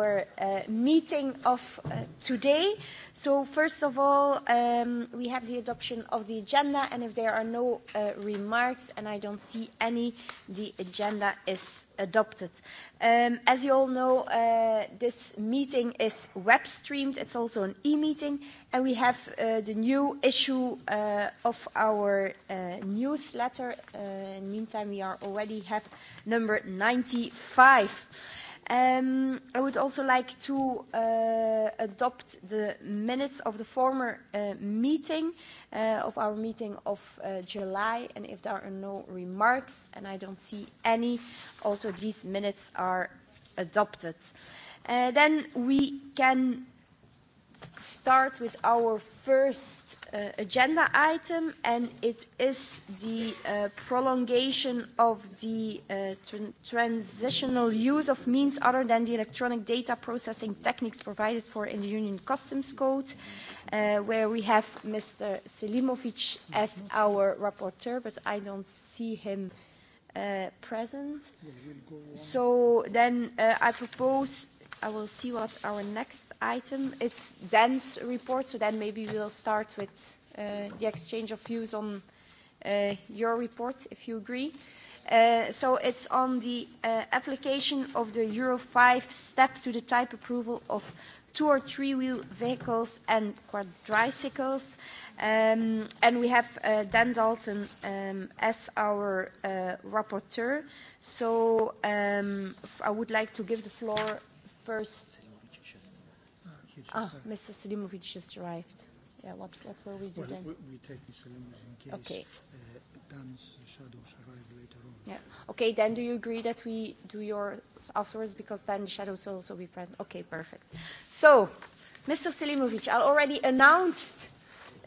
our meeting of today. So first of all, we have the adoption of the agenda, and if there are no remarks, and I don't see any, the agenda is adopted. As you all know, this meeting is web streamed. It's also an e-meeting, and we have the new issue of our newsletter. In the meantime, we are already have number 95. I would also like to adopt the minutes of the former meeting, of our meeting of July, and if there are no remarks, and I don't see any, also these minutes are adopted. Then we can start with our first agenda item, and it is the prolongation of the transitional use of means other than the electronic data processing techniques provided for in the Union Customs Code, where we have Mr. Selimovic as our rapporteur, but I don't see him present. So then I propose I will see what our next item. It's Dan's report, so then maybe we'll start with the exchange of views on your report, if you agree. So it's on the application of the Euro 5 step to the type approval of two or three-wheel vehicles and quadricycles. And we have Dan Dalton as our rapporteur. So I would like to give the floor first. Ah, Mr. Selimovic just arrived. Yeah, what, what will we do then? We take Mr. Selimovic in case okay. Dan's shadows arrive later on. Yeah. Okay, then do you agree that we do yours afterwards because then the shadows will also be present? Okay, perfect. So, Mr. Selimovic, I already announced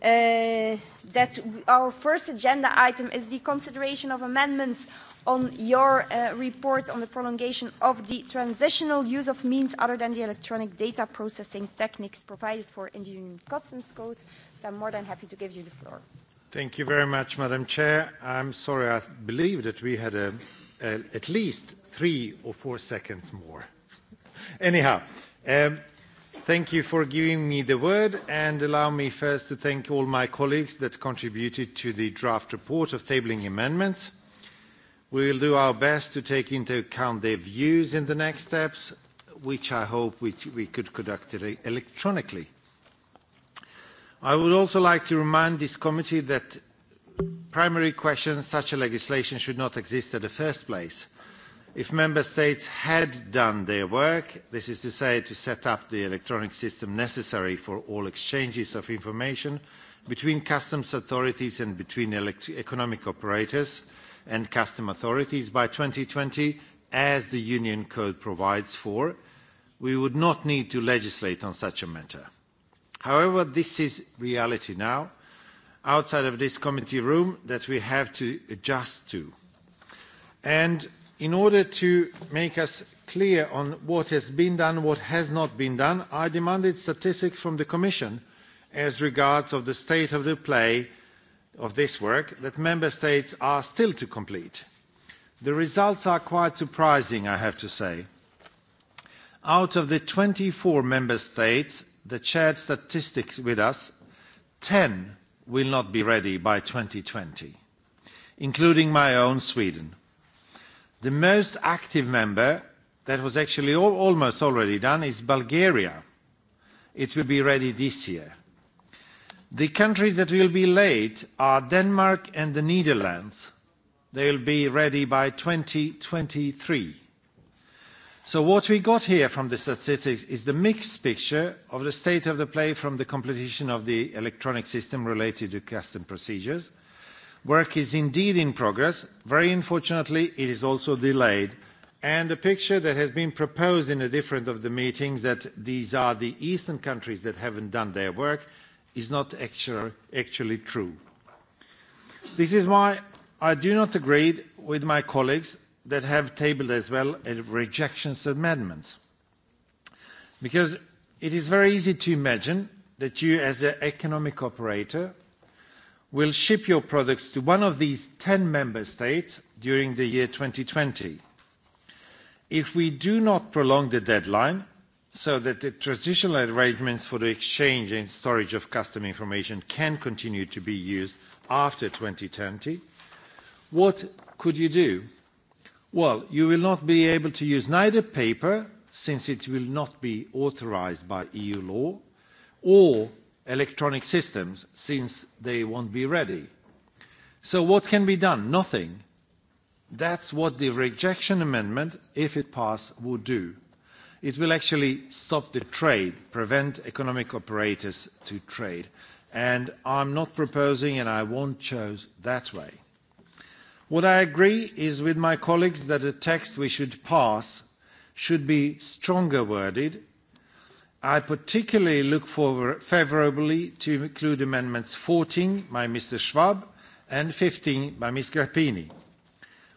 uh that our first agenda item is the consideration of amendments on your report on the prolongation of the transitional use of means other than the electronic data processing techniques provided for in the Union Customs Code. So I'm more than happy to give you the floor. Thank you very much, Madam Chair. I'm sorry, I believe that we had at least three or four seconds more. Anyhow, thank you for giving me the word and allow me first to thank all my colleagues that contributed to the draft report of tabling amendments. We will do our best to take into account their views in the next steps, which I hope we could conduct electronically. I would also like to remind this committee that primary questions such a legislation should not exist in the first place. If Member States had done their work, this is to say to set up the electronic system necessary for all exchanges of information between customs authorities and between economic operators, and custom authorities by 2020, as the Union Code provides for, we would not need to legislate on such a matter. However, this is reality now, outside of this committee room, that we have to adjust to. And in order to make us clear on what has been done, what has not been done, I demanded statistics from the Commission as regards of the state of the play of this work that member states are still to complete. The results are quite surprising, I have to say. Out of the 24 member states that shared statistics with us, 10 will not be ready by 2020, including my own Sweden. The most active member that was actually almost already done is Bulgaria. It will be ready this year. The countries that will be late are Denmark and the Netherlands. They will be ready by 2023. So what we got here from the statistics is the mixed picture of the state of the play from the completion of the electronic system related to customs procedures. Work is indeed in progress. Very unfortunately, it is also delayed. And the picture that has been proposed in a different of the meetings that these are the eastern countries that haven't done their work is not actually true. This is why I do not agree with my colleagues that have tabled as well a rejection amendments, because it is very easy to imagine that you, as an economic operator, will ship your products to one of these 10 member states during the year 2020. If we do not prolong the deadline, so that the traditional arrangements for the exchange and storage of customer information can continue to be used after 2020. What could you do? Well, you will not be able to use neither paper, since it will not be authorised by EU law, or electronic systems, since they won't be ready. So what can be done? Nothing. That's what the rejection amendment, if it passed, would do. It will actually stop the trade, prevent economic operators to trade. And I'm not proposing and I won't choose that way. What I agree is with my colleagues that the text we should pass should be stronger worded. I particularly look forward favourably to include amendments 14 by Mr Schwab and 15 by Ms Grappini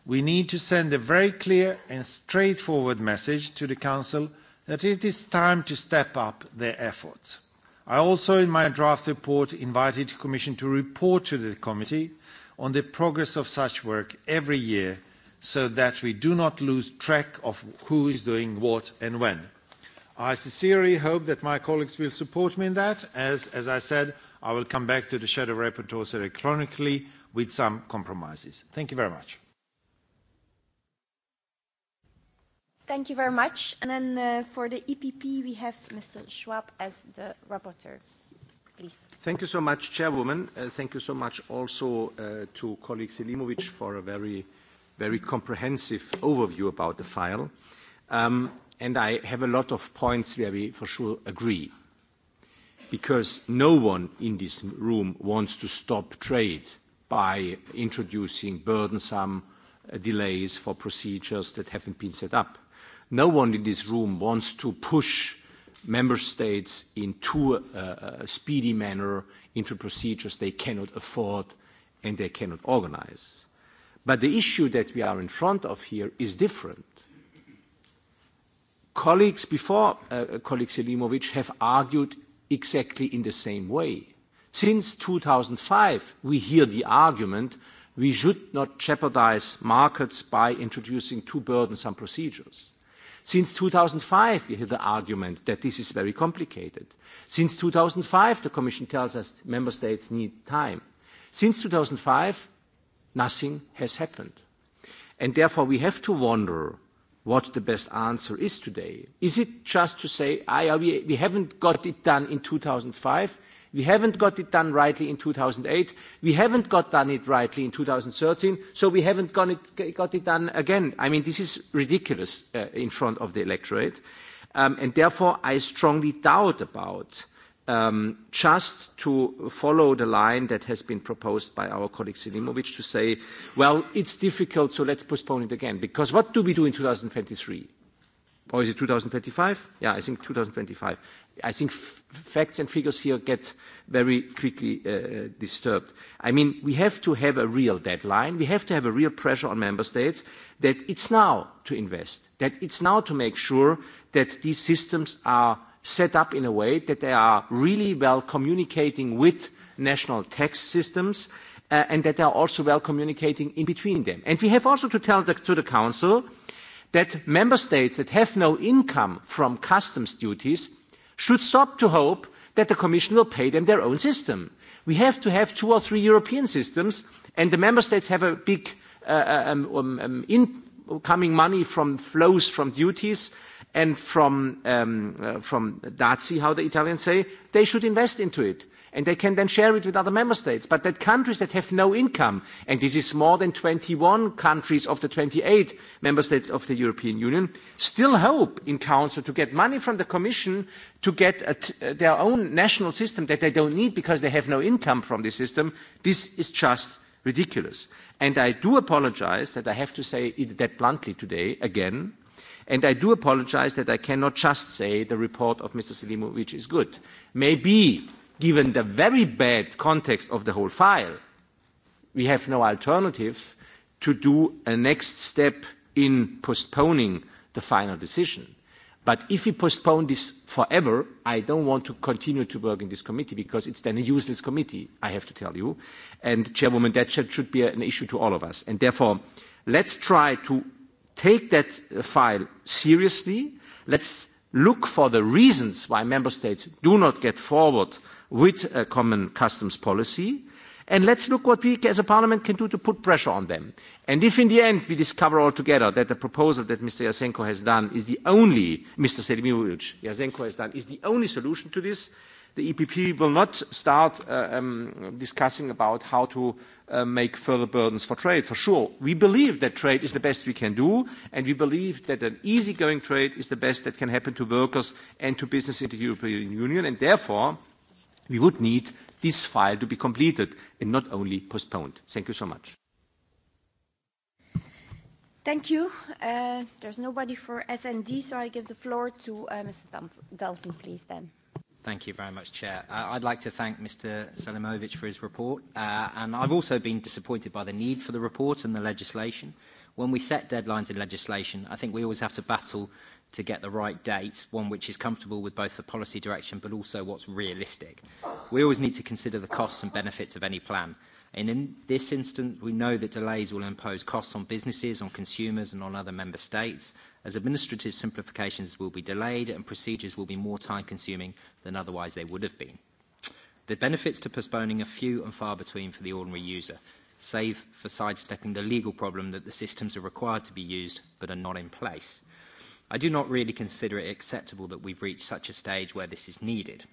we need to send a very clear and straightforward message to the Council that it is time to step up their efforts. I also, in my draft report, invited the Commission to report to the Committee on the progress of such work every year so that we do not lose track of who is doing what and when. I sincerely hope that my colleagues will support me in that, as, as I said, I will come back to the shadow rapporteurs electronically with some compromises. Thank you very much. Thank you very much. And then for the EPP, we have Mr. Schwab as the rapporteur. Please. Thank you so much, Chairwoman. Thank you so much also to colleague Selimovic for a very, very comprehensive overview about the file. And I have a lot of points where we for sure agree. Because no one in this room wants to stop trade by introducing burdensome delays for procedures that haven't been set up. No one in this room wants to push member states into a speedy manner into procedures they cannot afford and they cannot organize. But the issue that we are in front of here is different. Colleagues before colleague Selimovic have argued exactly in the same way. Since 2005, we hear the argument we should not jeopardize markets by introducing too burdensome procedures. Since 2005, we hear the argument that this is very complicated. Since 2005, the Commission tells us member states need time. Since 2005, nothing has happened. And therefore, we have to wonder what the best answer is today. Is it just to say, we haven't got it done in 2005, We haven't got it done rightly in 2008. We haven't got done it rightly in 2013. So we haven't got it done again. I mean, this is ridiculous in front of the electorate. And therefore, I strongly doubt about just to follow the line that has been proposed by our colleague Selimovic to say, well, it's difficult, so let's postpone it again. Because what do we do in 2023? Or is it 2025? Yeah, I think 2025. I think facts and figures here get very quickly disturbed. I mean, we have to have a real deadline. We have to have a real pressure on member states that it's now to invest, that it's now to make sure that these systems are set up in a way that they are really well communicating with national tax systems and that they are also well communicating in between them. And we have also to tell to the Council that member states that have no income from customs duties should stop to hope that the Commission will pay them their own system. We have to have two or three European systems, and the member states have a big incoming money from flows from duties and from Dazi, how the Italians say. They should invest into it and they can then share it with other member states. But that countries that have no income, and this is more than 21 countries of the 28 member states of the European Union, still hope in Council to get money from the Commission to get their own national system that they don't need because they have no income from the system. This is just ridiculous. And I do apologize that I have to say it that bluntly today again. And I do apologize that I cannot just say the report of Mr. Selimovic is good. Maybe given the very bad context of the whole file, we have no alternative to do a next step in postponing the final decision. But if we postpone this forever, I don't want to continue to work in this committee because it's then a useless committee, I have to tell you. And Chairwoman, that should be an issue to all of us. And therefore, let's try to take that file seriously. Let's look for the reasons why member states do not get forward with a common customs policy. And let's look what we as a parliament can do to put pressure on them. And if in the end we discover altogether that the proposal that Mr. Yasenko has done is the only, Mr. Selimovic Yasenko has done, is the only solution to this, the EPP will not start discussing about how to make further burdens for trade. For sure, we believe that trade is the best we can do, and we believe that an easygoing trade is the best that can happen to workers and to business in the European Union, and therefore we would need this file to be completed and not only postponed. Thank you so much. Thank you. There's nobody for SND, so I give the floor to Ms. Dalton, please, then. Thank you very much, Chair. I'd like to thank Mr. Selimovic for his report, and I've also been disappointed by the need for the report and the legislation. When we set deadlines in legislation, I think we always have to battle to get the right dates, one which is comfortable with both the policy direction but also what's realistic. We always need to consider the costs and benefits of any plan. And in this instance, we know that delays will impose costs on businesses, on consumers and on other member states, as administrative simplifications will be delayed and procedures will be more time-consuming than otherwise they would have been. The benefits to postponing are few and far between for the ordinary user, save for sidestepping the legal problem that the systems are required to be used but are not in place. I do not really consider it acceptable that we've reached such a stage where this is needed.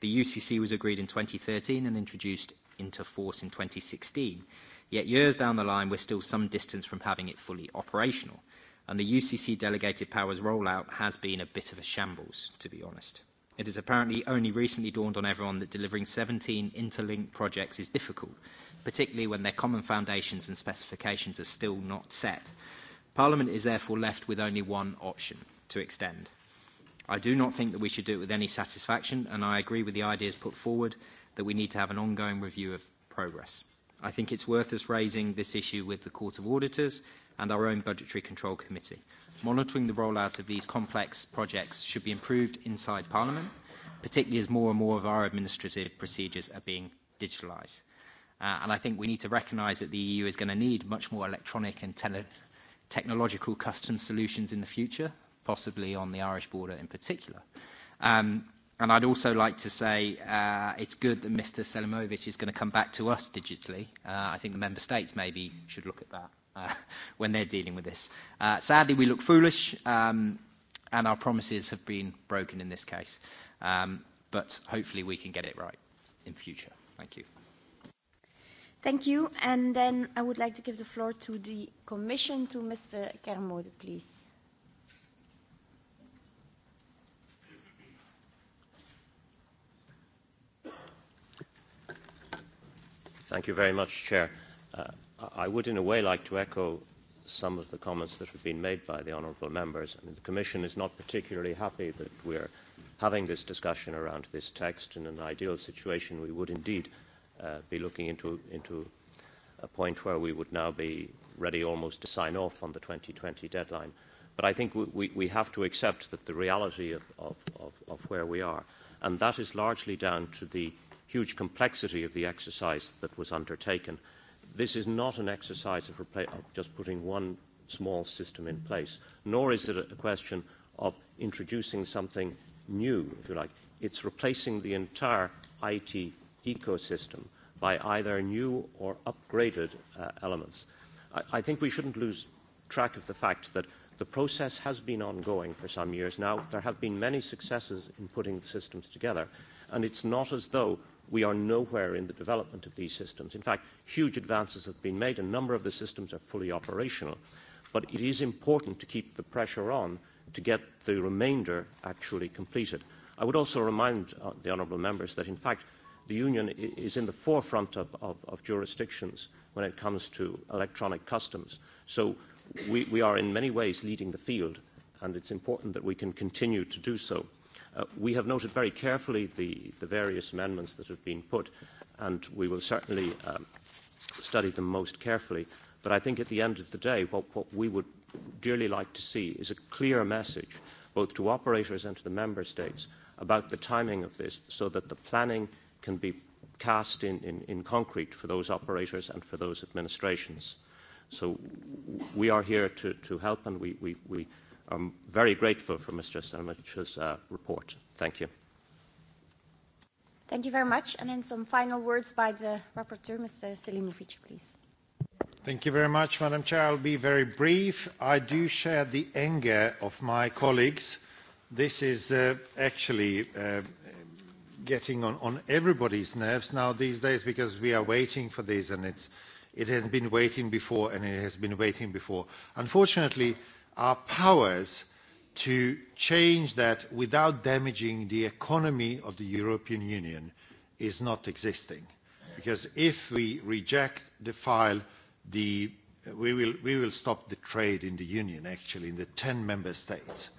The UCC was agreed in 2013 and introduced into force in 2016, yet years down the line we're still some distance from having it fully operational, and the UCC delegated powers rollout has been a bit of a shambles, to be honest. It has apparently only recently dawned on everyone that delivering 17 interlinked projects is difficult, particularly when their common foundations and specifications are still not set, Parliament is therefore left with only one option to extend. I do not think that we should do it with any satisfaction, and I agree with the ideas put forward that we need to have an ongoing review of progress. I think it's worth us raising this issue with the Court of Auditors and our own Budgetary Control Committee. Monitoring the rollout of these complex projects should be improved inside Parliament, particularly as more and more of our administrative procedures are being digitalised. And I think we need to recognise that the EU is going to need much more electronic and tele technological custom solutions in the future, possibly on the Irish border in particular. Um, and I'd also like to say uh, it's good that Mr. Selimovic is going to come back to us digitally. Uh, I think the member states maybe should look at that uh, when they're dealing with this. Uh, sadly, we look foolish, um, and our promises have been broken in this case. Um, but hopefully we can get it right in future. Thank you. Thank you. And then I would like to give the floor to the Commission, to Mr. Kermode, please. Thank you very much, Chair. I would, in a way, like to echo some of the comments that have been made by the honourable members. I mean, the Commission is not particularly happy that we're having this discussion around this text. In an ideal situation, we would indeed be looking into into a point where we would now be ready almost to sign off on the 2020 deadline. But I think we we have to accept that the reality of of of where we are, and that is largely down to the huge complexity of the exercise that was undertaken. This is not an exercise of just putting one small system in place, nor is it a question of introducing something new, if you like. It's replacing the entire IT ecosystem by either new or upgraded elements. I think we shouldn't lose track of the fact that the process has been ongoing for some years now. There have been many successes in putting the systems together, and it's not as though we are nowhere in the development of these systems. In fact, huge advances have been made. A number of the systems are fully operational, but it is important to keep the pressure on to get the remainder actually completed. I would also remind the honourable members that, in fact, the Union is in the forefront of jurisdictions when it comes to electronic customs. So we are in many ways leading the field, and it's important that we can continue to do so. We have noted very carefully the various amendments that have been put, and we will certainly study them most carefully. But I think at the end of the day, what we would dearly like to see is a clear message, both to operators and to the member states, about the timing of this, so that the planning can be cast in, in, in concrete for those operators and for those administrations. So we are here to, to help and we, we, we are very grateful for Mr. Selmich's uh, report. Thank you. Thank you very much. And then some final words by the rapporteur, Mr. Selimovic, please. Thank you very much, Madam Chair. I'll be very brief. I do share the anger of my colleagues. This is uh, actually getting on, on everybody's nerves now these days because we are waiting for this and it's, it has been waiting before and it has been waiting before. Unfortunately, our powers to change that without damaging the economy of the European Union is not existing. Because if we reject the file, the, we, will, we will stop the trade in the Union, actually, in the 10 member states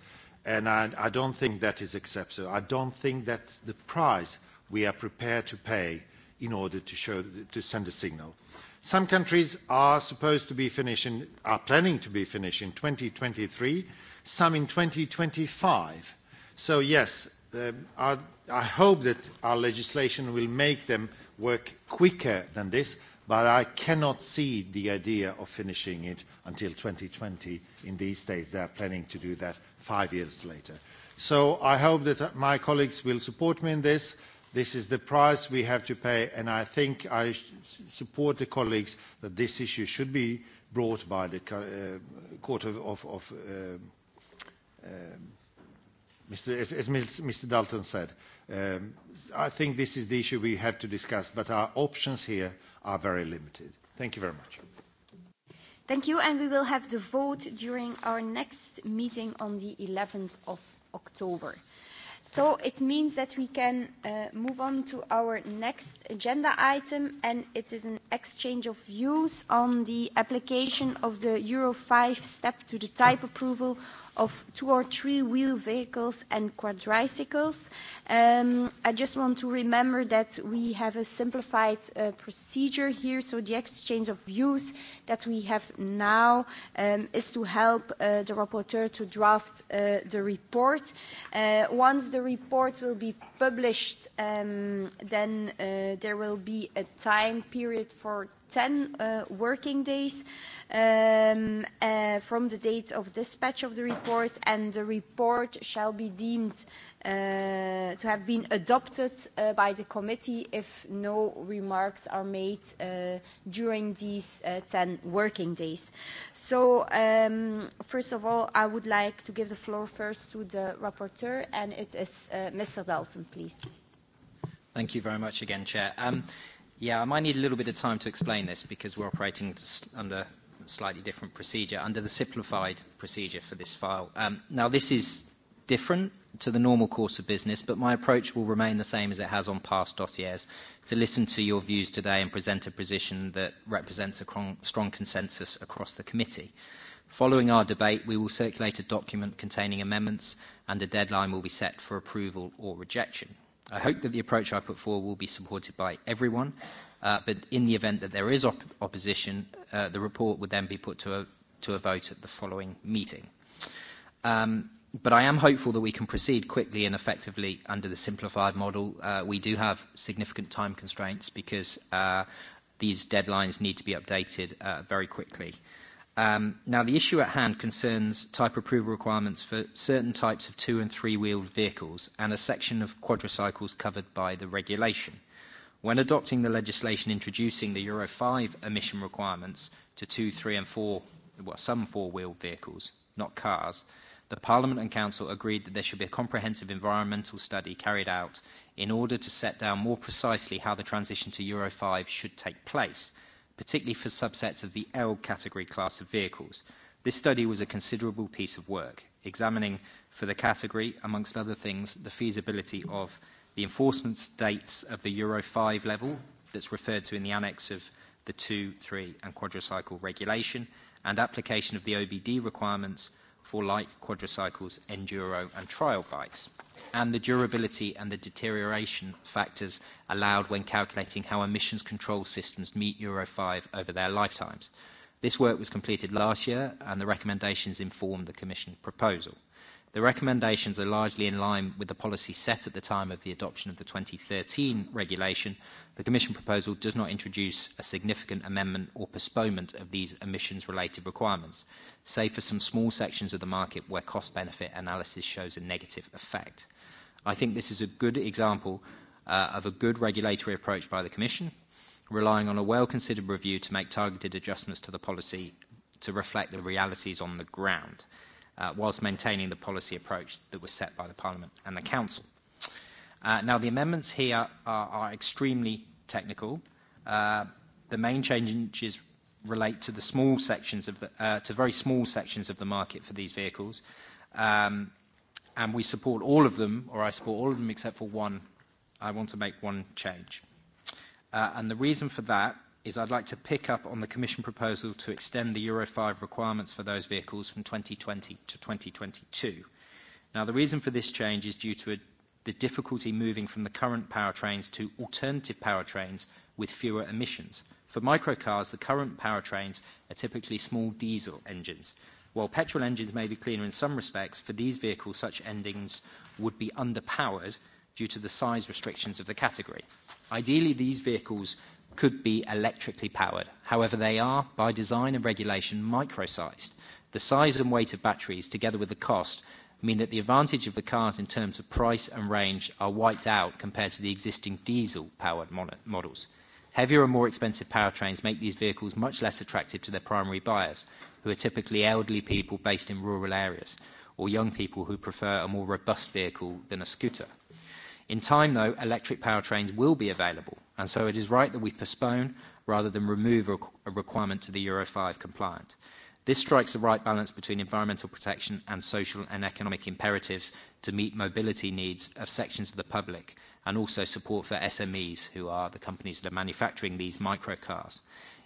and I, I don't think that is acceptable. I don't think that's the price we are prepared to pay in order to show to send a signal. Some countries are supposed to be finishing, are planning to be finished in 2023, some in 2025. So yes, I hope that our legislation will make them work quicker than this, but I cannot see the idea of finishing it until 2020 in these states they are planning to do that five years later. So I hope that my colleagues will support me in this. This is the price we have to pay, and I think I support the colleagues that this issue should be brought by the Court of, as Mr. Dalton said. I think this is the issue we have to discuss, but our options here are very limited. Thank you very much. Thank you, and we will have the vote during our next meeting on the 11th of October. So it means that we can move on to our next agenda item, and it is an exchange of views on the application of the Euro 5 step to the type approval of two or three wheel vehicles and quadricycles. I just want to remember that we have a simplified procedure here, so the exchange of views that we have now is to help the rapporteur to draft the report. Once the report will be published, then there will be a time period for 10 working days from the date of dispatch of the report, and the report shall be deemed to have been adopted by the committee if no remarks are made during these 10 working days. So, first of all, I would like to give the floor first to the rapporteur, and it is Mr. Dalton, please. Thank you very much again, Chair. Yeah, I might need a little bit of time to explain this because we're operating under a slightly different procedure, under the simplified procedure for this file. Um, now, this is different to the normal course of business, but my approach will remain the same as it has on past dossiers, to listen to your views today and present a position that represents a strong consensus across the committee. Following our debate, we will circulate a document containing amendments and a deadline will be set for approval or rejection. I hope that the approach I put forward will be supported by everyone, but in the event that there is opposition, the report would then be put to a, to a vote at the following meeting. Um, but I am hopeful that we can proceed quickly and effectively under the simplified model. we do have significant time constraints because these deadlines need to be updated very quickly. Now, the issue at hand concerns type approval requirements for certain types of two- and three-wheeled vehicles and a section of quadricycles covered by the regulation. When adopting the legislation introducing the Euro 5 emission requirements to two, three, and four, well, some four-wheeled vehicles, not cars, the Parliament and Council agreed that there should be a comprehensive environmental study carried out in order to set down more precisely how the transition to Euro 5 should take place – particularly for subsets of the L category class of vehicles. This study was a considerable piece of work, examining for the category, amongst other things, the feasibility of the enforcement states of the Euro 5 level that's referred to in the annex of the 2, 3 and quadricycle regulation and application of the OBD requirements for light quadricycles, enduro and trial bikes, and the durability and the deterioration factors allowed when calculating how emissions control systems meet Euro 5 over their lifetimes. This work was completed last year and the recommendations informed the Commission proposal. The recommendations are largely in line with the policy set at the time of the adoption of the 2013 regulation. The Commission proposal does not introduce a significant amendment or postponement of these emissions-related requirements, save for some small sections of the market where cost-benefit analysis shows a negative effect. I think this is a good example of a good regulatory approach by the Commission, relying on a well-considered review to make targeted adjustments to the policy to reflect the realities on the ground whilst maintaining the policy approach that was set by the Parliament and the Council. Now, the amendments here are extremely technical. The main changes relate to the small sections of the, to very small sections of the market for these vehicles. And we support all of them, or I support all of them except for one. I want to make one change. And the reason for that is I'd like to pick up on the Commission proposal to extend the Euro 5 requirements for those vehicles from 2020 to 2022. Now, the reason for this change is due to the difficulty moving from the current powertrains to alternative powertrains with fewer emissions. For microcars, the current powertrains are typically small diesel engines. While petrol engines may be cleaner in some respects, for these vehicles such engines would be underpowered due to the size restrictions of the category. Ideally, these vehicles could be electrically powered. However, they are, by design and regulation, micro-sized. The size and weight of batteries, together with the cost, mean that the advantage of the cars in terms of price and range are wiped out compared to the existing diesel-powered models. Heavier and more expensive powertrains make these vehicles much less attractive to their primary buyers, who are typically elderly people based in rural areas, or young people who prefer a more robust vehicle than a scooter. In time, though, electric powertrains will be available, and so it is right that we postpone rather than remove a requirement to the Euro 5 compliant. This strikes the right balance between environmental protection and social and economic imperatives to meet mobility needs of sections of the public and also support for SMEs, who are the companies that are manufacturing these microcars.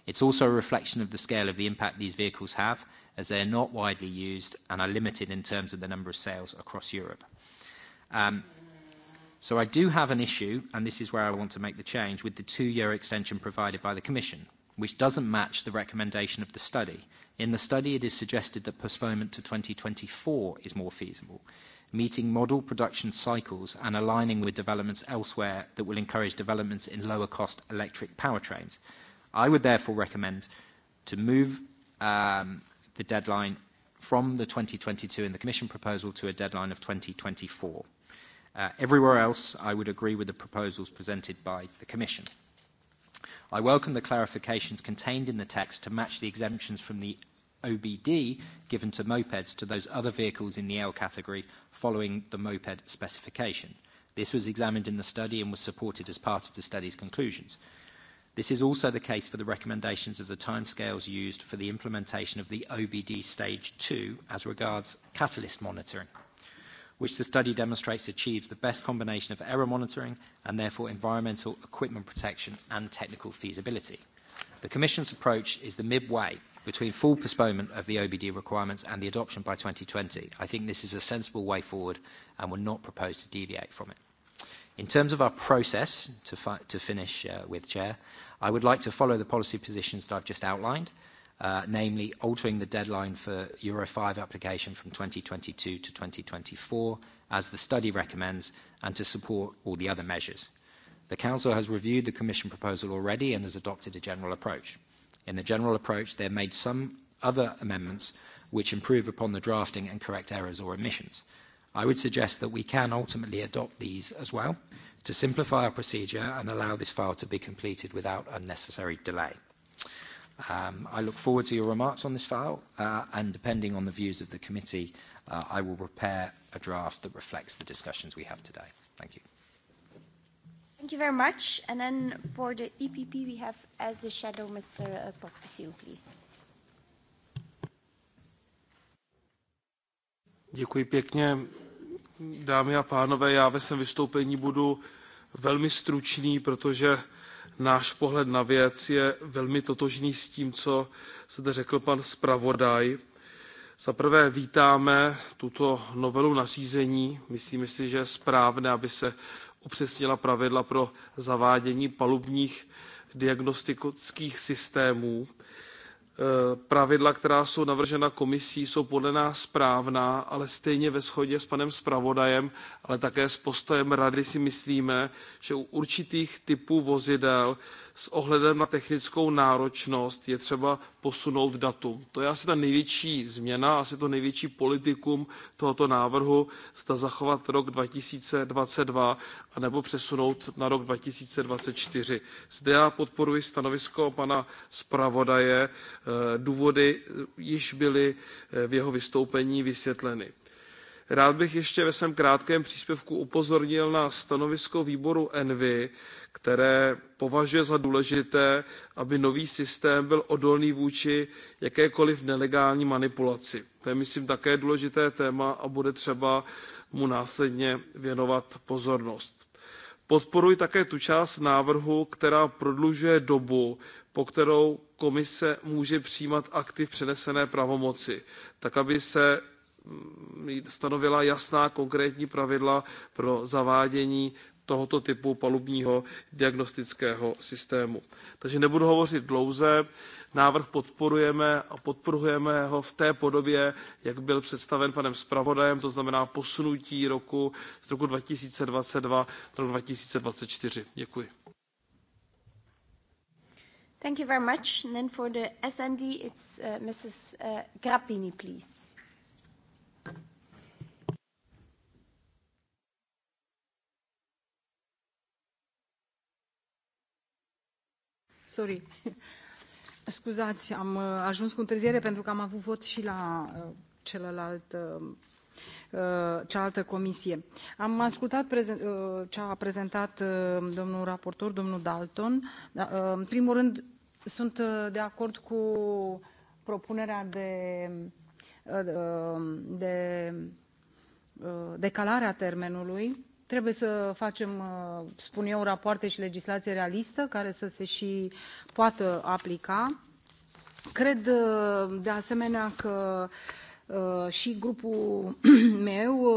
It's also a reflection of the scale of the impact these vehicles have, as they are not widely used and are limited in terms of the number of sales across Europe. Um, So I do have an issue, and this is where I want to make the change, with the two-year extension provided by the Commission, which doesn't match the recommendation of the study. In the study, it is suggested that postponement to 2024 is more feasible, meeting model production cycles and aligning with developments elsewhere that will encourage developments in lower-cost electric powertrains. I would therefore recommend to move um, the deadline from the 2022 in the Commission proposal to a deadline of 2024. Everywhere else, I would agree with the proposals presented by the Commission. I welcome the clarifications contained in the text to match the exemptions from the OBD given to mopeds to those other vehicles in the L category following the moped specification. This was examined in the study and was supported as part of the study's conclusions. This is also the case for the recommendations of the timescales used for the implementation of the OBD Stage 2 as regards catalyst monitoring which the study demonstrates achieves the best combination of error monitoring and therefore environmental equipment protection and technical feasibility. The Commission's approach is the midway between full postponement of the OBD requirements and the adoption by 2020. I think this is a sensible way forward and we're not proposed to deviate from it. In terms of our process, to, fi to finish with, Chair, I would like to follow the policy positions that I've just outlined namely altering the deadline for Euro 5 application from 2022 to 2024, as the study recommends, and to support all the other measures. The Council has reviewed the Commission proposal already and has adopted a general approach. In the general approach, they have made some other amendments which improve upon the drafting and correct errors or omissions. I would suggest that we can ultimately adopt these as well to simplify our procedure and allow this file to be completed without unnecessary delay. Um, I look forward to your remarks on this file, and depending on the views of the committee, I will prepare a draft that reflects the discussions we have today. Thank you. Thank you very much. And then for the EPP, we have as the shadow Mr. Pospisil, please. Děkuji pěkně. Dámy a pánové, já ve svém vystoupení budu velmi stručný, protože náš pohled na věc je velmi totožný s tím, co zde řekl pan zpravodaj. Za prvé vítáme tuto novelu nařízení. Myslíme si, že je správné, aby se upřesnila pravidla pro zavádění palubních diagnostických systémů pravidla, která jsou navržena komisí, jsou podle nás správná, ale stejně ve shodě s panem zpravodajem, ale také s postojem rady si myslíme, že u určitých typů vozidel s ohledem na technickou náročnost je třeba posunout datum. To je asi ta největší změna, asi to největší politikum tohoto návrhu, zda zachovat rok 2022 anebo přesunout na rok 2024. Zde já podporuji stanovisko pana zpravodaje, důvody již byly v jeho vystoupení vysvětleny. Rád bych ještě ve svém krátkém příspěvku upozornil na stanovisko výboru ENVI, které považuje za důležité, aby nový systém byl odolný vůči jakékoliv nelegální manipulaci. To je, myslím, také důležité téma a bude třeba mu následně věnovat pozornost. Podporuji také tu část návrhu, která prodlužuje dobu, po kterou komise může přijímat akty v přenesené pravomoci tak aby se stanovila jasná konkrétní pravidla pro zavádění tohoto typu palubního diagnostického systému. Takže nebudu hovořit dlouze. Návrh podporujeme a podporujeme ho v té podobě, jak byl představen panem zpravodajem, to znamená posunutí roku z roku 2022 do roku 2024. Děkuji. Thank you very much. And then for the SND, it's Mrs. Grappini, please. Sorry. Scuzați, am ajuns cu întârziere pentru că am avut vot și la celălalt cealaltă comisie. Am ascultat ce a prezentat domnul raportor, domnul Dalton. În primul rând, Sunt de acord cu propunerea de, de decalarea termenului. Trebuie să facem, spun eu, rapoarte și legislație realistă care să se și poată aplica. Cred, de asemenea, că și grupul meu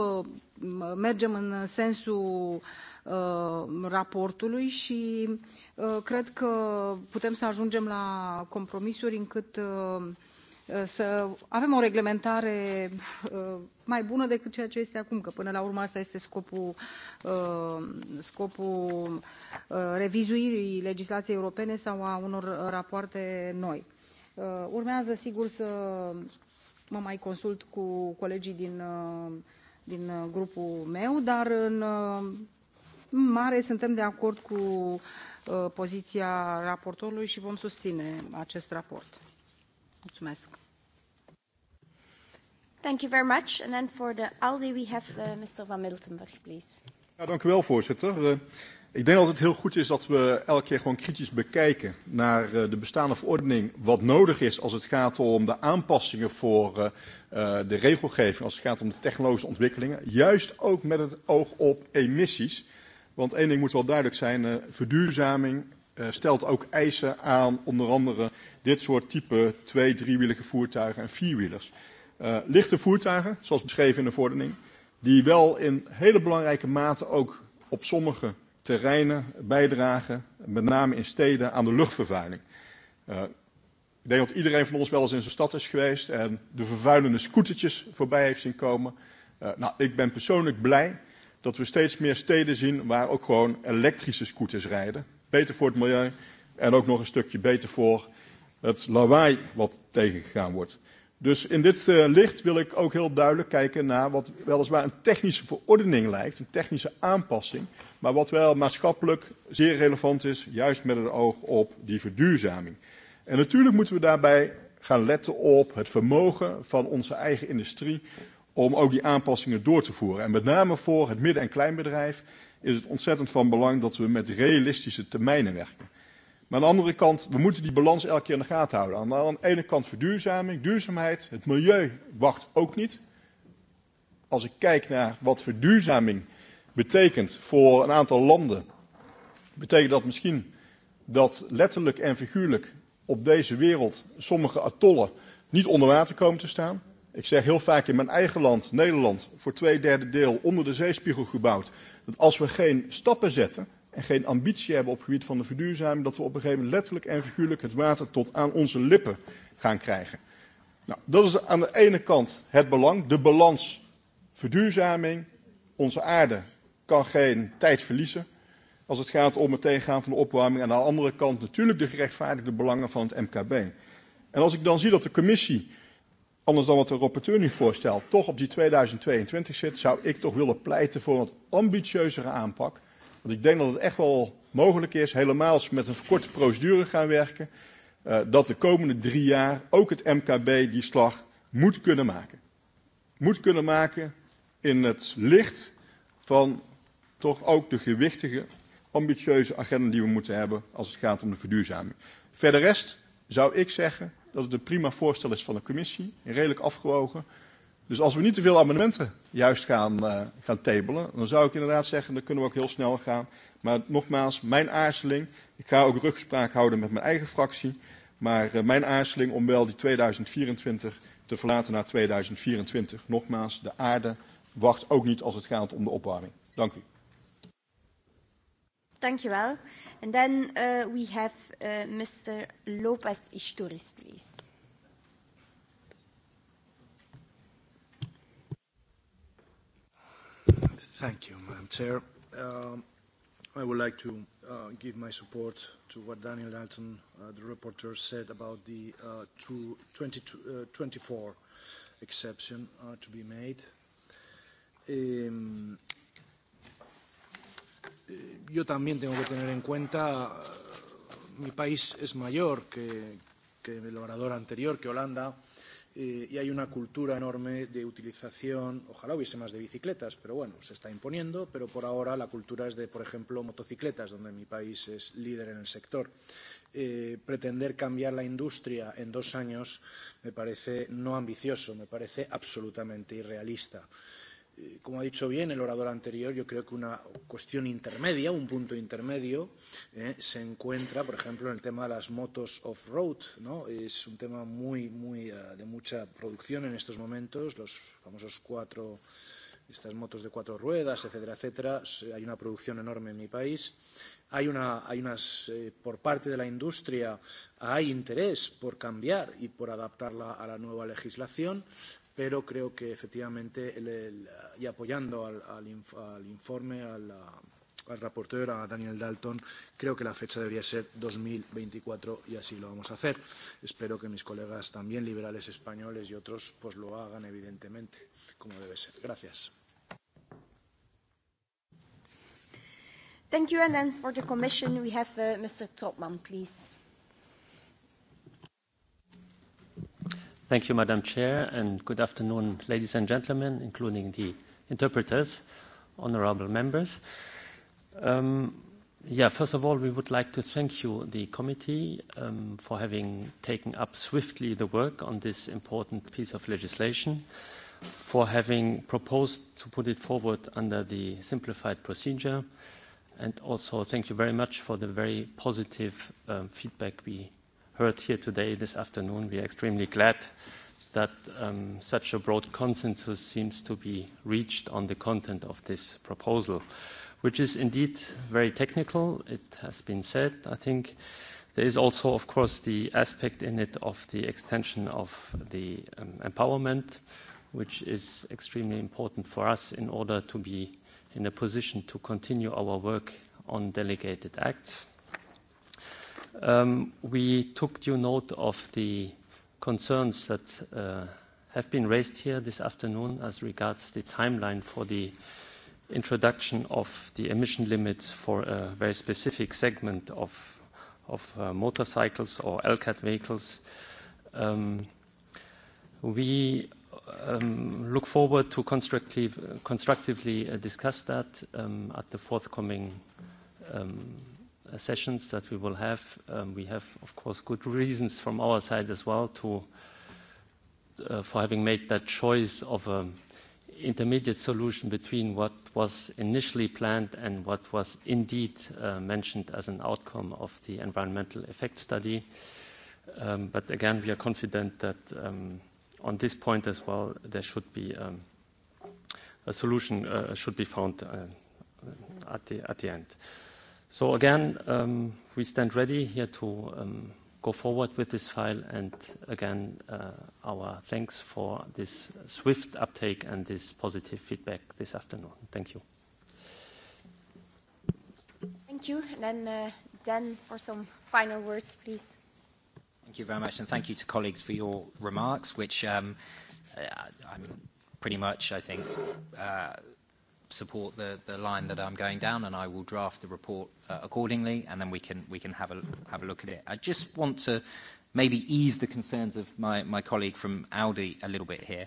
mergem în sensul raportului și cred că putem să ajungem la compromisuri încât să avem o reglementare mai bună decât ceea ce este acum, că până la urmă asta este scopul, scopul revizuirii legislației europene sau a unor rapoarte noi. Urmează, sigur, să mă mai consult cu colegii din, din grupul meu, dar în în mare suntem de acord cu poziția raportorului și vom susține acest raport. Mulțumesc. Thank you very much. And then for the ALDE we have uh, Mr. Van Miltenburg, please. Ja, dank u wel, voorzitter. Uh, ik denk dat het heel goed is dat we elke keer gewoon kritisch bekijken naar uh, de bestaande verordening, wat nodig is als het gaat om de aanpassingen voor uh, de regelgeving, als het gaat om de technologische ontwikkelingen, juist ook met het oog op emissies. Want één ding moet wel duidelijk zijn, verduurzaming stelt ook eisen aan onder andere dit soort type twee, driewielige voertuigen en vierwielers. Lichte voertuigen, zoals beschreven in de verordening, die wel in hele belangrijke mate ook op sommige terreinen bijdragen, met name in steden, aan de luchtvervuiling. Ik denk dat iedereen van ons wel eens in zijn stad is geweest en de vervuilende scootertjes voorbij heeft zien komen. Nou, ik ben persoonlijk blij dat we steeds meer steden zien waar ook gewoon elektrische scooters rijden. Beter voor het milieu en ook nog een stukje beter voor het lawaai wat tegengegaan wordt. Dus in dit licht wil ik ook heel duidelijk kijken naar wat weliswaar een technische verordening lijkt, een technische aanpassing, maar wat wel maatschappelijk zeer relevant is, juist met het oog op die verduurzaming. En natuurlijk moeten we daarbij gaan letten op het vermogen van onze eigen industrie om ook die aanpassingen door te voeren. En met name voor het midden- en kleinbedrijf is het ontzettend van belang dat we met realistische termijnen werken. Maar aan de andere kant, we moeten die balans elke keer in de gaten houden. Aan de ene kant verduurzaming, duurzaamheid, het milieu wacht ook niet. Als ik kijk naar wat verduurzaming betekent voor een aantal landen, betekent dat misschien dat letterlijk en figuurlijk op deze wereld sommige atollen niet onder water komen te staan. Ik zeg heel vaak in mijn eigen land, Nederland, voor twee derde deel onder de zeespiegel gebouwd. Dat als we geen stappen zetten en geen ambitie hebben op het gebied van de verduurzaming, dat we op een gegeven moment letterlijk en figuurlijk het water tot aan onze lippen gaan krijgen. Nou, dat is aan de ene kant het belang, de balans verduurzaming. Onze aarde kan geen tijd verliezen. Als het gaat om het tegengaan van de opwarming. En aan de andere kant natuurlijk de gerechtvaardigde belangen van het MKB. En als ik dan zie dat de commissie anders dan wat de rapporteur nu voorstelt, toch op die 2022 zit, zou ik toch willen pleiten voor een ambitieuzere aanpak. Want ik denk dat het echt wel mogelijk is, helemaal als we met een verkorte procedure gaan werken, dat de komende drie jaar ook het MKB die slag moet kunnen maken. Moet kunnen maken in het licht van toch ook de gewichtige, ambitieuze agenda die we moeten hebben als het gaat om de verduurzaming. Verder rest zou ik zeggen, dat het een prima voorstel is van de commissie, redelijk afgewogen. Dus als we niet te veel amendementen juist gaan, gaan tabelen, dan zou ik inderdaad zeggen, dan kunnen we ook heel snel gaan. Maar nogmaals, mijn aarzeling, ik ga ook rugspraak houden met mijn eigen fractie, maar mijn aarzeling om wel die 2024 te verlaten naar 2024. Nogmaals, de aarde wacht ook niet als het gaat om de opwarming. Dank u. Thank you well. And then we have Mr. Lopez Isturiz, please. Thank you, Madam Chair. I would like to give my support to what Daniel Dalton, the reporter, said about the 24 exception to be made yo también tengo que tener en cuenta, mi país es mayor que el orador anterior, que Holanda, y hay una cultura enorme de utilización, ojalá hubiese más de bicicletas, pero bueno, se está imponiendo, pero por ahora la cultura es de, por ejemplo, motocicletas, donde mi país es líder en el sector. Pretender cambiar la industria en dos años me parece no ambicioso, me parece absolutamente irrealista como ha dicho bien el orador anterior, yo creo que una cuestión intermedia, un punto intermedio, se encuentra, por ejemplo, en el tema de las motos off-road. ¿no? Es un tema muy, muy de mucha producción en estos momentos, los famosos cuatro, estas motos de cuatro ruedas, etcétera, etcétera. Hay una producción enorme en mi país. Hay, una, hay unas, por parte de la industria, hay interés por cambiar y por adaptarla a la nueva legislación pero creo que efectivamente y apoyando al al informe al al reportero, a Daniel Dalton, creo que la fecha debería ser 2024 y así lo vamos a hacer. Espero que mis colegas también liberales españoles y otros pues lo hagan evidentemente, como debe ser. Gracias. Thank you. And then for the Commission, we have Mr. Topman, please. Thank you, Madam Chair, and good afternoon, ladies and gentlemen, including the interpreters, honorable members. Um Yeah, first of all, we would like to thank you, the committee, um for having taken up swiftly the work on this important piece of legislation, for having proposed to put it forward under the simplified procedure, and also thank you very much for the very positive feedback we heard here today this afternoon. We are extremely glad that such a broad consensus seems to be reached on the content of this proposal, which is indeed very technical. It has been said, I think. There is also, of course, the aspect in it of the extension of the empowerment, which is extremely important for us in order to be in a position to continue our work on delegated acts. We took due note of the concerns that have been raised here this afternoon as regards the timeline for the introduction of the emission limits for a very specific segment of motorcycles or LCAT vehicles. We look forward to constructively discuss that at the forthcoming sessions that we will have. We have, of course, good reasons from our side as well to for having made that choice of an intermediate solution between what was initially planned and what was indeed mentioned as an outcome of the environmental effect study. But again, we are confident that on this point as well, there should be a solution should be found at the end. So again, we stand ready here to go forward with this file. And again, our thanks for this swift uptake and this positive feedback this afternoon. Thank you. Thank you. And then Dan for some final words, please. Thank you very much. And thank you to colleagues for your remarks, which, I mean, pretty much, I think, support the the line that I'm going down, and I will draft the report accordingly, and then we can we can have a have a look at it. I just want to maybe ease the concerns of my my colleague from Audi a little bit here.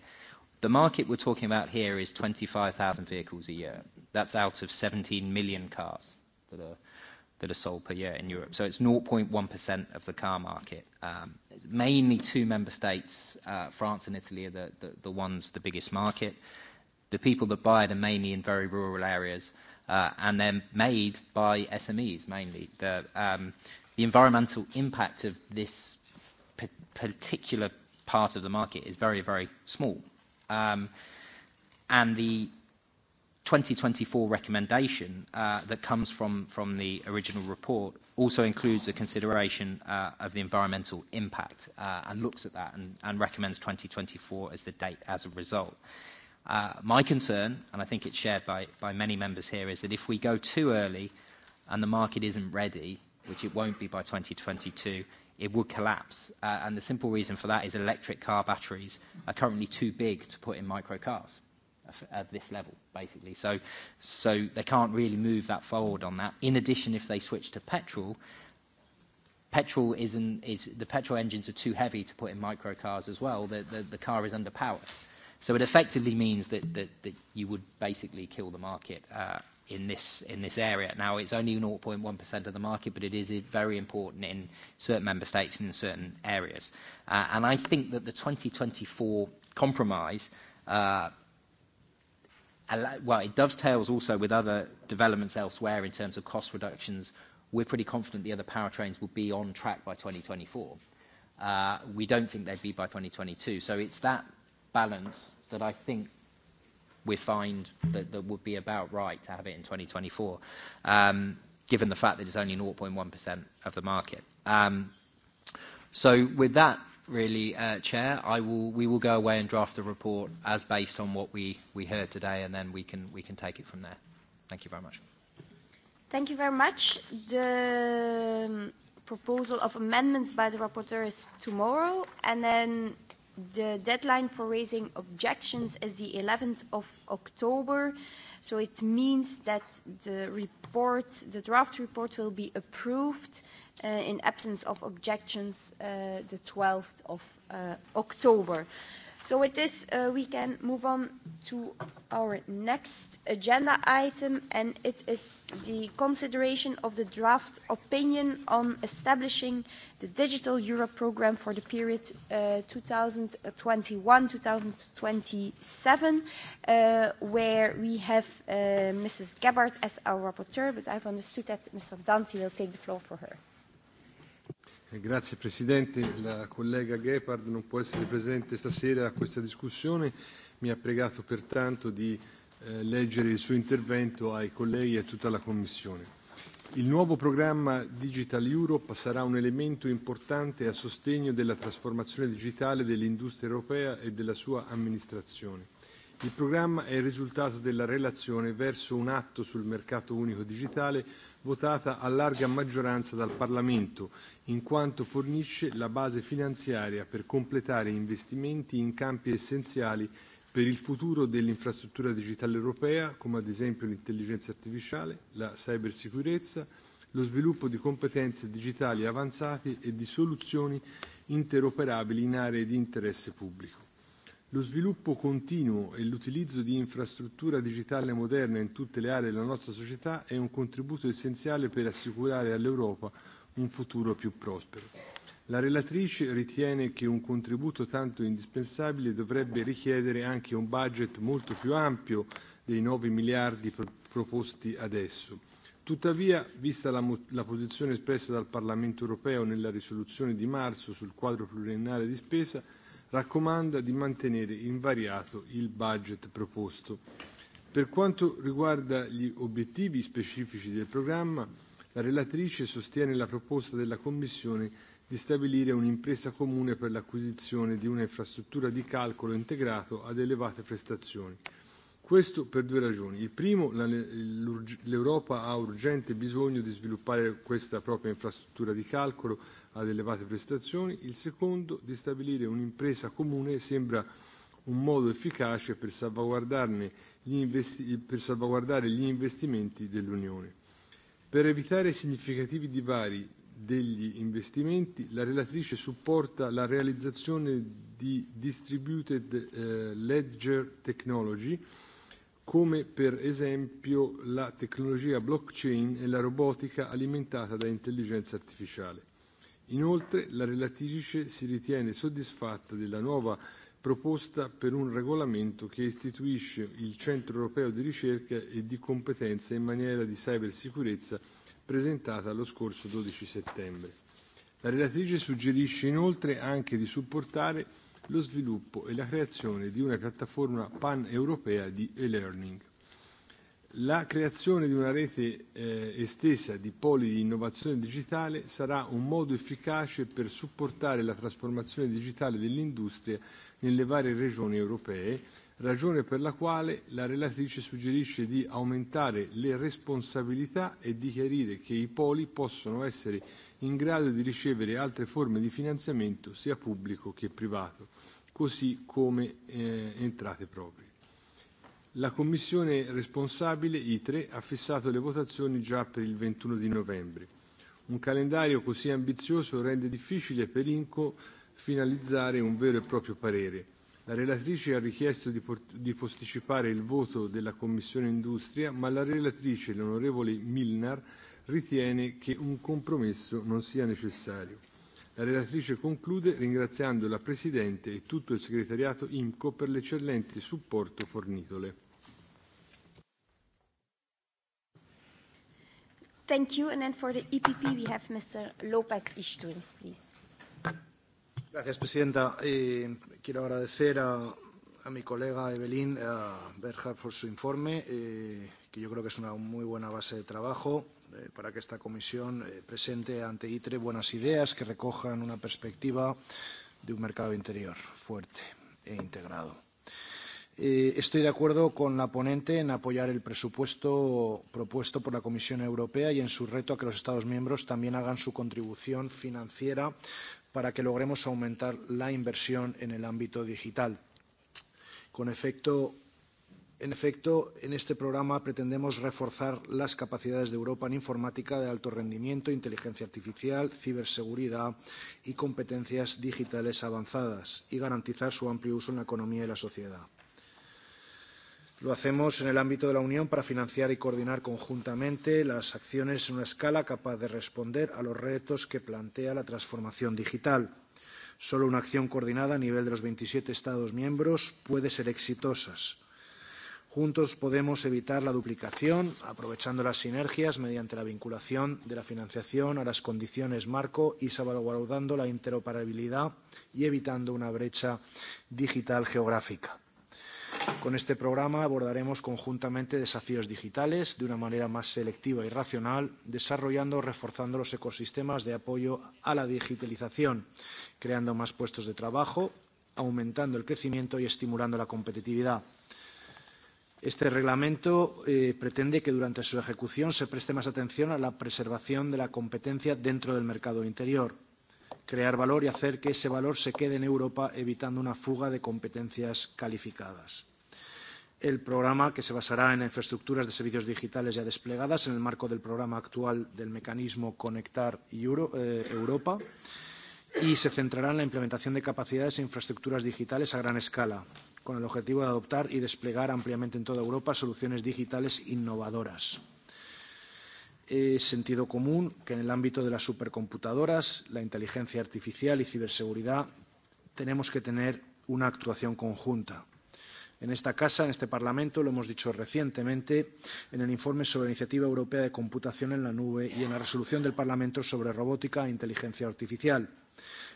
The market we're talking about here is 25,000 vehicles a year. That's out of 17 million cars that are that are sold per year in Europe. So it's 0.1% of the car market. Um, mainly two member states, France and Italy, are the, the, the ones, the biggest market. The people that buy it are mainly in very rural areas, and they're made by SMEs mainly. The environmental impact of this particular part of the market is very, very small. And the 2024 recommendation that comes from from the original report also includes a consideration of the environmental impact and looks at that and recommends 2024 as the date as a result. My concern, and I think it's shared by many members here, is that if we go too early and the market isn't ready, which it won't be by 2022, it would collapse. And the simple reason for that is electric car batteries are currently too big to put in micro cars at this level, basically. So they can't really move that forward on that. In addition, if they switch to petrol, petrol isn't the petrol engines are too heavy to put in micro cars as well. The car is underpowered. So it effectively means that, that, that you would basically kill the market uh, in this in this area. Now it's only 0.1% of the market, but it is very important in certain member states and in certain areas. Uh, and I think that the 2024 compromise, uh, well, it dovetails also with other developments elsewhere in terms of cost reductions. We're pretty confident the other powertrains will be on track by 2024. Uh, we don't think they'd be by 2022. So it's that balance that I think we find that, that would be about right to have it in 2024, um, given the fact that it's only 0.1% of the market. so with that, really, Chair, I will, we will go away and draft the report as based on what we, we heard today, and then we can, we can take it from there. Thank you very much. Thank you very much. The proposal of amendments by the rapporteur is tomorrow, and then The deadline for raising objections is the 11th of October, so it means that the report, the draft report, will be approved in absence of objections the 12th of October. So with this, we can move on to our next agenda item, and it is the consideration of the draft opinion on establishing the Digital Europe Programme for the period 2021-2027, where we have Mrs. Gebhardt as our rapporteur, but I've understood that Mr. Danti will take the floor for her. Grazie Presidente, la collega Gepard non può essere presente stasera a questa discussione, mi ha pregato pertanto di leggere il suo intervento ai colleghi e a tutta la Commissione. Il nuovo programma Digital Europe sarà un elemento importante a sostegno della trasformazione digitale dell'industria europea e della sua amministrazione. Il programma è il risultato della relazione verso un atto sul mercato unico digitale votata a larga maggioranza dal Parlamento, in quanto fornisce la base finanziaria per completare investimenti in campi essenziali per il futuro dell'infrastruttura digitale europea, come ad esempio l'intelligenza artificiale, la cybersicurezza, lo sviluppo di competenze digitali avanzate e di soluzioni interoperabili in aree di interesse pubblico. Lo sviluppo continuo e l'utilizzo di infrastruttura digitale moderna in tutte le aree della nostra società è un contributo essenziale per assicurare all'Europa un futuro più prospero. La relatrice ritiene che un contributo tanto indispensabile dovrebbe richiedere anche un budget molto più ampio dei 9 miliardi proposti adesso. Tuttavia, vista la posizione espressa dal Parlamento europeo nella risoluzione di marzo sul quadro pluriennale di spesa, raccomanda di mantenere invariato il budget proposto. Per quanto riguarda gli obiettivi specifici del programma, la relatrice sostiene la proposta della Commissione di stabilire un'impresa comune per l'acquisizione di un'infrastruttura di calcolo integrato ad elevate prestazioni Questo per due ragioni. Il primo, l'Europa ha urgente bisogno di sviluppare questa propria infrastruttura di calcolo ad elevate prestazioni. Il secondo, di stabilire un'impresa comune sembra un modo efficace per salvaguardarne gli per salvaguardare gli investimenti dell'Unione. Per evitare significativi divari degli investimenti, la relatrice supporta la realizzazione di Distributed Ledger Technology come per esempio la tecnologia blockchain e la robotica alimentata da intelligenza artificiale. Inoltre, la relatrice si ritiene soddisfatta della nuova proposta per un regolamento che istituisce il Centro europeo di ricerca e di competenza in maniera di cybersicurezza presentata lo scorso 12 settembre. La relatrice suggerisce inoltre anche di supportare lo sviluppo e la creazione di una piattaforma pan-europea di e-learning. La creazione di una rete estesa di poli di innovazione digitale sarà un modo efficace per supportare la trasformazione digitale dell'industria nelle varie regioni europee, ragione per la quale la relatrice suggerisce di aumentare le responsabilità e di chiarire che i poli possono essere in grado di ricevere altre forme di finanziamento sia pubblico che privato, così come entrate proprie. La Commissione responsabile, ITRE, ha fissato le votazioni già per il 21 di novembre. Un calendario così ambizioso rende difficile per INCO finalizzare un vero e proprio parere. La relatrice ha richiesto di posticipare il voto della Commissione Industria, ma la relatrice, l'onorevole Milnar, ritiene che un compromesso non sia necessario. La relatrice conclude ringraziando la Presidente e tutto il segretariato IMCO per l'eccellente supporto fornitole. Thank you. And then for the EPP, we have Mr. López Istúriz, please. Gracias, Presidenta. Eh, quiero agradecer a, a mi colega Evelyn Berger por su informe, eh, que yo creo que es una muy buena base de trabajo para que esta comisión presente ante ITRE buenas ideas que recojan una perspectiva de un mercado interior fuerte e integrado. Estoy de acuerdo con la ponente en apoyar el presupuesto propuesto por la Comisión Europea y en su reto a que los Estados miembros también hagan su contribución financiera para que logremos aumentar la inversión en el ámbito digital. Con efecto En efecto, en este programa pretendemos reforzar las capacidades de Europa en informática de alto rendimiento, inteligencia artificial, ciberseguridad y competencias digitales avanzadas y garantizar su amplio uso en la economía y la sociedad. Lo hacemos en el ámbito de la Unión para financiar y coordinar conjuntamente las acciones en una escala capaz de responder a los retos que plantea la transformación digital. Solo una acción coordinada a nivel de los 27 Estados miembros puede ser exitosa Juntos podemos evitar la duplicación, aprovechando las sinergias mediante la vinculación de la financiación a las condiciones marco y salvaguardando la interoperabilidad y evitando una brecha digital geográfica. Con este programa abordaremos conjuntamente desafíos digitales de una manera más selectiva y racional, desarrollando o reforzando los ecosistemas de apoyo a la digitalización, creando más puestos de trabajo, aumentando el crecimiento y estimulando la competitividad. Este reglamento pretende que durante su ejecución se preste más atención a la preservación de la competencia dentro del mercado interior, crear valor y hacer que ese valor se quede en Europa evitando una fuga de competencias calificadas. El programa, que se basará en infraestructuras de servicios digitales ya desplegadas en el marco del programa actual del mecanismo Conectar Europa, y se centrará en la implementación de capacidades e infraestructuras digitales a gran escala con el objetivo de adoptar y desplegar ampliamente en toda Europa soluciones digitales innovadoras. Es sentido común que en el ámbito de las supercomputadoras, la inteligencia artificial y ciberseguridad tenemos que tener una actuación conjunta. En esta casa, en este Parlamento, lo hemos dicho recientemente en el informe sobre la Iniciativa Europea de Computación en la Nube y en la resolución del Parlamento sobre robótica e inteligencia artificial.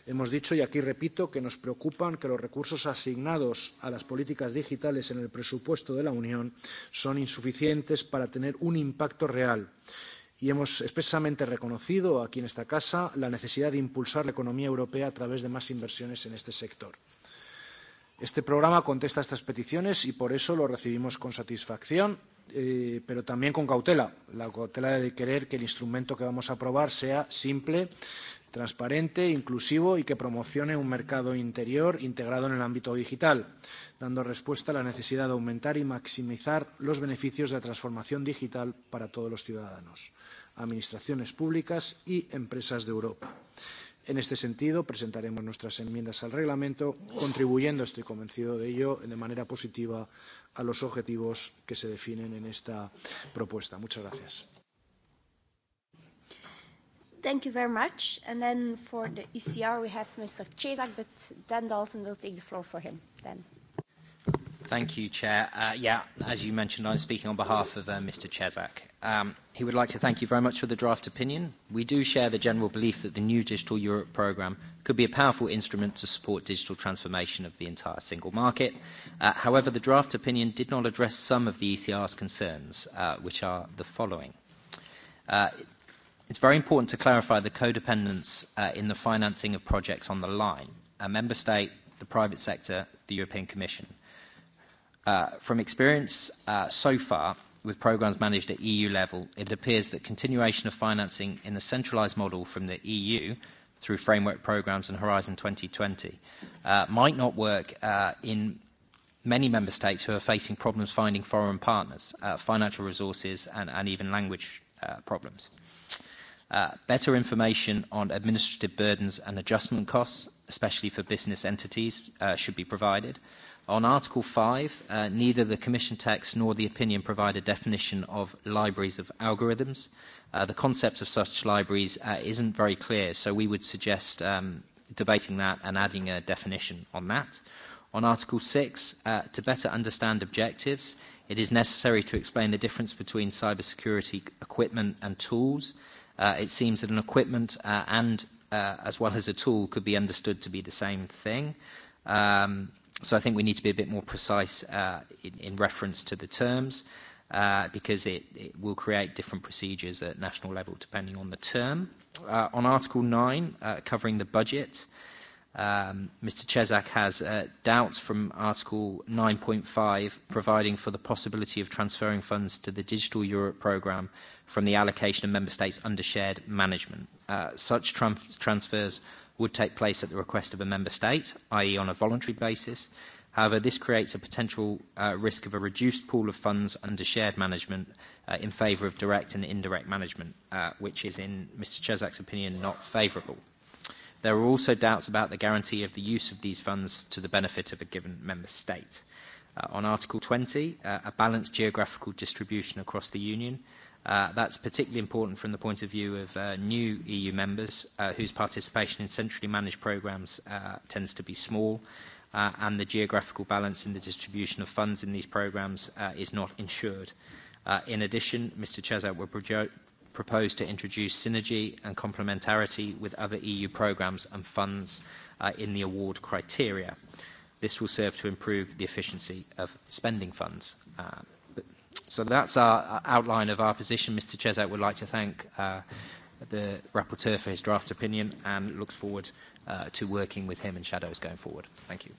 Hemos dicho, y aquí repito, que nos preocupan que los recursos asignados a las políticas digitales en el presupuesto de la Unión son insuficientes para tener un impacto real y hemos expresamente reconocido aquí en esta casa la necesidad de impulsar la economía europea a través de más inversiones en este sector. Este programa contesta estas peticiones y por eso lo recibimos con satisfacción, pero también con cautela, la cautela de querer que el instrumento que vamos a aprobar sea simple, transparente, inclusivo y que promocione un mercado interior integrado en el ámbito digital, dando respuesta a la necesidad de aumentar y maximizar los beneficios de la transformación digital para todos los ciudadanos, administraciones públicas y empresas de Europa. En este sentido, presentaremos nuestras enmiendas al reglamento, contribuyendo, estoy convencido de ello, de manera positiva a los objetivos que se definen en esta propuesta. Muchas gracias. Thank you very much. And then for the ECR, we have Mr. Chesak, but Dan Dalton will take the floor for him then. Thank you, Chair. Yeah, as you mentioned, I'm speaking on behalf of Mr. Chesak. He would like to thank you very much for the draft opinion. We do share the general belief that the new Digital Europe programme could be a powerful instrument to support digital transformation of the entire single market. However, the draft opinion did not address some of the ECR's concerns, which are the following. It's very important to clarify the codependence in the financing of projects on the line, a member state, the private sector, the European Commission. From experience so far with programmes managed at EU level, it appears that continuation of financing in a centralised model from the EU through framework programmes and Horizon 2020 might not work in many member states who are facing problems finding foreign partners, financial resources and even language problems better information on administrative burdens and adjustment costs, especially for business entities, should be provided. On Article 5, neither the Commission text nor the opinion provide a definition of libraries of algorithms. The concept of such libraries isn't very clear, so we would suggest debating that and adding a definition on that. On Article 6, to better understand objectives, it is necessary to explain the difference between cybersecurity equipment and tools Uh It seems that an equipment and as well as a tool could be understood to be the same thing. Um So I think we need to be a bit more precise uh in in reference to the terms uh, because it will create different procedures at national level depending on the term. On Article 9, covering the budget, Um Mr. Chesak has doubts from Article 9.5, providing for the possibility of transferring funds to the Digital Europe programme from the allocation of member states under shared management. Such transfers would take place at the request of a member state, i.e. on a voluntary basis. However, this creates a potential risk of a reduced pool of funds under shared management in favour of direct and indirect management, which is, in Mr. Chesak's opinion, not favourable. There are also doubts about the guarantee of the use of these funds to the benefit of a given member state. On Article 20, a balanced geographical distribution across the Union. That's particularly important from the point of view of new EU members whose participation in centrally managed programmes tends to be small and the geographical balance in the distribution of funds in these programmes is not ensured. In addition, Mr. project proposed to introduce synergy and complementarity with other EU programmes and funds in the award criteria. This will serve to improve the efficiency of spending funds. So that's our outline of our position. Mr. Chesak would like to thank the rapporteur for his draft opinion and looks forward to working with him and shadows going forward. Thank you.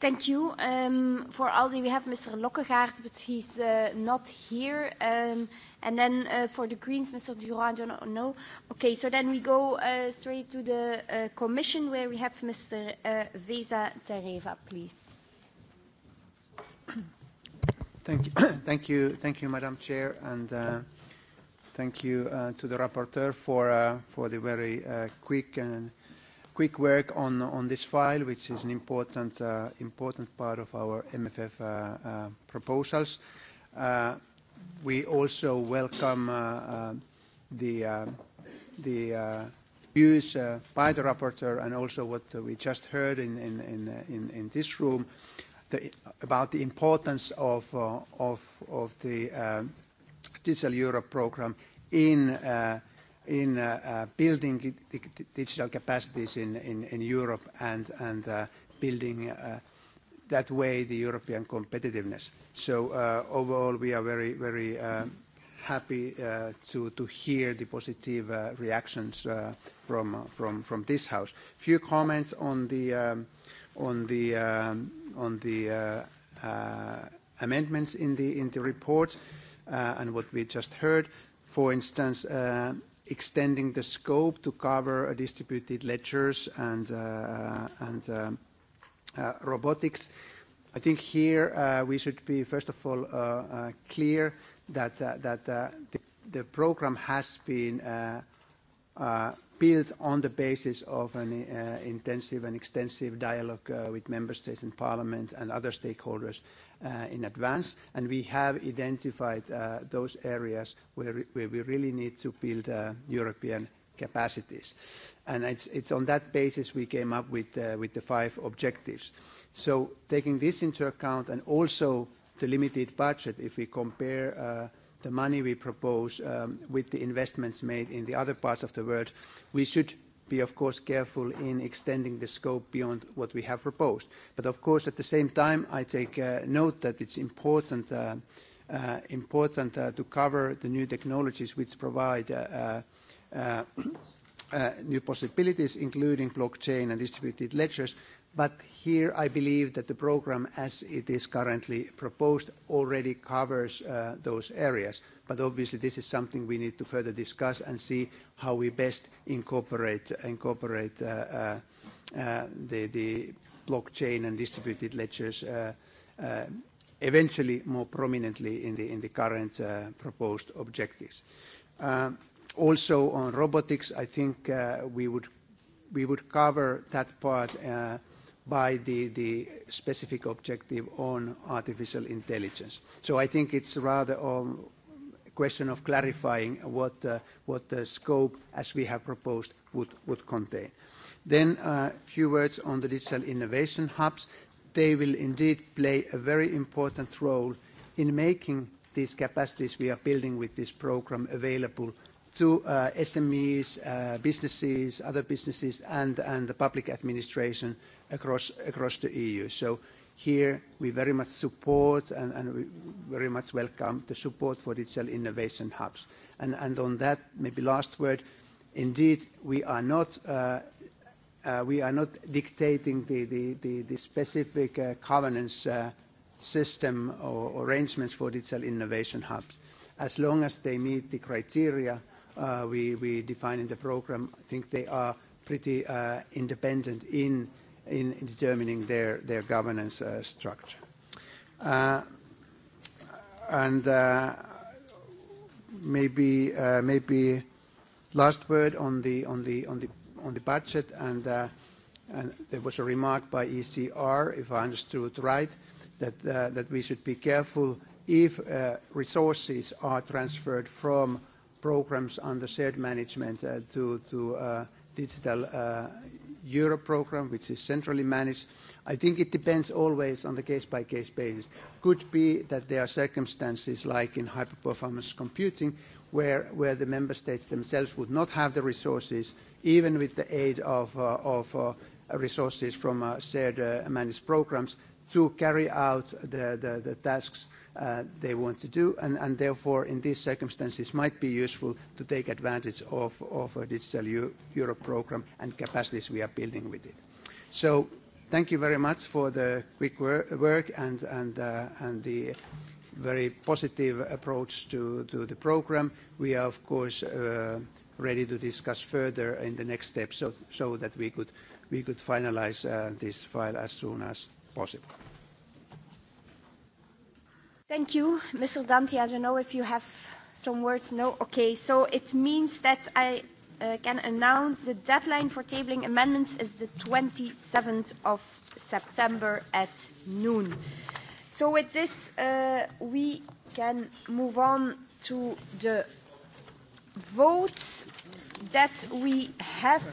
Thank you. Um, for Aldi, we have Mr. Lokkegaard, but he's uh, not here. Um, and then uh, for the Greens, Mr. Durand, I don't know. Okay, so then we go uh, straight to the uh, Commission, where we have Mr. Uh, Tereva, please. Thank you, thank you, thank you, Madam Chair, and uh, thank you uh, to the rapporteur for uh, for the very uh, quick and quick work on on this file, which is an important important part of our MFF proposals. We also welcome the the views by the rapporteur and also what we just heard in in in this room about the importance of of of the Digital Europe program in in building digital capacities in Europe and building that way the European competitiveness. So overall, we are very, very happy to hear the positive reactions from this House. Few comments on the amendments in the report and what we just heard. For instance, extending the scope to cover distributed ledgers and robotics. I think here we should be, first of all, clear that the program has been built on the basis of an intensive and extensive dialogue with member states and parliament and other stakeholders in advance, and we have identified those areas where we really need to build European capacities. And it's on that basis we came up with the five objectives. So taking this into account and also the limited budget, if we compare the money we propose with the investments made in the other parts of the world, we should be, of course, careful in extending the scope beyond what we have proposed. But, of course, at the same time, I take note that it's important important to cover the new technologies which provide new possibilities, including blockchain and distributed ledgers. But here I believe that the program, as it is currently proposed, already covers those areas but obviously this is something we need to further discuss and see how we best incorporate incorporate the the blockchain and distributed ledgers eventually more prominently in the in the current proposed objectives. Also on robotics, I think we would we would cover that part by the the specific objective on artificial intelligence. So I think it's rather question of clarifying what the scope, as we have proposed, would contain. Then a few words on the digital innovation hubs. They will indeed play a very important role in making these capacities we are building with this program available to SMEs, businesses, other businesses, and the public administration across the EU. So Here, we very much support and we very much welcome the support for digital innovation hubs. And on that, maybe last word, indeed, we are not we are not dictating the specific governance system or arrangements for digital innovation hubs. As long as they meet the criteria we define in the program, I think they are pretty independent in in determining their governance structure. And maybe last word on the budget and there was a remark by ECR, if I understood right, that we should be careful if resources are transferred from programs under shared management to digital Euro program, which is centrally managed. I think it depends always on the case-by-case basis. Could be that there are circumstances like in high-performance computing where the member states themselves would not have the resources, even with the aid of resources from shared managed programs, to carry out the tasks they want to do, and therefore, in these circumstances, might be useful to take advantage of a Digital Europe program and capacities we are building with it. So thank you very much for the quick work and the very positive approach to the program. We are, of course, ready to discuss further in the next steps so that we could finalize this file as soon as possible. Thank you, Mr. Danti. I don't know if you have some words. No? Okay. So it means that I can announce the deadline for tabling amendments is the 27th of September at noon. So with this, we can move on to the votes that we have.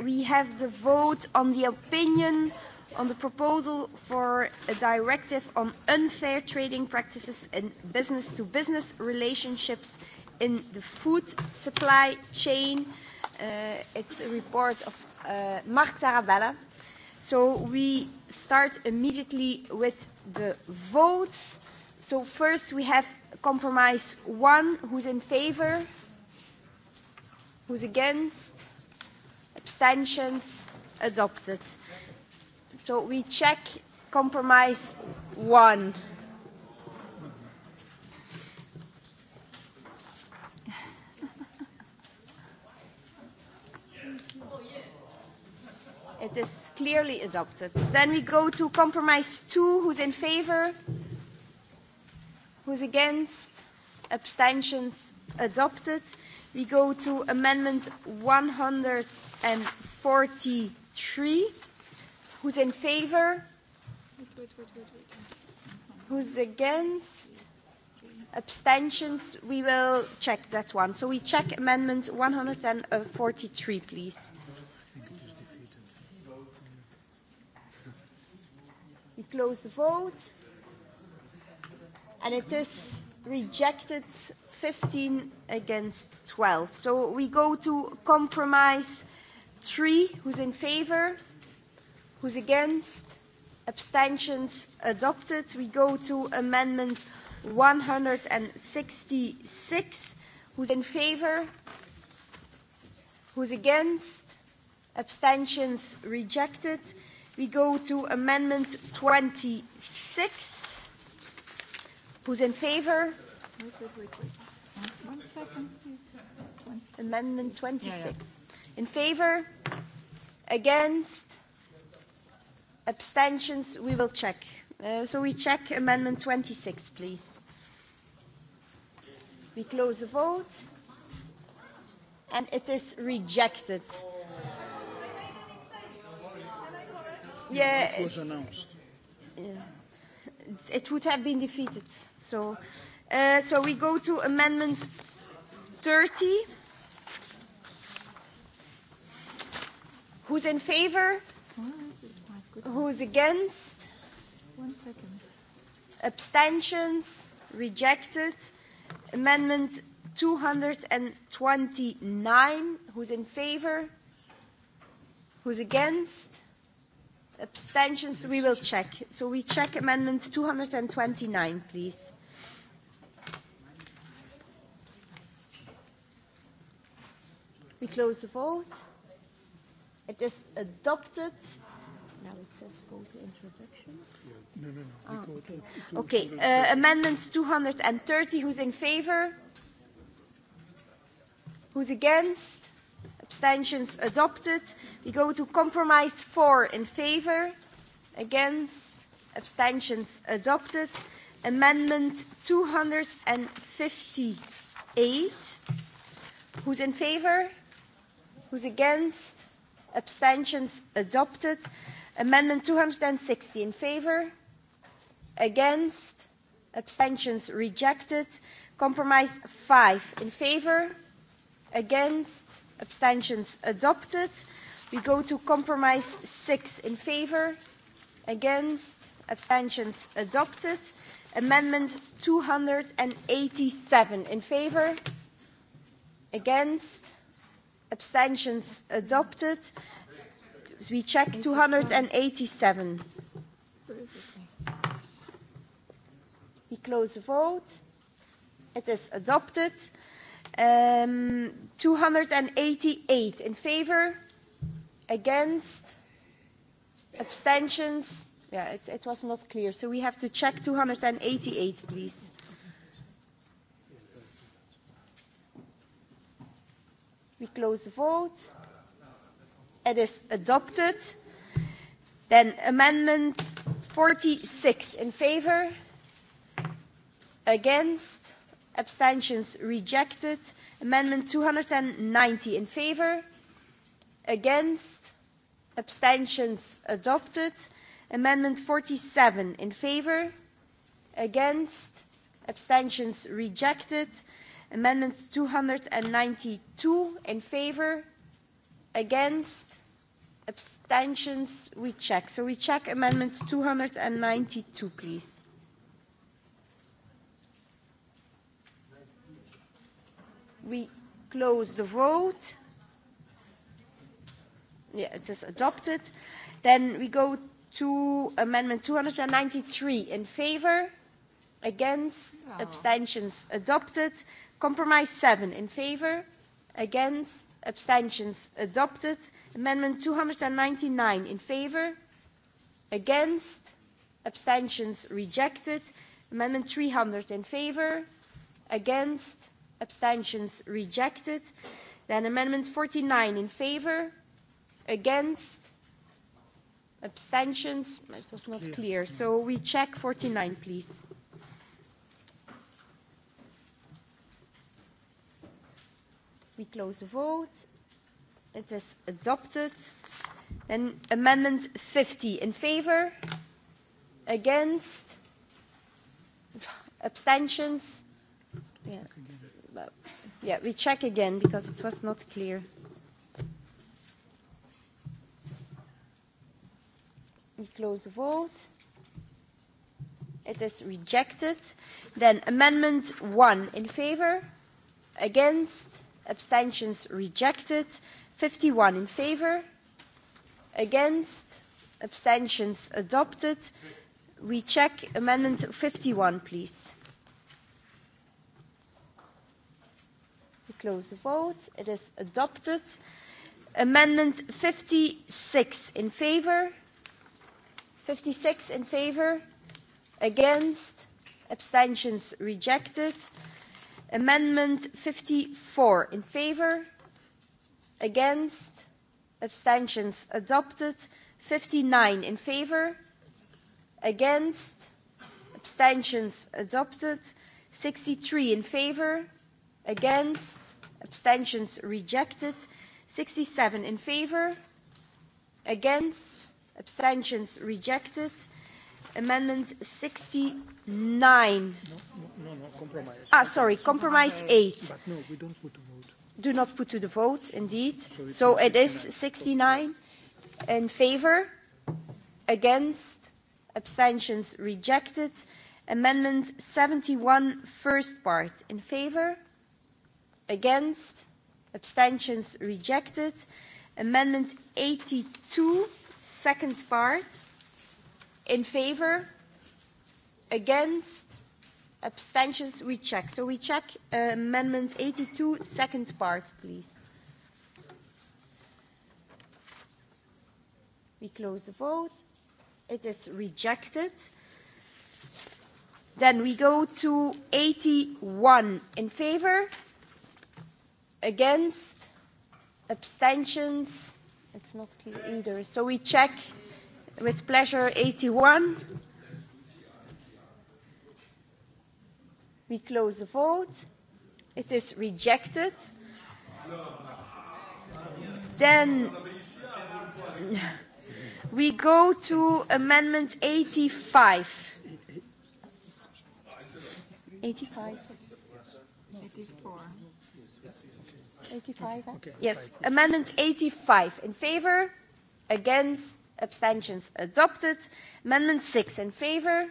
We have the vote on the opinion on the proposal for a directive on unfair trading practices in business-to-business relationships in the food supply chain. It's a report of Mark Tarabella. So we start immediately with the votes. So first we have compromise one. Who's in favor? Who's against? Abstentions? Adopted. So we check compromise one. It is clearly adopted. Then we go to compromise two. Who's in favor? Who's against? Abstentions adopted. We go to amendment 143. Who's in favor? Who's against? Abstentions? We will check that one. So we check Amendment 143, please. We close the vote. And it is rejected 15 against 12. So we go to compromise 3. Who's in favor? Who's against? Abstentions adopted. We go to amendment 166. Who's in favor? Who's against? Abstentions rejected. We go to amendment 26. Who's in favor? Wait, wait, wait, wait. One second, please. Amendment 26. In favor? Against? Abstentions, we will check. So we check Amendment 26, please. We close the vote. And it is rejected. Yeah. It It would have been defeated. So, so we go to Amendment 30. Who's in favor? Who's against? One second. Abstentions? Rejected. Amendment 229. Who's in favor? Who's against? Abstentions? We will check. So we check Amendment 229, please. We close the vote. It is adopted. Now it says go to introduction. No, no, no. okay, amendment 230. Who's in favor? Who's against? Abstentions adopted. We go to compromise four. in favor. Against? Abstentions adopted. Amendment 258. Who's in favor? Who's against? Abstentions adopted. Amendment two hundred and sixty in favor, against, abstentions rejected. Compromise five in favor, against, abstentions adopted. We go to compromise six in favor, against, abstentions adopted. Amendment two hundred and eighty seven in favor, against, abstentions adopted. We check 287. We close the vote. It is adopted. Um, 288 in favor, against, abstentions. Yeah, it, it was not clear. So we have to check 288, please. We close the vote It is adopted. Then amendment 46 in favor, against, abstentions rejected. Amendment 290 in favor, against, abstentions adopted. Amendment 47 in favor, against, abstentions rejected. Amendment 292 in favor Against? Abstentions? We check. So we check Amendment 292, please. We close the vote. Yeah, it is adopted. Then we go to Amendment 293 in favor, against, abstentions adopted. Compromise 7 in favor, against abstentions adopted amendment 299 in favor against abstentions rejected amendment 300 in favor against abstentions rejected then amendment 49 in favor against abstentions it was not clear so we check 49 please We close the vote. It is adopted. Then Amendment 50 in favor, against, abstentions. Yeah. we check again because it was not clear. We close the vote. It is rejected. Then Amendment 1 in favor, against, abstentions rejected 51 in favor against abstentions adopted we check amendment 51 please we close the vote it is adopted amendment 56 in favor 56 in favor against abstentions rejected Amendment 54 in favor, against, abstentions adopted. 59 in favor, against, abstentions adopted. 63 in favor, against, abstentions rejected. 67 in favor, against, abstentions rejected. Amendment 69. Ah, sorry, compromise eight. Do not put to the vote, indeed. So it is 69 in favor, against, abstentions rejected. Amendment 71, first part, in favor, against, abstentions rejected. Amendment 82, second part, in favor, against, Abstentions, we check. So we check Amendment 82, second part, please. We close the vote. It is rejected. Then we go to 81 in favor, against, abstentions. It's not clear either. So we check with pleasure 81. We close the vote. It is rejected. Then we go to Amendment 85. 85. 85. Yes. Amendment 85. In favor? Against? Abstentions adopted. Amendment 6. In favor?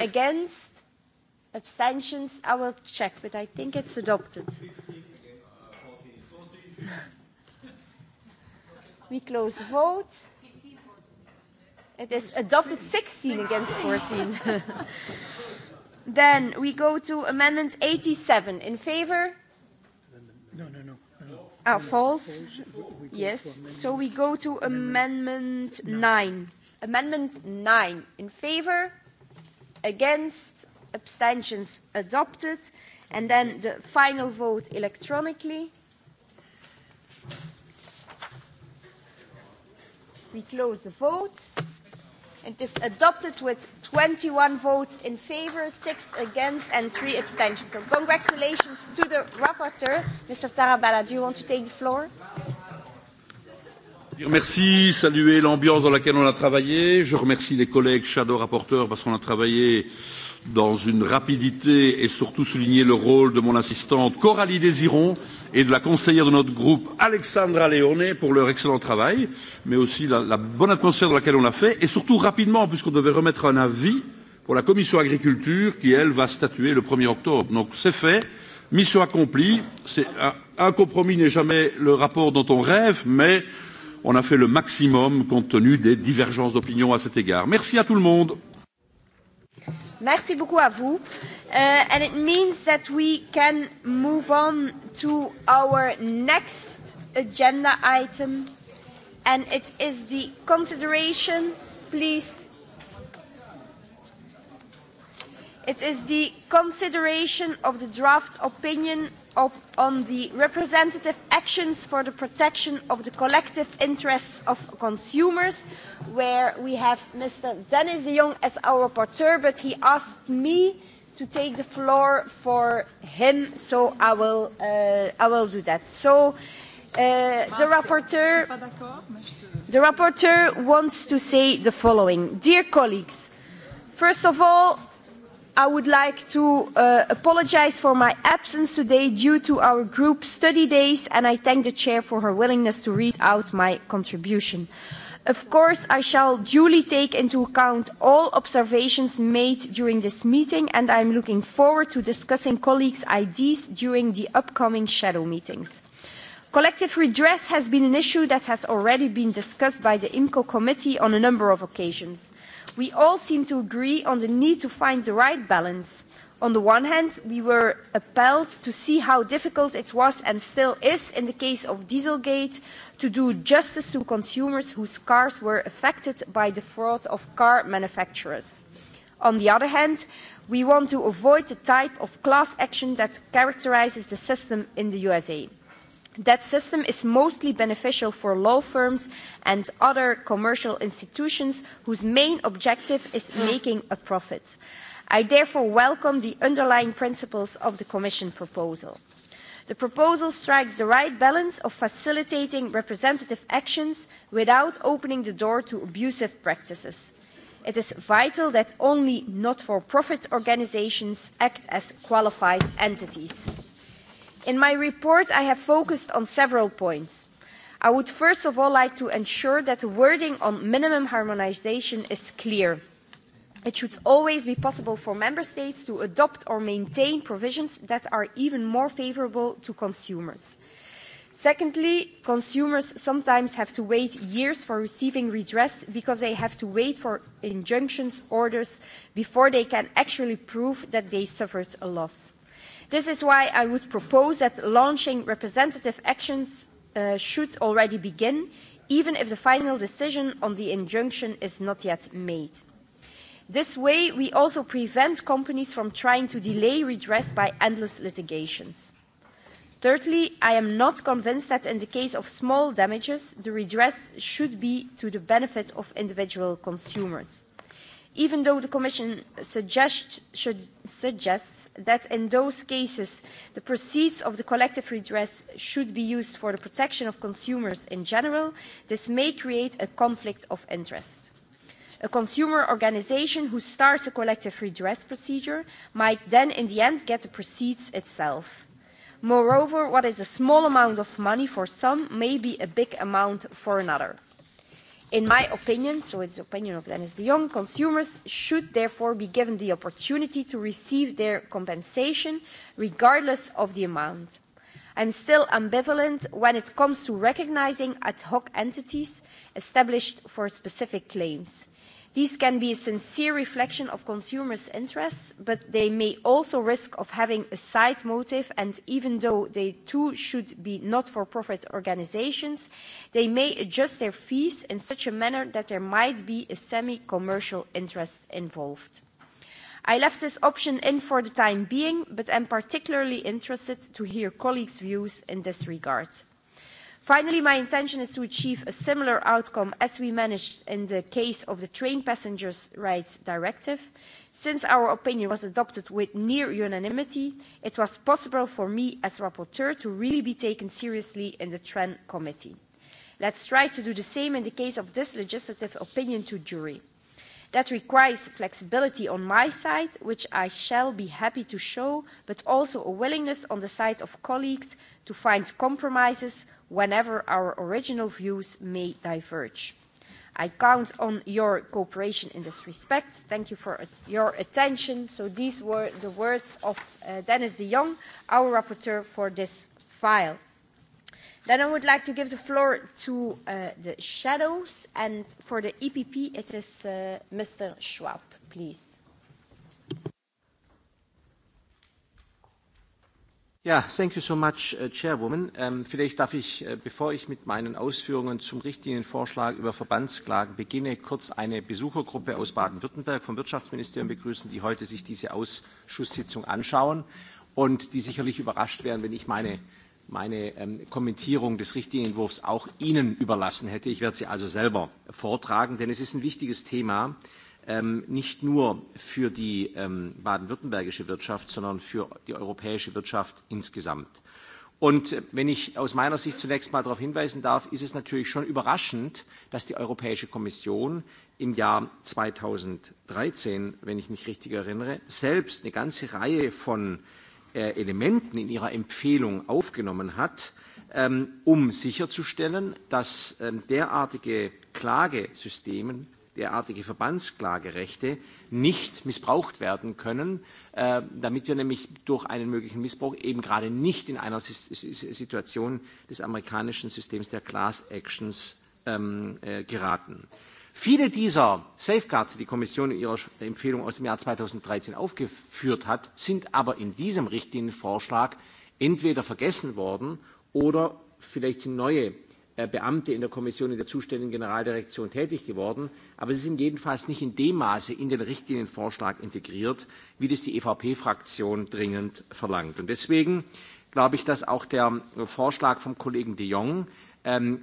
Against? Abstentions? I will check, but I think it's adopted. We close the vote. It is adopted 16 against 14. Then we go to Amendment 87. In favor? No, no, no. Ah, false. Yes. So we go to Amendment 9. Amendment 9. In favor? Against? abstentions adopted and then the final vote electronically we close the vote it is adopted with 21 votes in favor six against and three abstentions so congratulations to the rapporteur mr tarabella do you want to take the floor Merci, saluer l'ambiance dans laquelle on a travaillé. Je remercie les collègues shadow rapporteurs parce qu'on a travaillé dans une rapidité et surtout souligner le rôle de mon assistante Coralie Désiron et de la conseillère de notre groupe Alexandra Leone pour leur excellent travail, mais aussi la bonne atmosphère dans laquelle on l'a fait, et surtout rapidement, puisqu'on devait remettre un avis pour la commission agriculture qui, elle, va statuer le 1er octobre. Donc c'est fait, mission accomplie. Un compromis n'est jamais le rapport dont on rêve, mais on a fait le maximum compte tenu des divergences d'opinion à cet égard. Merci à tout le monde. Merci beaucoup à vous. And it means that we can move on to our next agenda item, and it is the consideration, please. It is the consideration of the draft opinion on the representative actions for the protection of the collective interests of consumers, where we have Mr. Dennis de Jong as our rapporteur, but he asked me to take the floor for him, so I will, I will do that. So the rapporteur, the rapporteur wants to say the following. Dear colleagues, first of all, I would like to apologise for my absence today due to our group study days and I thank the Chair for her willingness to read out my contribution. Of course, I shall duly take into account all observations made during this meeting and I am looking forward to discussing colleagues' ideas during the upcoming shadow meetings. Collective redress has been an issue that has already been discussed by the IMCO committee on a number of occasions. We all seem to agree on the need to find the right balance. On the one hand, we were appalled to see how difficult it was and still is in the case of Dieselgate to do justice to consumers whose cars were affected by the fraud of car manufacturers. On the other hand, we want to avoid the type of class action that characterises the system in the USA. That system is mostly beneficial for law firms and other commercial institutions whose main objective is making a profit. I therefore welcome the underlying principles of the Commission proposal. The proposal strikes the right balance of facilitating representative actions without opening the door to abusive practices. It is vital that only not-for-profit organisations act as qualified entities. In my report, I have focused on several points. I would first of all like to ensure that the wording on minimum harmonisation is clear. It should always be possible for Member States to adopt or maintain provisions that are even more favourable to consumers. Secondly, consumers sometimes have to wait years for receiving redress because they have to wait for injunctions orders before they can actually prove that they suffered a loss. This is why I would propose that launching representative actions should already begin, even if the final decision on the injunction is not yet made. This way, we also prevent companies from trying to delay redress by endless litigations. Thirdly, I am not convinced that in the case of small damages, the redress should be to the benefit of individual consumers. Even though the Commission suggests that in those cases the proceeds of the collective redress should be used for the protection of consumers in general, this may create a conflict of interest. A consumer organisation who starts a collective redress procedure might then in the end get the proceeds itself. Moreover, what is a small amount of money for some may be a big amount for another. In my opinion, so it's the opinion of Dennis de Jong, consumers should therefore be given the opportunity to receive their compensation regardless of the amount. I'm still ambivalent when it comes to recognising ad hoc entities established for specific claims. These can be a sincere reflection of consumers' interests, but they may also risk of having a side motive, and even though they too should be not-for-profit organisations, they may adjust their fees in such a manner that there might be a semi-commercial interest involved. I left this option in for the time being, but am particularly interested to hear colleagues' views in this regard. Finally, my intention is to achieve a similar outcome as we managed in the case of the Train Passengers' Rights Directive. Since our opinion was adopted with near unanimity, it was possible for me as rapporteur to really be taken seriously in the TRAN committee. Let's try to do the same in the case of this legislative opinion to jury. That requires flexibility on my side, which I shall be happy to show, but also a willingness on the side of colleagues to find compromises whenever our original views may diverge. I count on your cooperation in this respect. Thank you for your attention. So these were the words of Dennis de Jong, our rapporteur for this file. Then I would like to give the floor to the shadows, and for the EPP it is Mr. Schwab, please. Ja, thank you so much, Chairwoman. Vielleicht darf ich, bevor ich mit meinen Ausführungen zum Richtlinienvorschlag über Verbandsklagen beginne, kurz eine Besuchergruppe aus Baden-Württemberg vom Wirtschaftsministerium begrüßen, die heute sich diese Ausschusssitzung anschauen und die sicherlich überrascht wären, wenn ich meine meine Kommentierung des Richtlinienentwurfs auch Ihnen überlassen hätte. Ich werde sie also selber vortragen, denn es ist ein wichtiges Thema nicht nur für die baden-württembergische Wirtschaft, sondern für die europäische Wirtschaft insgesamt. Und wenn ich aus meiner Sicht zunächst mal darauf hinweisen darf, ist es natürlich schon überraschend, dass die Europäische Kommission im Jahr 2013, wenn ich mich richtig erinnere, selbst eine ganze Reihe von Elementen in ihrer Empfehlung aufgenommen hat, um sicherzustellen, dass derartige Klagesysteme derartige Verbandsklagerechte nicht missbraucht werden können, damit wir nämlich durch einen möglichen Missbrauch eben gerade nicht in einer Situation des amerikanischen Systems der Class Actions geraten. Viele dieser Safeguards, die die Kommission in ihrer Empfehlung aus dem Jahr 2013 aufgeführt hat, sind aber in diesem Richtlinienvorschlag entweder vergessen worden oder vielleicht sind neue Beamte in der Kommission in der zuständigen Generaldirektion tätig geworden, aber sie sind jedenfalls nicht in dem Maße in den Richtlinienvorschlag integriert, wie das die EVP-Fraktion dringend verlangt. Und deswegen glaube ich, dass auch der Vorschlag vom Kollegen de Jong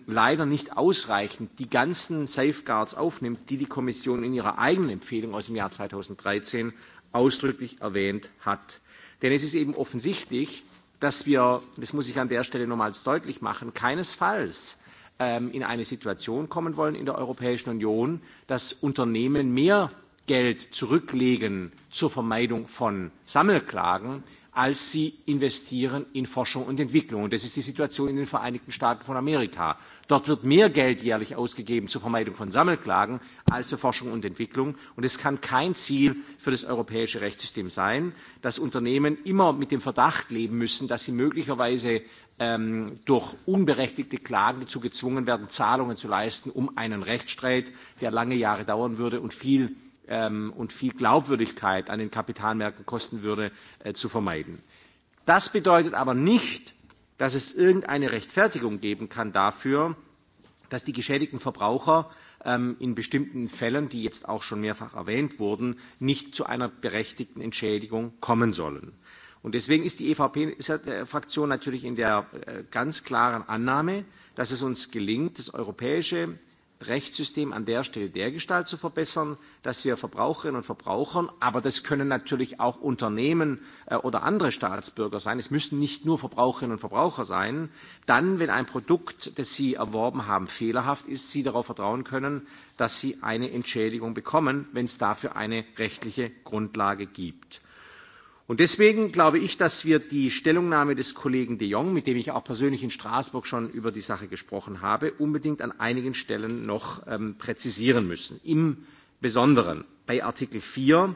leider nicht ausreichend die ganzen Safeguards aufnimmt, die die Kommission in ihrer eigenen Empfehlung aus dem Jahr 2013 ausdrücklich erwähnt hat. Denn es ist eben offensichtlich, dass wir, das muss ich an der Stelle nochmals deutlich machen, keinesfalls in eine Situation kommen wollen in der Europäischen Union, dass Unternehmen mehr Geld zurücklegen zur Vermeidung von Sammelklagen, als sie investieren in Forschung und Entwicklung. Und das ist die Situation in den Vereinigten Staaten von Amerika. Dort wird mehr Geld jährlich ausgegeben zur Vermeidung von Sammelklagen als für Forschung und Entwicklung. Und es kann kein Ziel für das europäische Rechtssystem sein, dass Unternehmen immer mit dem Verdacht leben müssen, dass sie möglicherweise durch unberechtigte Klagen dazu gezwungen werden, Zahlungen zu leisten, um einen Rechtsstreit, der lange Jahre dauern würde und viel und viel Glaubwürdigkeit an den Kapitalmärkten kosten würde, zu vermeiden. Das bedeutet aber nicht, dass es irgendeine Rechtfertigung geben kann dafür, dass die geschädigten Verbraucher in bestimmten Fällen, die jetzt auch schon mehrfach erwähnt wurden, nicht zu einer berechtigten Entschädigung kommen sollen. Und deswegen ist die EVP-Fraktion natürlich in der ganz klaren Annahme, dass es uns gelingt, das europäische Rechtssystem an der Stelle dergestalt zu verbessern, dass wir Verbraucherinnen und Verbrauchern, aber das können natürlich auch Unternehmen oder andere Staatsbürger sein, es müssen nicht nur Verbraucherinnen und Verbraucher sein, dann, wenn ein Produkt, das sie erworben haben, fehlerhaft ist, sie darauf vertrauen können, dass sie eine Entschädigung bekommen, wenn es dafür eine rechtliche Grundlage gibt. Und deswegen glaube ich, dass wir die Stellungnahme des Kollegen de Jong, mit dem ich auch persönlich in Straßburg schon über die Sache gesprochen habe, unbedingt an einigen Stellen noch präzisieren müssen. Im Besonderen bei Artikel 4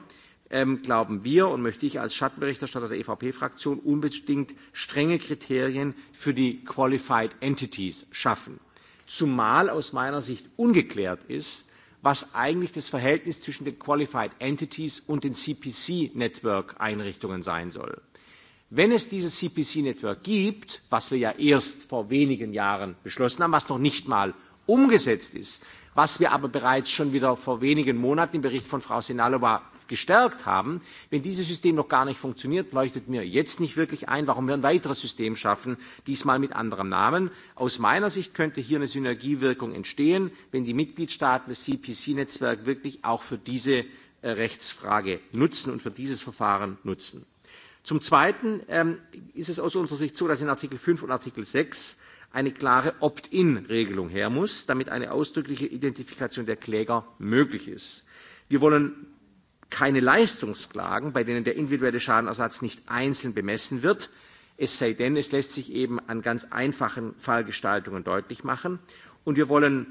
glauben wir und möchte ich als Schattenberichterstatter der EVP-Fraktion unbedingt strenge Kriterien für die Qualified Entities schaffen. Zumal aus meiner Sicht ungeklärt ist, was eigentlich das Verhältnis zwischen den Qualified Entities und den CPC-Network-Einrichtungen sein soll. Wenn es dieses CPC-Network gibt, was wir ja erst vor wenigen Jahren beschlossen haben, was noch nicht mal umgesetzt ist, was wir aber bereits schon wieder vor wenigen Monaten im Bericht von Frau Sinalova gestärkt haben. Wenn dieses System noch gar nicht funktioniert, leuchtet mir jetzt nicht wirklich ein, warum wir ein weiteres System schaffen, diesmal mit anderem Namen. Aus meiner Sicht könnte hier eine Synergiewirkung entstehen, wenn die Mitgliedstaaten das CPC-Netzwerk wirklich auch für diese Rechtsfrage nutzen und für dieses Verfahren nutzen. Zum Zweiten ist es aus unserer Sicht so, dass in Artikel 5 und Artikel 6 eine klare Opt-in-Regelung her muss, damit eine ausdrückliche Identifikation der Kläger möglich ist. Wir wollen keine Leistungsklagen, bei denen der individuelle Schadenersatz nicht einzeln bemessen wird, es sei denn, es lässt sich eben an ganz einfachen Fallgestaltungen deutlich machen. Und wir wollen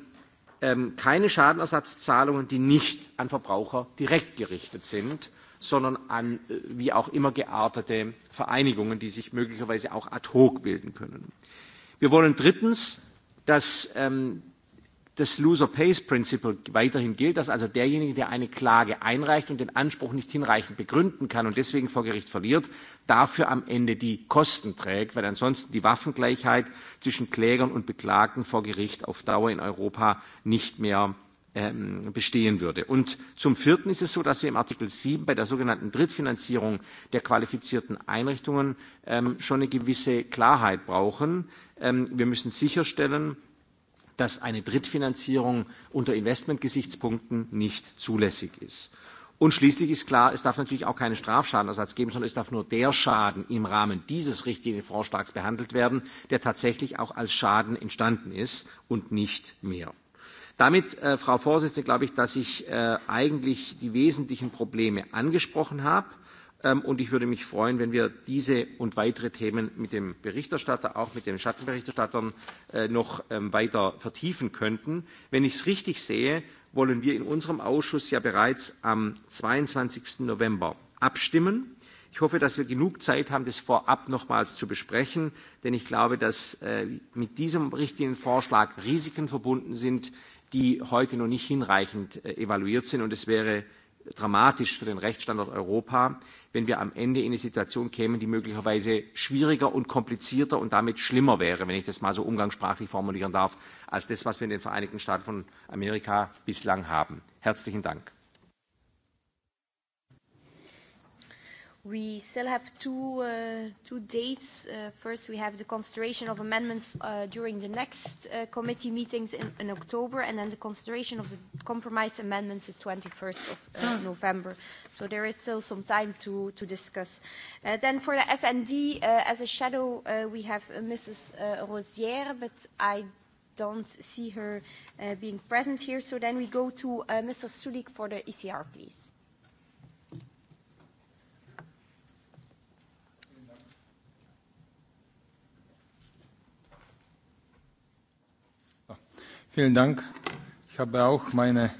keine Schadenersatzzahlungen, die nicht an Verbraucher direkt gerichtet sind, sondern an wie auch immer geartete Vereinigungen, die sich möglicherweise auch ad hoc bilden können. Wir wollen drittens, dass das Loser Pays Principle weiterhin gilt, dass also derjenige, der eine Klage einreicht und den Anspruch nicht hinreichend begründen kann und deswegen vor Gericht verliert, dafür am Ende die Kosten trägt, weil ansonsten die Waffengleichheit zwischen Klägern und Beklagten vor Gericht auf Dauer in Europa nicht mehr bestehen würde. Und zum Vierten ist es so, dass wir im Artikel 7 bei der sogenannten Drittfinanzierung der qualifizierten Einrichtungen schon eine gewisse Klarheit brauchen. Wir müssen sicherstellen, dass eine Drittfinanzierung unter Investmentgesichtspunkten nicht zulässig ist. Und schließlich ist klar, es darf natürlich auch keinen Strafschadenersatz geben, sondern es darf nur der Schaden im Rahmen dieses Richtlinienvorschlags behandelt werden, der tatsächlich auch als Schaden entstanden ist und nicht mehr. Damit, Frau Vorsitzende, glaube ich, dass ich eigentlich die wesentlichen Probleme angesprochen habe. Und ich würde mich freuen, wenn wir diese und weitere Themen mit dem Berichterstatter, auch mit den Schattenberichterstattern noch weiter vertiefen könnten. Wenn ich es richtig sehe, wollen wir in unserem Ausschuss ja bereits am 22. November abstimmen. Ich hoffe, dass wir genug Zeit haben, das vorab nochmals zu besprechen, denn ich glaube, dass mit diesem richtigen Vorschlag Risiken verbunden sind, die heute noch nicht hinreichend evaluiert sind. Und es wäre dramatisch für den Rechtsstandort Europa, wenn wir am Ende in eine Situation kämen, die möglicherweise schwieriger und komplizierter und damit schlimmer wäre, wenn ich das mal so umgangssprachlich formulieren darf, als das, was wir in den Vereinigten Staaten von Amerika bislang haben. Herzlichen Dank. We still have two two dates. First, we have the consideration of amendments during the next committee meetings in October, and then the consideration of the compromise amendments the 21st of November. So there is still some time to to discuss. Then for the SND, as a shadow, we have Mrs. Rosière, but I don't see her being present here. So then we go to Mr. Sulik for the ECR, please. Vielen Dank. Ich habe auch meine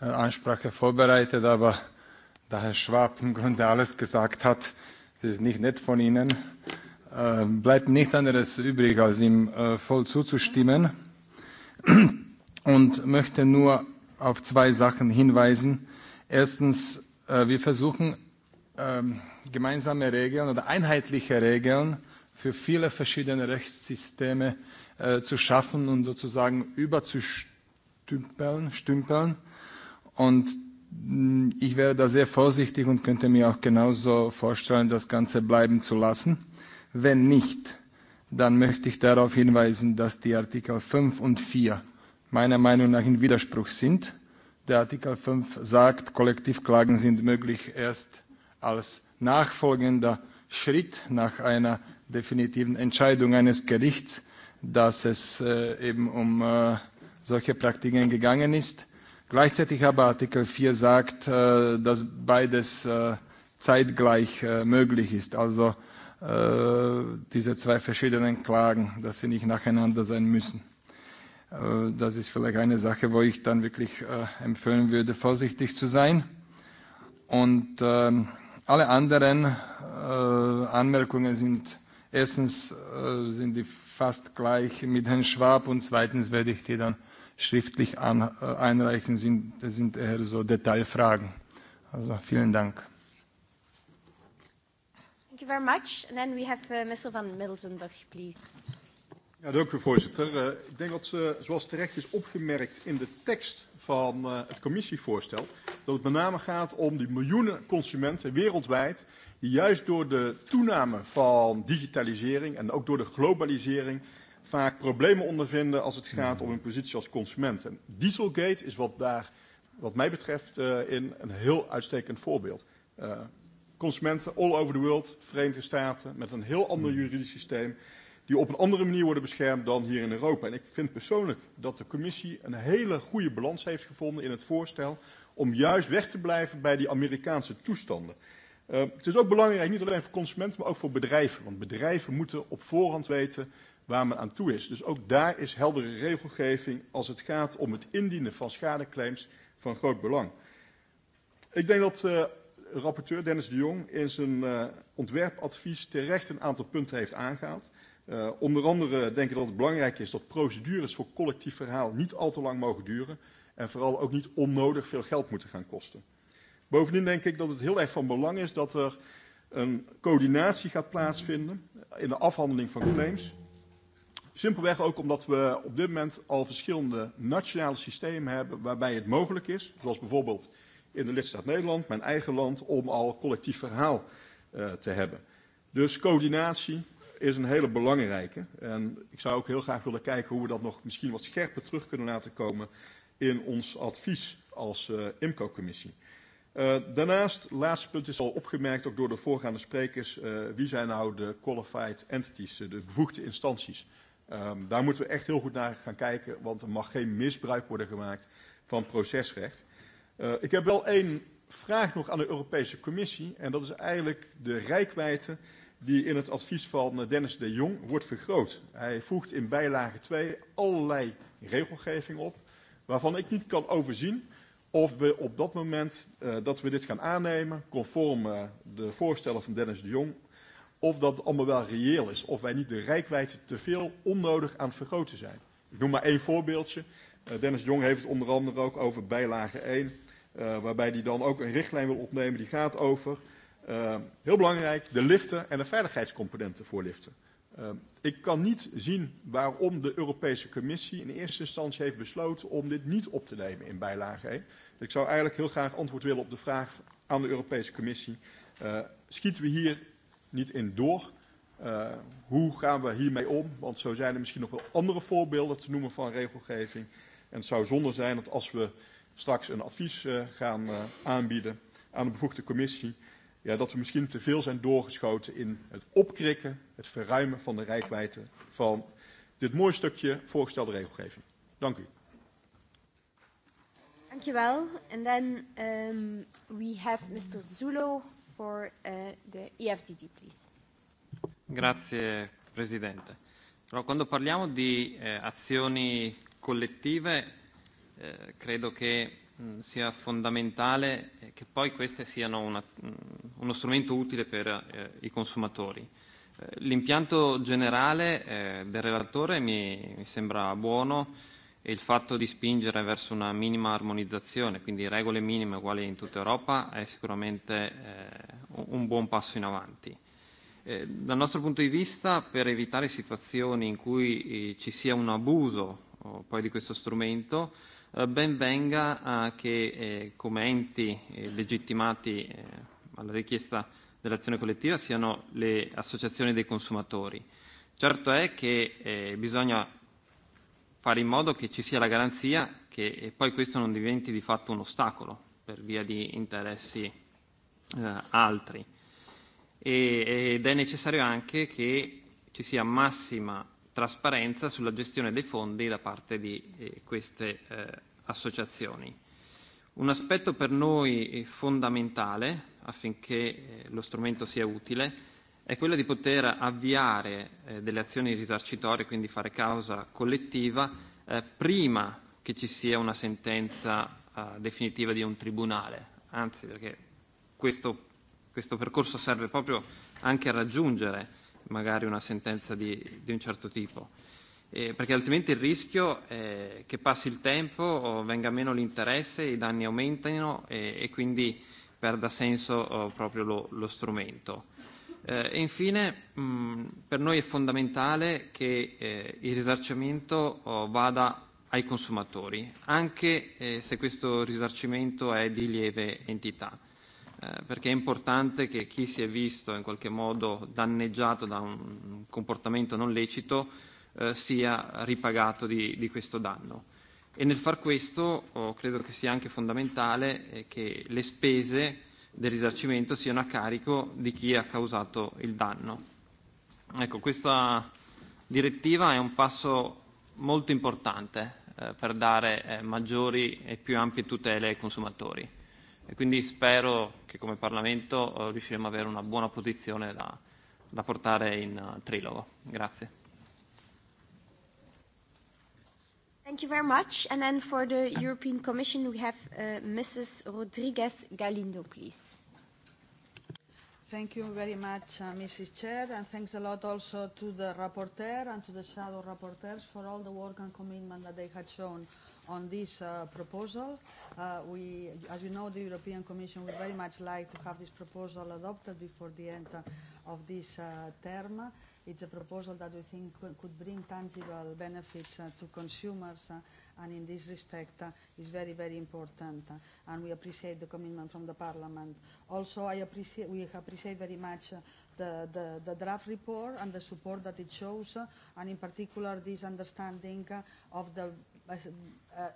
Ansprache vorbereitet, aber da Herr Schwab im Grunde alles gesagt hat, das ist nicht nett von Ihnen, bleibt nichts anderes übrig, als ihm voll zuzustimmen und möchte nur auf zwei Sachen hinweisen. Erstens, wir versuchen gemeinsame Regeln oder einheitliche Regeln für viele verschiedene Rechtssysteme zu schaffen und sozusagen überzustümpeln. Stümpeln. Und ich wäre da sehr vorsichtig und könnte mir auch genauso vorstellen, das Ganze bleiben zu lassen. Wenn nicht, dann möchte ich darauf hinweisen, dass die Artikel 5 und 4 meiner Meinung nach in Widerspruch sind. Der Artikel 5 sagt, Kollektivklagen sind möglich erst als nachfolgender Schritt nach einer definitiven Entscheidung eines Gerichts dass es eben um solche Praktiken gegangen ist. Gleichzeitig aber Artikel 4 sagt, dass beides zeitgleich möglich ist. Also diese zwei verschiedenen Klagen, dass sie nicht nacheinander sein müssen. Das ist vielleicht eine Sache, wo ich dann wirklich empfehlen würde, vorsichtig zu sein. Und alle anderen Anmerkungen sind, erstens sind die fast gleich mit Herrn Schwab und zweitens werde ich die dann schriftlich einreichen. Sind, das sind eher so Detailfragen. Also vielen Dank. Thank you very much. And then we have uh, Mr. van Middelsenburg, please. Ja, dank u voorzitter. Ik denk dat, ze, zoals terecht is opgemerkt in de tekst van het commissievoorstel, dat het met name gaat om die miljoenen consumenten wereldwijd juist door de toename van digitalisering en ook door de globalisering vaak problemen ondervinden als het gaat om hun positie als consument. En Dieselgate is wat daar, wat mij betreft, in een heel uitstekend voorbeeld. consumenten all over the world, Verenigde Staten, met een heel ander juridisch systeem, die op een andere manier worden beschermd dan hier in Europa. En ik vind persoonlijk dat de commissie een hele goede balans heeft gevonden in het voorstel om juist weg te blijven bij die Amerikaanse toestanden. Het is ook belangrijk, niet alleen voor consumenten, maar ook voor bedrijven. Want bedrijven moeten op voorhand weten waar men aan toe is. Dus ook daar is heldere regelgeving als het gaat om het indienen van schadeclaims van groot belang. Ik denk dat de rapporteur Dennis de Jong in zijn ontwerpadvies terecht een aantal punten heeft aangehaald. Onder andere denk ik dat het belangrijk is dat procedures voor collectief verhaal niet al te lang mogen duren en vooral ook niet onnodig veel geld moeten gaan kosten. Bovendien denk ik dat het heel erg van belang is dat er een coördinatie gaat plaatsvinden in de afhandeling van claims. Simpelweg ook omdat we op dit moment al verschillende nationale systemen hebben waarbij het mogelijk is, zoals bijvoorbeeld in de lidstaat Nederland, mijn eigen land, om al collectief verhaal te hebben. Dus coördinatie is een hele belangrijke. En ik zou ook heel graag willen kijken hoe we dat nog misschien wat scherper terug kunnen laten komen in ons advies als IMCO-commissie daarnaast, laatste punt is al opgemerkt, ook door de voorgaande sprekers, wie zijn nou de qualified entities, de bevoegde instanties. daar moeten we echt heel goed naar gaan kijken, want er mag geen misbruik worden gemaakt van procesrecht. ik heb wel één vraag nog aan de Europese Commissie, en dat is eigenlijk de rijkwijde die in het advies van Dennis de Jong wordt vergroot. Hij voegt in bijlage 2 allerlei regelgeving op, waarvan ik niet kan overzien of we op dat moment dat we dit gaan aannemen, conform de voorstellen van Dennis de Jong, of dat allemaal wel reëel is. Of wij niet de rijkwijde te veel onnodig aan het vergroten zijn. Ik noem maar één voorbeeldje. Dennis de Jong heeft het onder andere ook over bijlage 1, waarbij hij dan ook een richtlijn wil opnemen die gaat over, heel belangrijk, de liften en de veiligheidscomponenten voor liften. Ik kan niet zien waarom de Europese Commissie in eerste instantie heeft besloten om dit niet op te nemen in bijlage 1. Ik zou eigenlijk heel graag antwoord willen op de vraag aan de Europese Commissie. Schieten we hier niet in door? Hoe gaan we hiermee om? Want zo zijn er misschien nog wel andere voorbeelden te noemen van regelgeving. En het zou zonde zijn dat als we straks een advies gaan aanbieden aan de bevoegde commissie, ja, dat we misschien te veel zijn doorgeschoten in het opkrikken, het verruimen van de rijkwijde van dit mooie stukje voorgestelde regelgeving. Dank u. Dankjewel. En dan um, we have Mr. Zulo for uh, the EFDD, please. Grazie, Presidente. Però quando parliamo di eh, azioni collettive, eh, credo che sia fondamentale che poi queste siano uno strumento utile per i consumatori. L'impianto generale del relatore mi sembra buono e il fatto di spingere verso una minima armonizzazione, quindi regole minime uguali in tutta Europa, è sicuramente un buon passo in avanti. Dal nostro punto di vista, per evitare situazioni in cui ci sia un abuso poi di questo strumento, ben venga che come enti legittimati alla richiesta dell'azione collettiva siano le associazioni dei consumatori. Certo è che bisogna fare in modo che ci sia la garanzia che poi questo non diventi di fatto un ostacolo per via di interessi altri. Ed è necessario anche che ci sia massima trasparenza sulla gestione dei fondi da parte di queste associazioni. Un aspetto per noi fondamentale affinché lo strumento sia utile è quello di poter avviare delle azioni risarcitorie, quindi fare causa collettiva, prima che ci sia una sentenza definitiva di un tribunale, anzi perché questo questo percorso serve proprio anche a raggiungere magari una sentenza di, di un certo tipo, eh, perché altrimenti il rischio è che passi il tempo, venga meno l'interesse, i danni aumentino e, e quindi perda senso proprio lo, lo strumento. e infine per noi è fondamentale che il risarcimento vada ai consumatori, anche se questo risarcimento è di lieve entità perché è importante che chi si è visto in qualche modo danneggiato da un comportamento non lecito sia ripagato di, di questo danno. E nel far questo credo che sia anche fondamentale che le spese del risarcimento siano a carico di chi ha causato il danno. Ecco, questa direttiva è un passo molto importante per dare maggiori e più ampie tutele ai consumatori e quindi spero che come Parlamento riusciremo ad avere una buona posizione da, da portare in trilogo. Grazie. Thank you very much. And then for the European Commission we have Mrs. Rodriguez Galindo, please. Thank you very much, Mrs. Chair, and thanks a lot also to the rapporteur and to the shadow rapporteurs for all the work and commitment that they had shown on this uh, proposal. Uh, we, as you know, the European Commission would very much like to have this proposal adopted before the end of this uh, term. It's a proposal that we think could bring tangible benefits to consumers and in this respect is very, very important and we appreciate the commitment from the Parliament. Also, I appreciate, we appreciate very much the, the, the draft report and the support that it shows and in particular this understanding of the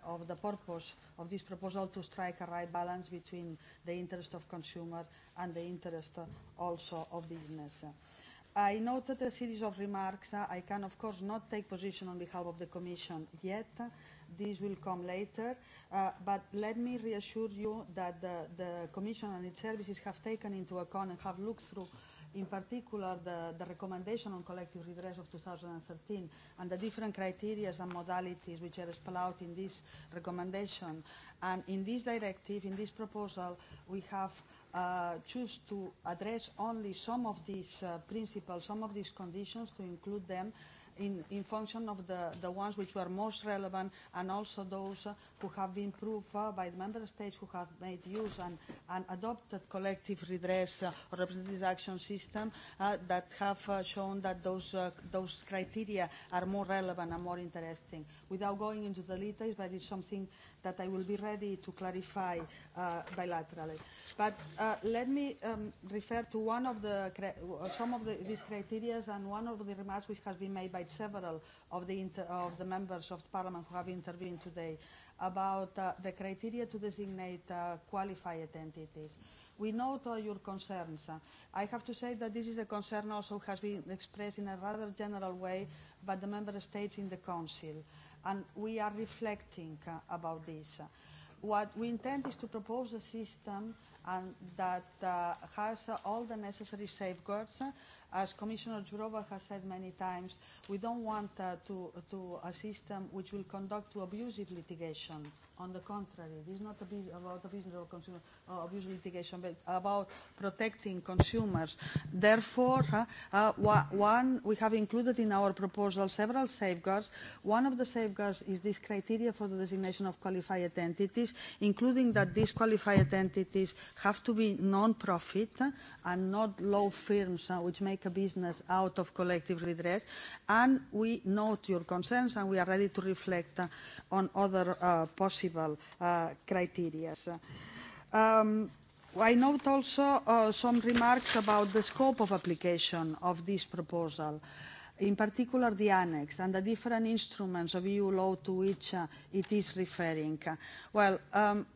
of the purpose of this proposal to strike a right balance between the interest of consumer and the interest also of business. I noted a series of remarks. I can, of course, not take position on behalf of the Commission yet. This will come later. But let me reassure you that the Commission and its services have taken into account and have looked through, in particular, the recommendation on collective redress of 2013 and the different criteria and modalities which are spelled out in this recommendation. And in this directive, in this proposal, we have choose to address only some of these principles, some of these conditions, to include them in function of the ones which were most relevant and also those who have been proved by the member states who have made use and adopted collective redress or representative action system that have shown that those those criteria are more relevant and more interesting. Without going into the details, but it's something that I will be ready to clarify bilaterally. But let me refer to one of the some of these criteria and one of the remarks which has been made by several of the, inter of the members of parliament who have intervened today, about the criteria to designate uh, qualified entities. We note all your concerns. I have to say that this is a concern also has been expressed in a rather general way by the member states in the council, and we are reflecting about this. What we intend is to propose a system and that has all the necessary safeguards. As Commissioner Jourova has said many times, we don't want to a system which will conduct to abusive litigation On the contrary, this is not about the business of consumer abuse litigation, but about protecting consumers. Therefore, one we have included in our proposal several safeguards. One of the safeguards is this criteria for the designation of qualified entities, including that these qualified entities have to be non-profit and not law firms which make a business out of collective redress. And we note your concerns and we are ready to reflect on other possible possible criteria. I note also some remarks about the scope of application of this proposal, in particular the annex and the different instruments of EU law to which it is referring. Well,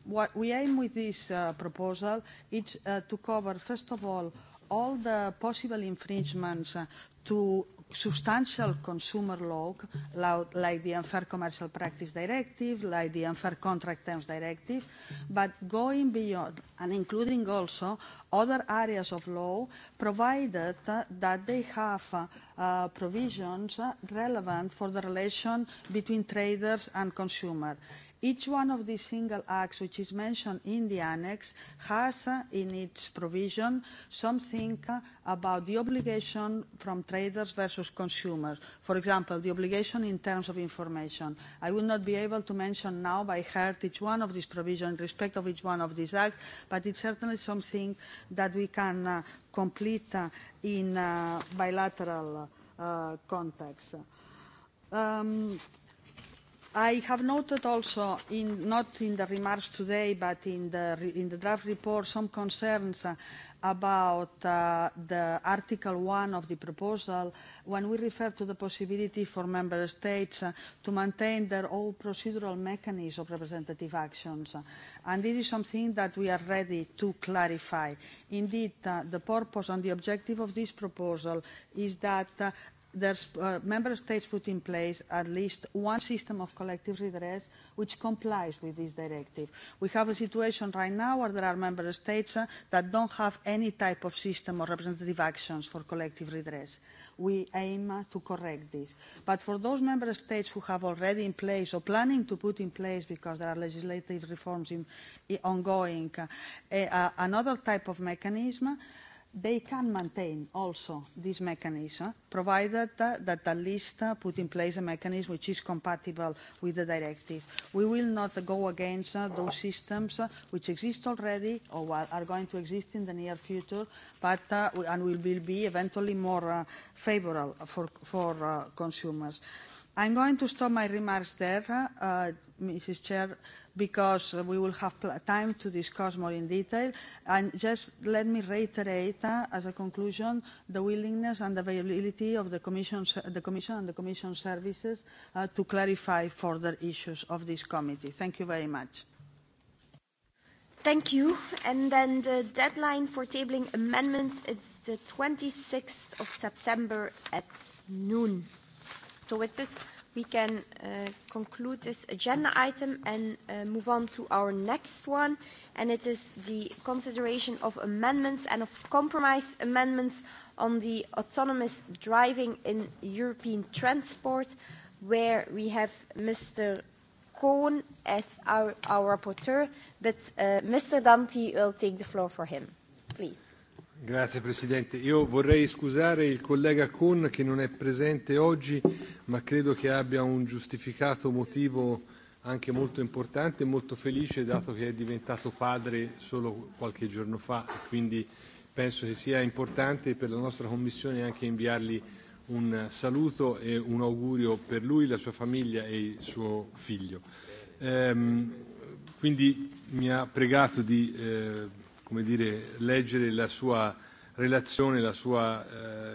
what we aim with this proposal is to cover, first of all, all the possible infringements to substantial consumer law, like the Unfair Commercial Practice Directive, like the Unfair Contract Terms Directive, but going beyond and including also other areas of law, provided that they have provisions relevant for the relation between traders and consumers. Each one of these single acts, which is mentioned in the annex, has in its provision something about the obligation from traders versus consumers. For example, the obligation in terms of information. I will not be able to mention now by heart each one of these provisions in respect of each one of these acts, but it's certainly something that we can complete in bilateral context. I have noted also, not in the remarks today, but in the draft report, some concerns about the Article 1 of the proposal, when we refer to the possibility for member states to maintain their own procedural mechanism of representative actions. And this is something that we are ready to clarify. Indeed, the purpose and the objective of this proposal is that there's member states put in place at least one system of collective redress which complies with this directive. We have a situation right now where there are member states that don't have any type of system or representative actions for collective redress. We aim to correct this. But for those member states who have already in place or planning to put in place because there are legislative reforms in ongoing, another type of mechanism, they can maintain also this mechanism, provided that at least put in place a mechanism which is compatible with the directive. We will not go against those systems which exist already or are going to exist in the near future, but and will be eventually more favorable for consumers. I'm going to stop my remarks there. Mrs. Chair, because we will have time to discuss more in detail. And just let me reiterate, as a conclusion, the willingness and availability of the Commission and the Commission services to clarify further issues of this committee. Thank you very much. Thank you. And then the deadline for tabling amendments is the 26th of September at noon. So with this we can conclude this agenda item and move on to our next one, and it is the consideration of amendments and of compromise amendments on the autonomous driving in European transport, where we have Mr. Cohn as our rapporteur, but Mr. Dante will take the floor for him. Please. Grazie Presidente. Io vorrei scusare il collega Kuhn che non è presente oggi, ma credo che abbia un giustificato motivo anche molto importante e molto felice, dato che è diventato padre solo qualche giorno fa. Quindi penso che sia importante per la nostra Commissione anche inviargli un saluto e un augurio per lui, la sua famiglia e il suo figlio. Quindi mi ha pregato di come dire, leggere la sua relazione, la sua,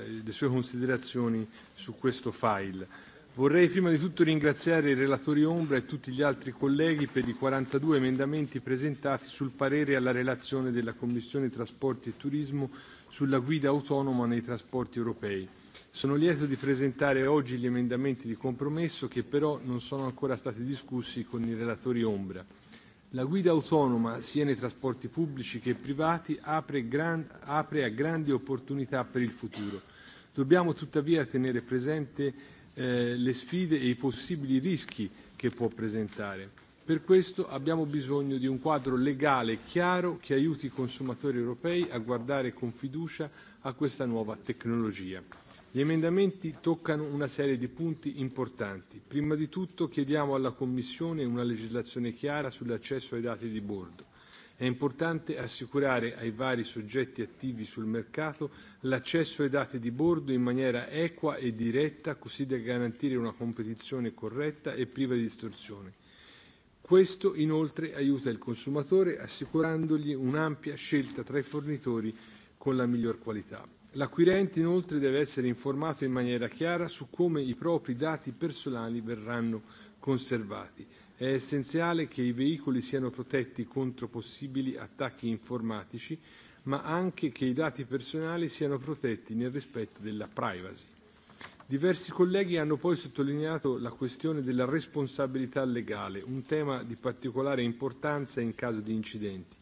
le sue considerazioni su questo file. Vorrei prima di tutto ringraziare i relatori Ombra e tutti gli altri colleghi per i 42 emendamenti presentati sul parere alla relazione della Commissione Trasporti e Turismo sulla guida autonoma nei trasporti europei. Sono lieto di presentare oggi gli emendamenti di compromesso che però non sono ancora stati discussi con i relatori Ombra. La guida autonoma sia nei trasporti pubblici che privati apre a grandi opportunità per il futuro. Dobbiamo tuttavia tenere presente le sfide e i possibili rischi che può presentare. Per questo abbiamo bisogno di un quadro legale chiaro che aiuti i consumatori europei a guardare con fiducia a questa nuova tecnologia. Gli emendamenti toccano una serie di punti importanti. Prima di tutto chiediamo alla Commissione una legislazione chiara sull'accesso ai dati di bordo. È importante assicurare ai vari soggetti attivi sul mercato l'accesso ai dati di bordo in maniera equa e diretta, così da garantire una competizione corretta e priva di distorsione. Questo inoltre aiuta il consumatore assicurandogli un'ampia scelta tra i fornitori con la miglior qualità. L'acquirente inoltre deve essere informato in maniera chiara su come i propri dati personali verranno conservati. È essenziale che i veicoli siano protetti contro possibili attacchi informatici, ma anche che i dati personali siano protetti nel rispetto della privacy. Diversi colleghi hanno poi sottolineato la questione della responsabilità legale, un tema di particolare importanza in caso di incidenti.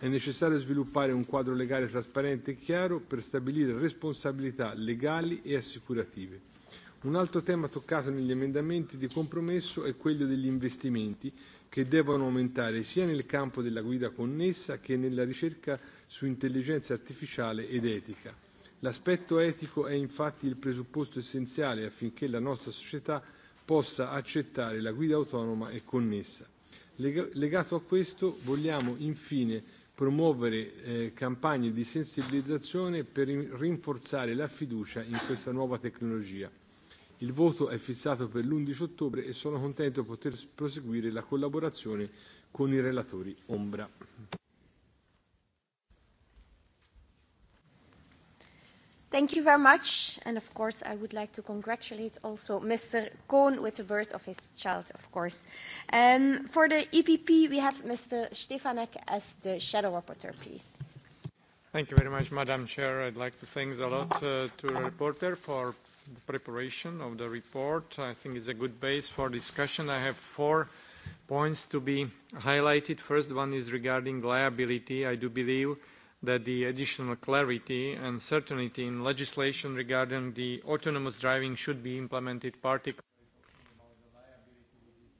È necessario sviluppare un quadro legale trasparente e chiaro per stabilire responsabilità legali e assicurative. Un altro tema toccato negli emendamenti di compromesso è quello degli investimenti, che devono aumentare sia nel campo della guida connessa che nella ricerca su intelligenza artificiale ed etica. L'aspetto etico è infatti il presupposto essenziale affinché la nostra società possa accettare la guida autonoma e connessa. Legato a questo vogliamo infine promuovere campagne di sensibilizzazione per rinforzare la fiducia in questa nuova tecnologia. Il voto è fissato per l'11 ottobre e sono contento di poter proseguire la collaborazione con i relatori ombra. Thank you very much. And of course, I would like to congratulate also Mr. Kohn with the birth of his child, of course. Um, for the EPP, we have Mr. Stefanek as the shadow reporter, please. Thank you very much, Madam Chair. I'd like to thank a lot uh, to the reporter for the preparation of the report. I think it's a good base for discussion. I have four points to be highlighted. First one is regarding liability. I do believe that the additional clarity and certainty in legislation regarding the autonomous driving should be implemented, particularly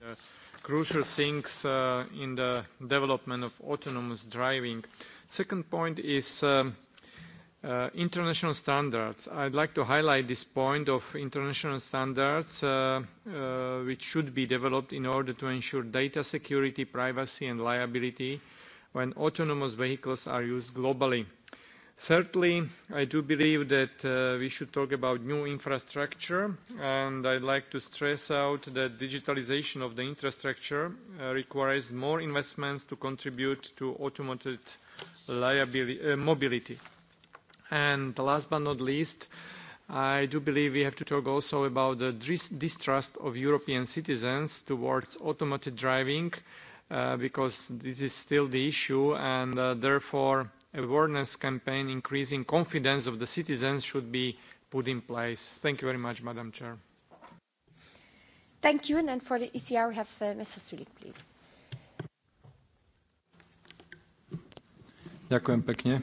the crucial things in the development of autonomous driving. Second point is international standards. I'd like to highlight this point of international standards which should be developed in order to ensure data security, privacy and liability when autonomous vehicles are used globally. Thirdly, I do believe that we should talk about new infrastructure, and I'd like to stress out that digitalization of the infrastructure requires more investments to contribute to automated mobility. And last but not least, I do believe we have to talk also about the distrust of European citizens towards automated driving because this is still the issue and therefore awareness campaign increasing confidence of the citizens should be put in place. Thank you very much, Madam Chair. Thank you. And for the ECR, we have Mr. Sulik, please. Ďakujem pekne.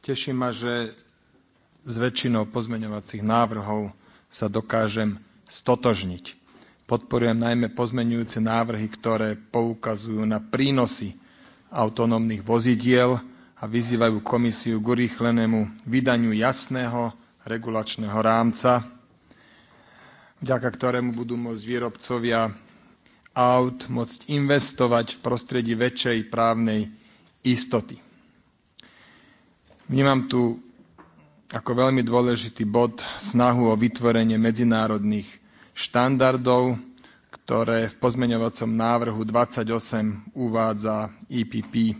Teší ma, že s väčšinou pozmeňovacích návrhov sa dokážem stotožniť. Podporujem najmä pozmenujúce návrhy, ktoré poukazujú na prínosy autonómnych vozidiel a vyzývajú komisiu k urýchlenému vydaniu jasného regulačného rámca, vďaka ktorému budú môcť výrobcovia aut môcť investovať v prostredí väčšej právnej istoty. Vnímam tu ako veľmi dôležitý bod snahu o vytvorenie medzinárodných štandardov, ktoré v pozmeňovacom návrhu 28 uvádza EPP.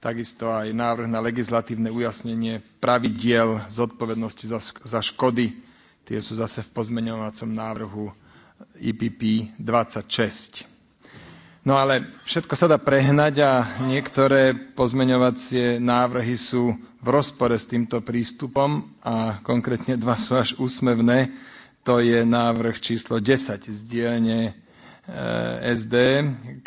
Takisto aj návrh na legislatívne ujasnenie pravidiel zodpovednosti za, za škody. Tie sú zase v pozmeňovacom návrhu EPP 26. No ale všetko sa dá prehnať a niektoré pozmeňovacie návrhy sú v rozpore s týmto prístupom a konkrétne dva sú až úsmevné to je návrh číslo 10 z dielne SD,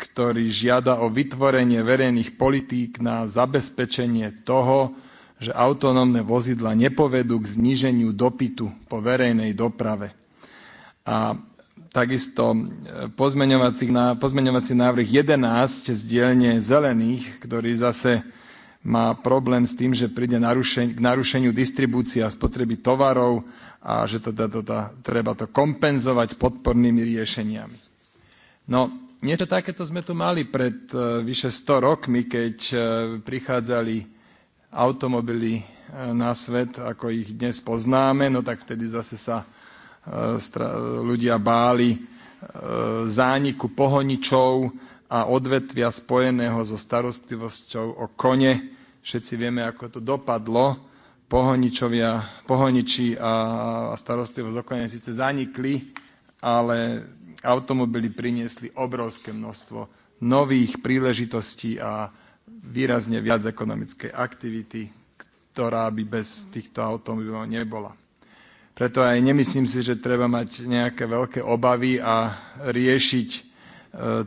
ktorý žiada o vytvorenie verejných politík na zabezpečenie toho, že autonómne vozidla nepovedú k zníženiu dopytu po verejnej doprave. A takisto pozmeňovací návrh 11 z dielne zelených, ktorý zase má problém s tým, že príde k narušeniu distribúcia spotreby tovarov a že teda, teda treba to kompenzovať podpornými riešeniami. No, niečo takéto sme tu mali pred vyše 100 rokmi, keď prichádzali automobily na svet, ako ich dnes poznáme, no tak vtedy zase sa ľudia báli zániku pohoničov a odvetvia spojeného so starostlivosťou o kone. Všetci vieme, ako to dopadlo pohoničovia, pohoniči a starostlivosť o síce zanikli, ale automobily priniesli obrovské množstvo nových príležitostí a výrazne viac ekonomickej aktivity, ktorá by bez týchto automobilov nebola. Preto aj nemyslím si, že treba mať nejaké veľké obavy a riešiť e,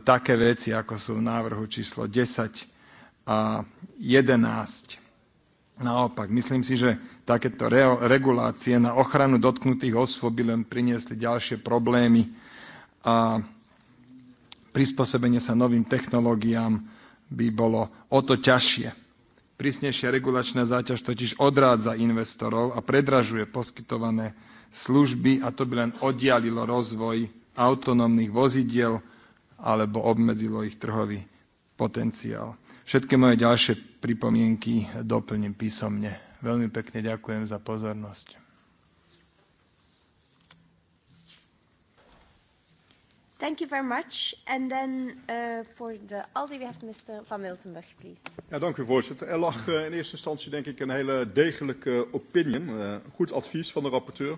také veci, ako sú v návrhu číslo 10 a 11. Naopak, myslím si, že takéto regulácie na ochranu dotknutých osôb by len priniesli ďalšie problémy a prispôsobenie sa novým technológiám by bolo o to ťažšie. Prísnejšia regulačná záťaž totiž odrádza investorov a predražuje poskytované služby a to by len oddialilo rozvoj autonómnych vozidiel alebo obmedzilo ich trhový potenciál. Všetky moje ďalšie pripomienky doplním písomne. Veľmi pekne ďakujem za pozornosť. Thank you very much. And then uh, for the ALDE, we have Mr. Van Miltenburg, please. Ja, dank u, voorzitter. Er lag uh, in eerste instantie, denk ik, een hele degelijke opinion. Uh, goed advies van de rapporteur.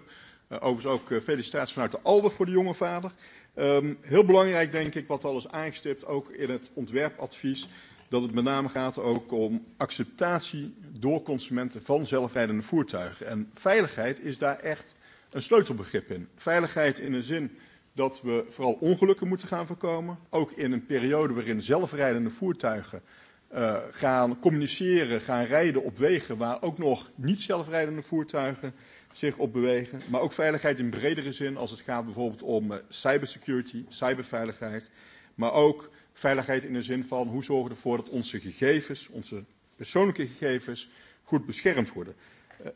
Uh, overigens ook uh, felicitaties vanuit de ALDE voor de jonge vader. Um, heel belangrijk, denk ik, wat al is aangestipt, ook in het ontwerpadvies dat het met name gaat ook om acceptatie door consumenten van zelfrijdende voertuigen. En veiligheid is daar echt een sleutelbegrip in. Veiligheid in de zin dat we vooral ongelukken moeten gaan voorkomen. Ook in een periode waarin zelfrijdende voertuigen uh, gaan communiceren, gaan rijden op wegen waar ook nog niet zelfrijdende voertuigen zich op bewegen. Maar ook veiligheid in bredere zin als het gaat bijvoorbeeld om cybersecurity, cyberveiligheid. Maar ook Veiligheid in de zin van hoe zorgen we ervoor dat onze gegevens, onze persoonlijke gegevens, goed beschermd worden.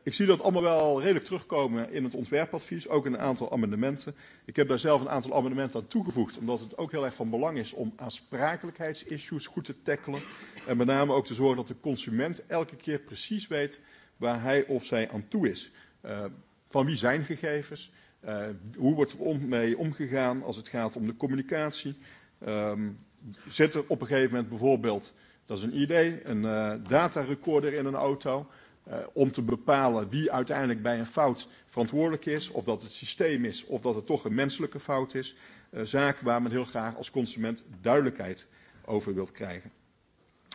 Ik zie dat allemaal wel redelijk terugkomen in het ontwerpadvies, ook in een aantal amendementen. Ik heb daar zelf een aantal amendementen aan toegevoegd, omdat het ook heel erg van belang is om aansprakelijkheidsissues goed te tackelen. En met name ook te zorgen dat de consument elke keer precies weet waar hij of zij aan toe is. Van wie zijn gegevens? Hoe wordt er mee omgegaan als het gaat om de communicatie? zit er op een gegeven moment bijvoorbeeld, dat is een idee, een datarecorder in een auto. Om te bepalen wie uiteindelijk bij een fout verantwoordelijk is. Of dat het systeem is of dat het toch een menselijke fout is. Zaak waar men heel graag als consument duidelijkheid over wilt krijgen.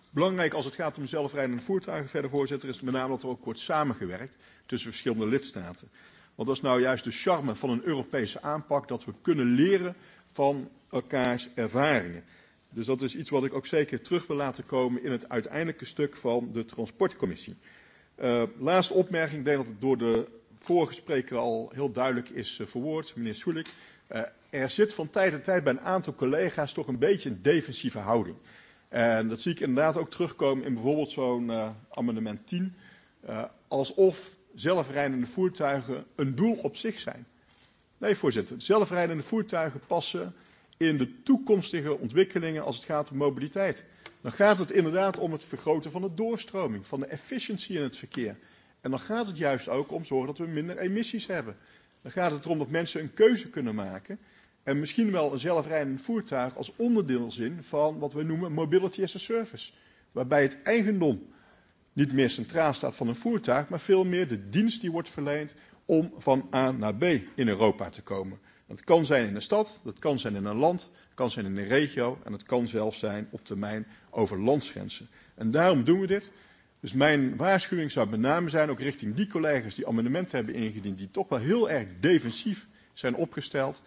Belangrijk als het gaat om zelfrijdende voertuigen verder voorzitter is met name dat er ook wordt samengewerkt tussen verschillende lidstaten. Want dat is nou juist de charme van een Europese aanpak dat we kunnen leren van elkaars ervaringen. Dus dat is iets wat ik ook zeker terug wil laten komen in het uiteindelijke stuk van de transportcommissie. laatste opmerking, ik denk dat het door de vorige spreker al heel duidelijk is verwoord, meneer Soelik. er zit van tijd tot tijd bij een aantal collega's toch een beetje een defensieve houding. En dat zie ik inderdaad ook terugkomen in bijvoorbeeld zo'n amendement 10. alsof zelfrijdende voertuigen een doel op zich zijn. Nee, voorzitter. Zelfrijdende voertuigen passen in de toekomstige ontwikkelingen als het gaat om mobiliteit. Dan gaat het inderdaad om het vergroten van de doorstroming, van de efficiëntie in het verkeer. En dan gaat het juist ook om zorgen dat we minder emissies hebben. Dan gaat het erom dat mensen een keuze kunnen maken. En misschien wel een zelfrijdend voertuig als onderdeel zien van wat we noemen mobility as a service. Waarbij het eigendom niet meer centraal staat van een voertuig, maar veel meer de dienst die wordt verleend om van A naar B in Europa te komen. Dat kan zijn in een stad, dat kan zijn in een land, dat kan zijn in een regio en het kan zelfs zijn op termijn over landsgrenzen. En daarom doen we dit. Dus mijn waarschuwing zou met name zijn, ook richting die collega's die amendementen hebben ingediend, die toch wel heel erg defensief zijn opgesteld,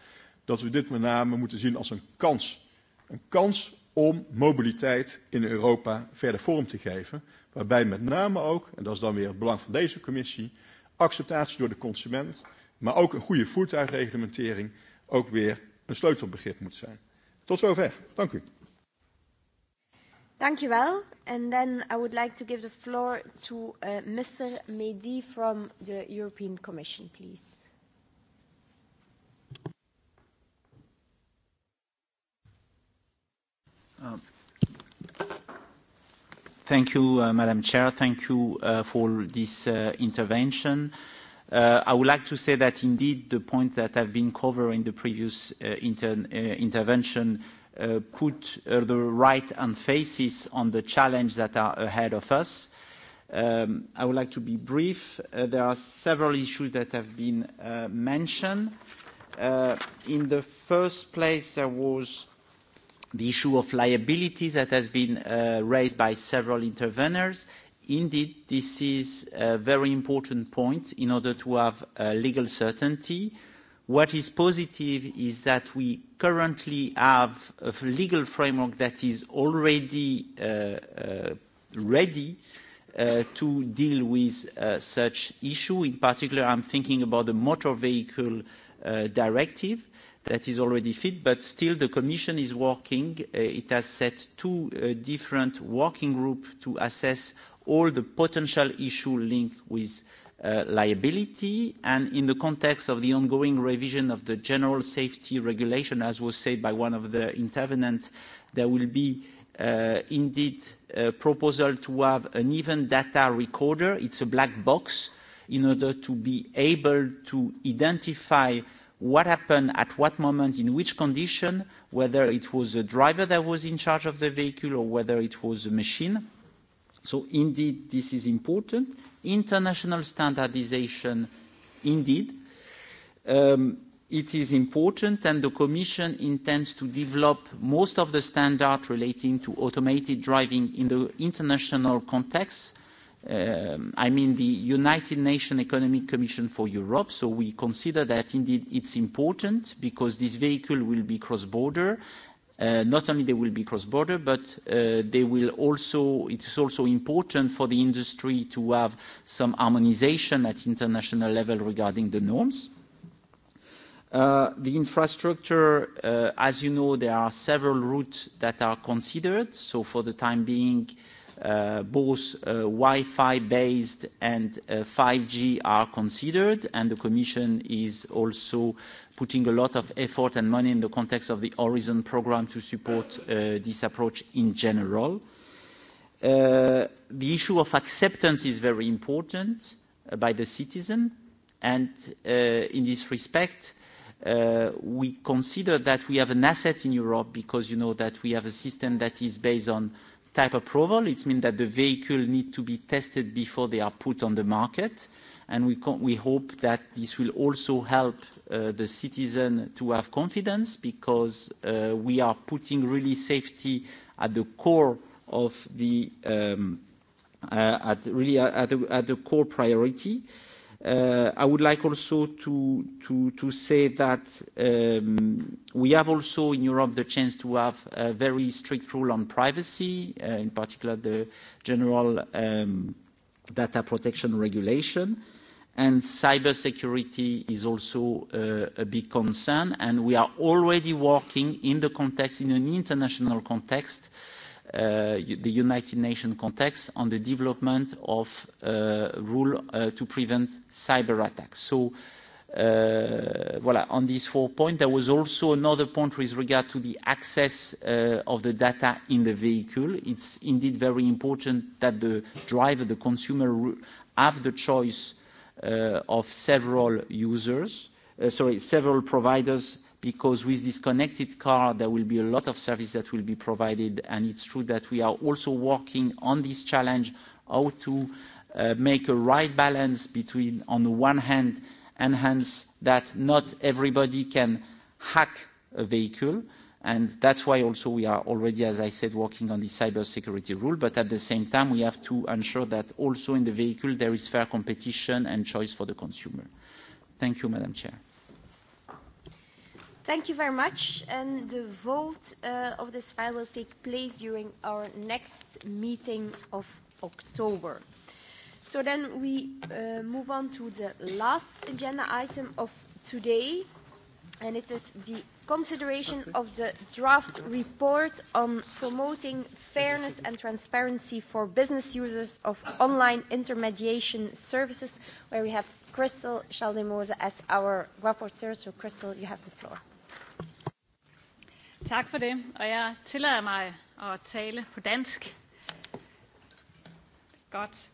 dat we dit met name moeten zien als een kans. Een kans om mobiliteit in Europa verder vorm te geven, waarbij met name ook, en dat is dan weer het belang van deze commissie, acceptatie door de consument, maar ook een goede voertuigreglementering ook weer een sleutelbegrip moet zijn. Tot zover. Dank u. Dank u wel. And then I would like to give the floor to uh, Mr. Mehdi from the European Commission, please. Thank you, Madam Chair. Thank you for this intervention. I would like to say that indeed the point that have been covered in the previous intervention put the right emphasis on the challenges that are ahead of us. I would like to be brief. There are several issues that have been mentioned. In the first place, there was the issue of liabilities that has been raised by several interveners. Indeed, this is a very important point in order to have legal certainty. What is positive is that we currently have a legal framework that is already ready to deal with such issue. In particular, I'm thinking about the motor vehicle directive that is already fit, but still the Commission is working. It has set two different working groups to assess all the potential issues linked with liability and in the context of the ongoing revision of the general safety regulation, as was said by one of the intervenants, there will be indeed a proposal to have an even data recorder. It's a black box in order to be able to identify what happened at what moment, in which condition, whether it was a driver that was in charge of the vehicle or whether it was a machine So indeed, this is important. International standardization, indeed, it is important and the Commission intends to develop most of the standards relating to automated driving in the international context. I mean the United Nations Economic Commission for Europe, so we consider that indeed it's important because this vehicle will be cross-border Not only they will be cross-border, but they will also, it is also important for the industry to have some harmonization at international level regarding the norms. The infrastructure, as you know, there are several routes that are considered. So for the time being, both Wi-Fi based and 5G are considered, and the Commission is also putting a lot of effort and money in the context of the Horizon program to support this approach in general. The issue of acceptance is very important by the citizen, and in this respect, we consider that we have an asset in Europe because you know that we have a system that is based on type approval. It means that the vehicle need to be tested before they are put on the market. And we hope that this will also help the citizen to have confidence because we are putting really safety at the core of the, really at the core priority. I would like also to to to say that we have also in Europe the chance to have a very strict rule on privacy, in particular the general data protection regulation, and cybersecurity is also a big concern, and we are already working in the context, in an international context the United Nations context on the development of rule to prevent cyber attacks. So, voilà, on these four points, there was also another point with regard to the access of the data in the vehicle. It's indeed very important that the driver, the consumer, have the choice of several users, sorry, several providers because with this connected car, there will be a lot of service that will be provided, and it's true that we are also working on this challenge, how to make a right balance between, on the one hand, enhance that not everybody can hack a vehicle, and that's why also we are already, as I said, working on the cybersecurity rule, but at the same time, we have to ensure that also in the vehicle there is fair competition and choice for the consumer. Thank you, Madam Chair. Thank you very much. And the vote of this file will take place during our next meeting of October. So then we move on to the last agenda item of today, and it is the consideration of the draft report on promoting fairness and transparency for business users of online intermediation services, where we have Crystal Schaldemose as our rapporteur. So, Crystal, you have the floor. Tak for det, og jeg tillader mig at tale på dansk. Godt.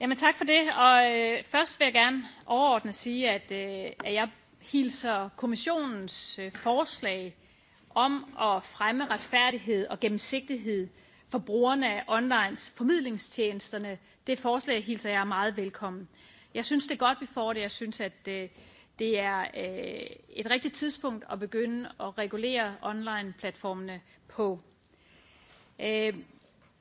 Jamen tak for det, og først vil jeg gerne overordnet sige, at, at jeg hilser kommissionens forslag om at fremme retfærdighed og gennemsigtighed for brugerne af online formidlingstjenesterne. Det forslag hilser jeg meget velkommen. Jeg synes, det er godt, vi får det. Jeg synes, at det er et rigtigt tidspunkt at begynde at regulere online-platformene på.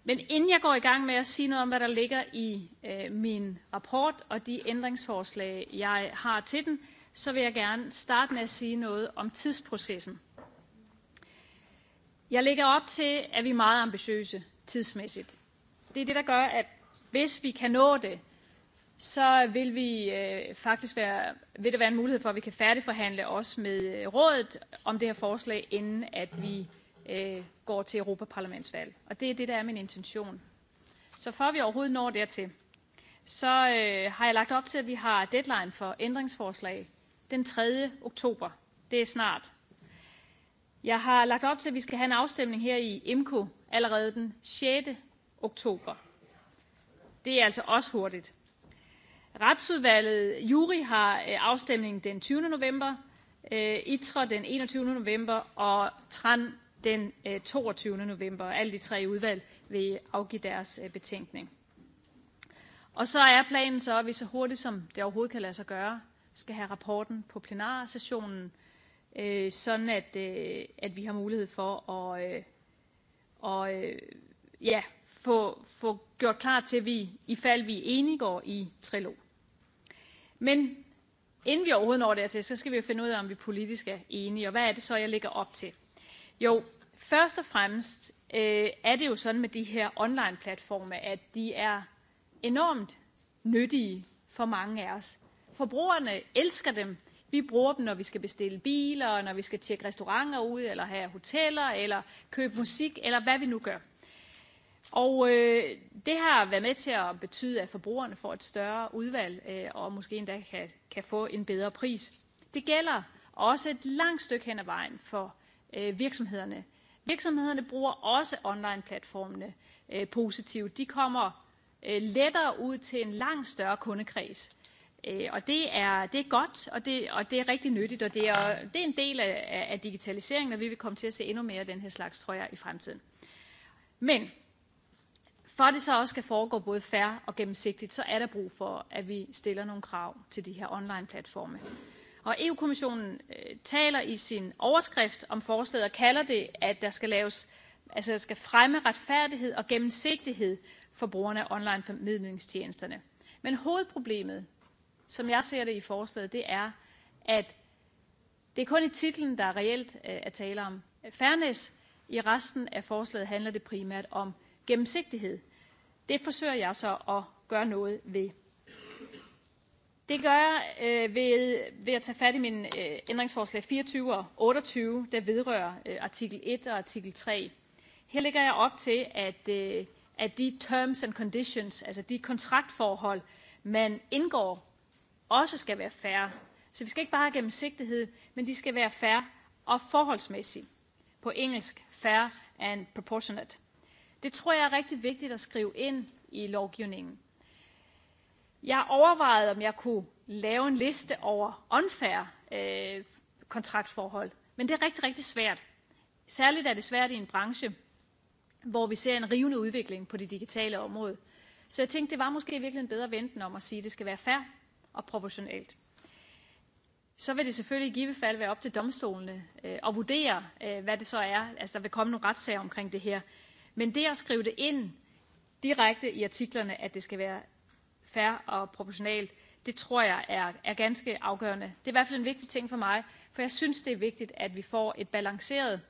Men inden jeg går i gang med at sige noget om, hvad der ligger i min rapport og de ændringsforslag, jeg har til den, så vil jeg gerne starte med at sige noget om tidsprocessen. Jeg lægger op til, at vi er meget ambitiøse tidsmæssigt. Det er det, der gør, at hvis vi kan nå det, så vil vi faktisk være, vil der være en mulighed for, at vi kan færdigforhandle også med rådet om det her forslag, inden at vi går til Europaparlamentsvalg. Og det er det, der er min intention. Så for vi overhovedet når dertil, så har jeg lagt op til, at vi har deadline for ændringsforslag den 3. oktober. Det er snart. Jeg har lagt op til, at vi skal have en afstemning her i IMCO allerede den 6. oktober. Det er altså også hurtigt. Retsudvalget, Juri har afstemningen den 20. november, ITRA den 21. november og TRAN den 22. november. Alle de tre udvalg vil afgive deres betænkning. Og så er planen så, at vi så hurtigt som det overhovedet kan lade sig gøre, skal have rapporten på plenarsessionen, sådan at, at vi har mulighed for at, at ja, få, få gjort klar til, at vi, ifald vi enige går i trilog. Men inden vi overhovedet når dertil, så skal vi jo finde ud af, om vi politisk er enige, og hvad er det så, jeg ligger op til? Jo, først og fremmest er det jo sådan med de her online-platforme, at de er enormt nyttige for mange af os. Forbrugerne elsker dem. Vi bruger dem, når vi skal bestille biler, når vi skal tjekke restauranter ud, eller have hoteller, eller købe musik, eller hvad vi nu gør. Og øh, det har været med til at betyde, at forbrugerne får et større udvalg øh, og måske endda kan, kan få en bedre pris. Det gælder også et langt stykke hen ad vejen for øh, virksomhederne. Virksomhederne bruger også online-platformene øh, positivt. De kommer øh, lettere ud til en langt større kundekreds. Øh, og det er, det er godt, og det, og det er rigtig nyttigt, og det er, det er en del af, af digitaliseringen, og vi vil komme til at se endnu mere af den her slags, tror jeg, i fremtiden. Men For at det så også skal foregå både fair og gennemsigtigt, så er der brug for, at vi stiller nogle krav til de her online platforme. Og EU-kommissionen øh, taler i sin overskrift om forslaget og kalder det, at der skal laves altså der skal fremme retfærdighed og gennemsigtighed for brugerne af online formidlingstjenesterne. Men hovedproblemet, som jeg ser det i forslaget, det er, at det er kun i titlen, der reelt øh, er tale om fairness. I resten af forslaget handler det primært om gennemsigtighed. Det forsøger jeg så at gøre noget ved. Det gør jeg ved, ved at tage fat i min ændringsforslag 24 og 28, der vedrører artikel 1 og artikel 3. Her lægger jeg op til, at, at de terms and conditions, altså de kontraktforhold, man indgår, også skal være færre. Så vi skal ikke bare have gennemsigtighed, men de skal være færre og forholdsmæssige. På engelsk, fair and proportionate. Det tror jeg er rigtig vigtigt at skrive ind i lovgivningen. Jeg overvejede, om jeg kunne lave en liste over unfair kontraktforhold, men det er rigtig, rigtig svært. Særligt er det svært i en branche, hvor vi ser en rivende udvikling på det digitale område. Så jeg tænkte, det var måske virkelig en bedre venten om at sige, at det skal være fair og proportionelt. Så vil det selvfølgelig i give fald være op til domstolene at vurdere, hvad det så er. Altså, der vil komme nogle retssager omkring det her. Men det at skrive det ind direkte i artiklerne, at det skal være fair og proportionalt, det tror jeg er, er ganske afgørende. Det er i hvert fald en vigtig ting for mig, for jeg synes, det er vigtigt, at vi får et balanceret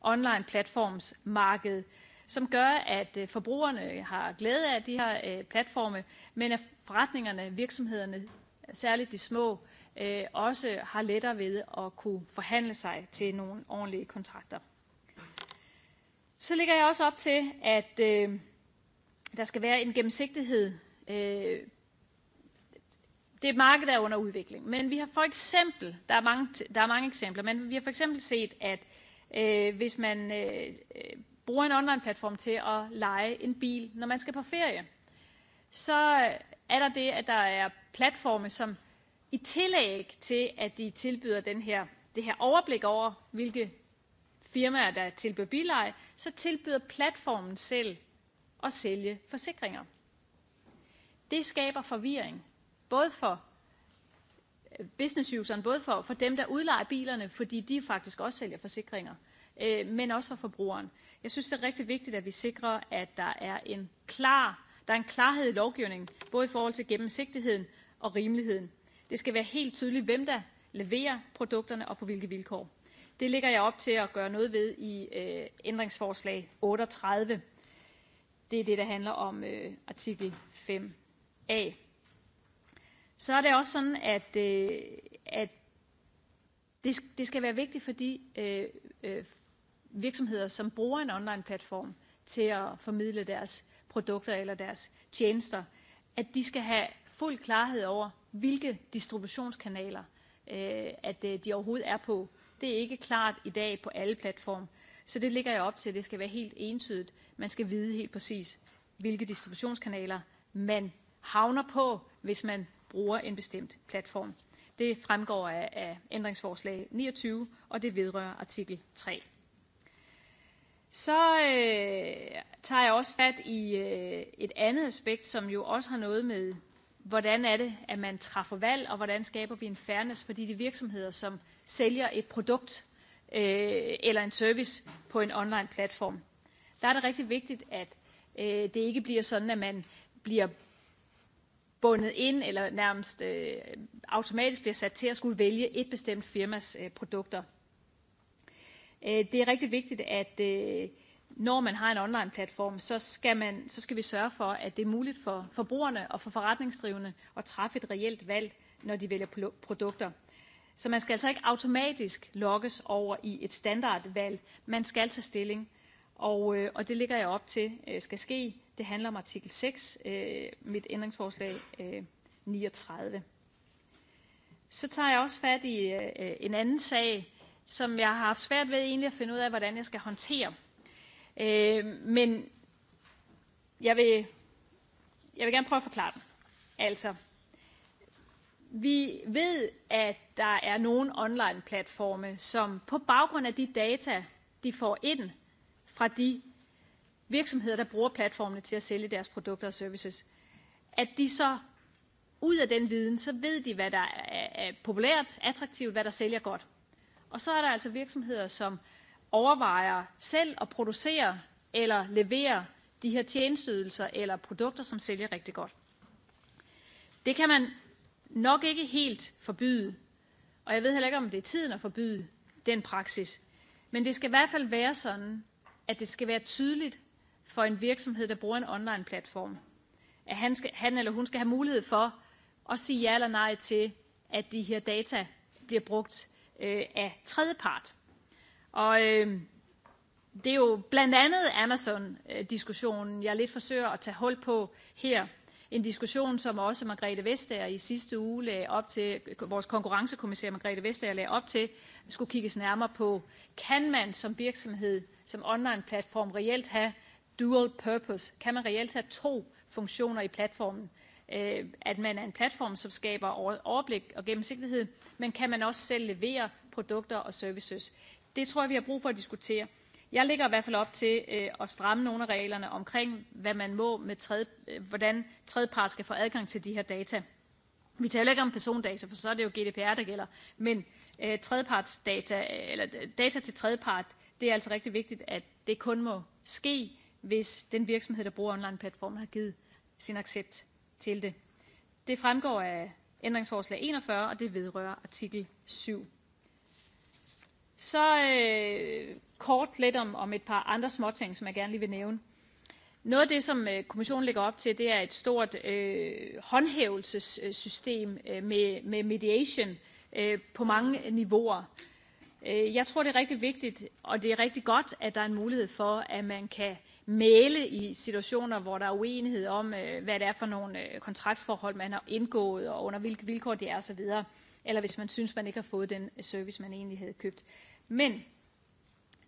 online platformsmarked, som gør, at forbrugerne har glæde af de her platforme, men at forretningerne, virksomhederne, særligt de små, også har lettere ved at kunne forhandle sig til nogle ordentlige kontrakter. Så lægger jeg også op til, at der skal være en gennemsigtighed. Det marked er under udvikling, men vi har for eksempel, der er mange, der er mange eksempler, men vi har for eksempel set, at hvis man øh, bruger en online-platform til at lege en bil, når man skal på ferie, så er der det, at der er platforme, som i tillæg til, at de tilbyder den her, det her overblik over, hvilke firmaer, der tilbyder bileje, så tilbyder platformen selv at sælge forsikringer. Det skaber forvirring, både for business både for, for dem, der udlejer bilerne, fordi de faktisk også sælger forsikringer, øh, men også for forbrugeren. Jeg synes, det er rigtig vigtigt, at vi sikrer, at der er en klar der er en klarhed i lovgivningen, både i forhold til gennemsigtigheden og rimeligheden. Det skal være helt tydeligt, hvem der leverer produkterne og på hvilke vilkår. Det ligger jeg op til at gøre noget ved i ændringsforslag 38. Det er det, der handler om artikel 5a. Så er det også sådan, at, at det, det skal være vigtigt for de virksomheder, som bruger en online-platform til at formidle deres produkter eller deres tjenester, at de skal have fuld klarhed over, hvilke distributionskanaler at de overhovedet er på. Det er ikke klart i dag på alle platforme, så det ligger jeg op til, at det skal være helt entydigt. Man skal vide helt præcis, hvilke distributionskanaler man havner på, hvis man bruger en bestemt platform. Det fremgår af ændringsforslag 29, og det vedrører artikel 3. Så tager jeg også fat i et andet aspekt, som jo også har noget med, hvordan er det, at man træffer valg, og hvordan skaber vi en fairness for de virksomheder, som sælger et produkt eller en service på en online platform. Der er det rigtig vigtigt, at det ikke bliver sådan, at man bliver bundet ind eller nærmest automatisk bliver sat til at skulle vælge et bestemt firmas produkter. Det er rigtig vigtigt, at når man har en online platform, så skal, man, så skal vi sørge for, at det er muligt for forbrugerne og for forretningsdrivende at træffe et reelt valg, når de vælger produkter. Så man skal altså ikke automatisk lokkes over i et standardvalg. Man skal tage stilling, og, og det ligger jeg op til skal ske. Det handler om artikel 6, mit ændringsforslag 39. Så tager jeg også fat i en anden sag, som jeg har haft svært ved egentlig at finde ud af, hvordan jeg skal håndtere. Men jeg vil, jeg vil gerne prøve at forklare den. Altså, Vi ved, at der er nogle online-platforme, som på baggrund af de data, de får ind fra de virksomheder, der bruger platformene til at sælge deres produkter og services, at de så ud af den viden, så ved de, hvad der er populært, attraktivt, hvad der sælger godt. Og så er der altså virksomheder, som overvejer selv at producere eller levere de her tjenestydelser eller produkter, som sælger rigtig godt. Det kan man nok ikke helt forbyde, og jeg ved heller ikke, om det er tiden at forbyde den praksis, men det skal i hvert fald være sådan, at det skal være tydeligt for en virksomhed, der bruger en online-platform, at han, skal, han eller hun skal have mulighed for at sige ja eller nej til, at de her data bliver brugt øh, af tredjepart. Og øh, det er jo blandt andet Amazon-diskussionen, jeg lidt forsøger at tage hul på her en diskussion, som også Margrethe Vestager i sidste uge lagde op til, vores konkurrencekommissær Margrethe Vestager lagde op til, skulle kigges nærmere på. Kan man som virksomhed, som online-platform reelt have dual purpose? Kan man reelt have to funktioner i platformen? At man er en platform, som skaber overblik og gennemsigtighed, men kan man også selv levere produkter og services? Det tror jeg, vi har brug for at diskutere. Jeg ligger i hvert fald op til at stramme nogle af reglerne omkring, hvad man må med tredje, hvordan tredjepart skal få adgang til de her data. Vi taler ikke om persondata, for så er det jo GDPR, der gælder, men tredjepartsdata, eller data til tredjepart, det er altså rigtig vigtigt, at det kun må ske, hvis den virksomhed, der bruger online-platformen, har givet sin accept til det. Det fremgår af ændringsforslag 41, og det vedrører artikel 7. Så øh, kort lidt om, om et par andre småting, som jeg gerne lige vil nævne. Noget af det, som kommissionen lægger op til, det er et stort øh, håndhævelsessystem øh, med, med mediation øh, på mange niveauer. Jeg tror, det er rigtig vigtigt, og det er rigtig godt, at der er en mulighed for, at man kan male i situationer, hvor der er uenighed om, hvad det er for nogle kontraktforhold, man har indgået, og under hvilke vilkår det er osv., eller hvis man synes, man ikke har fået den service, man egentlig havde købt. Men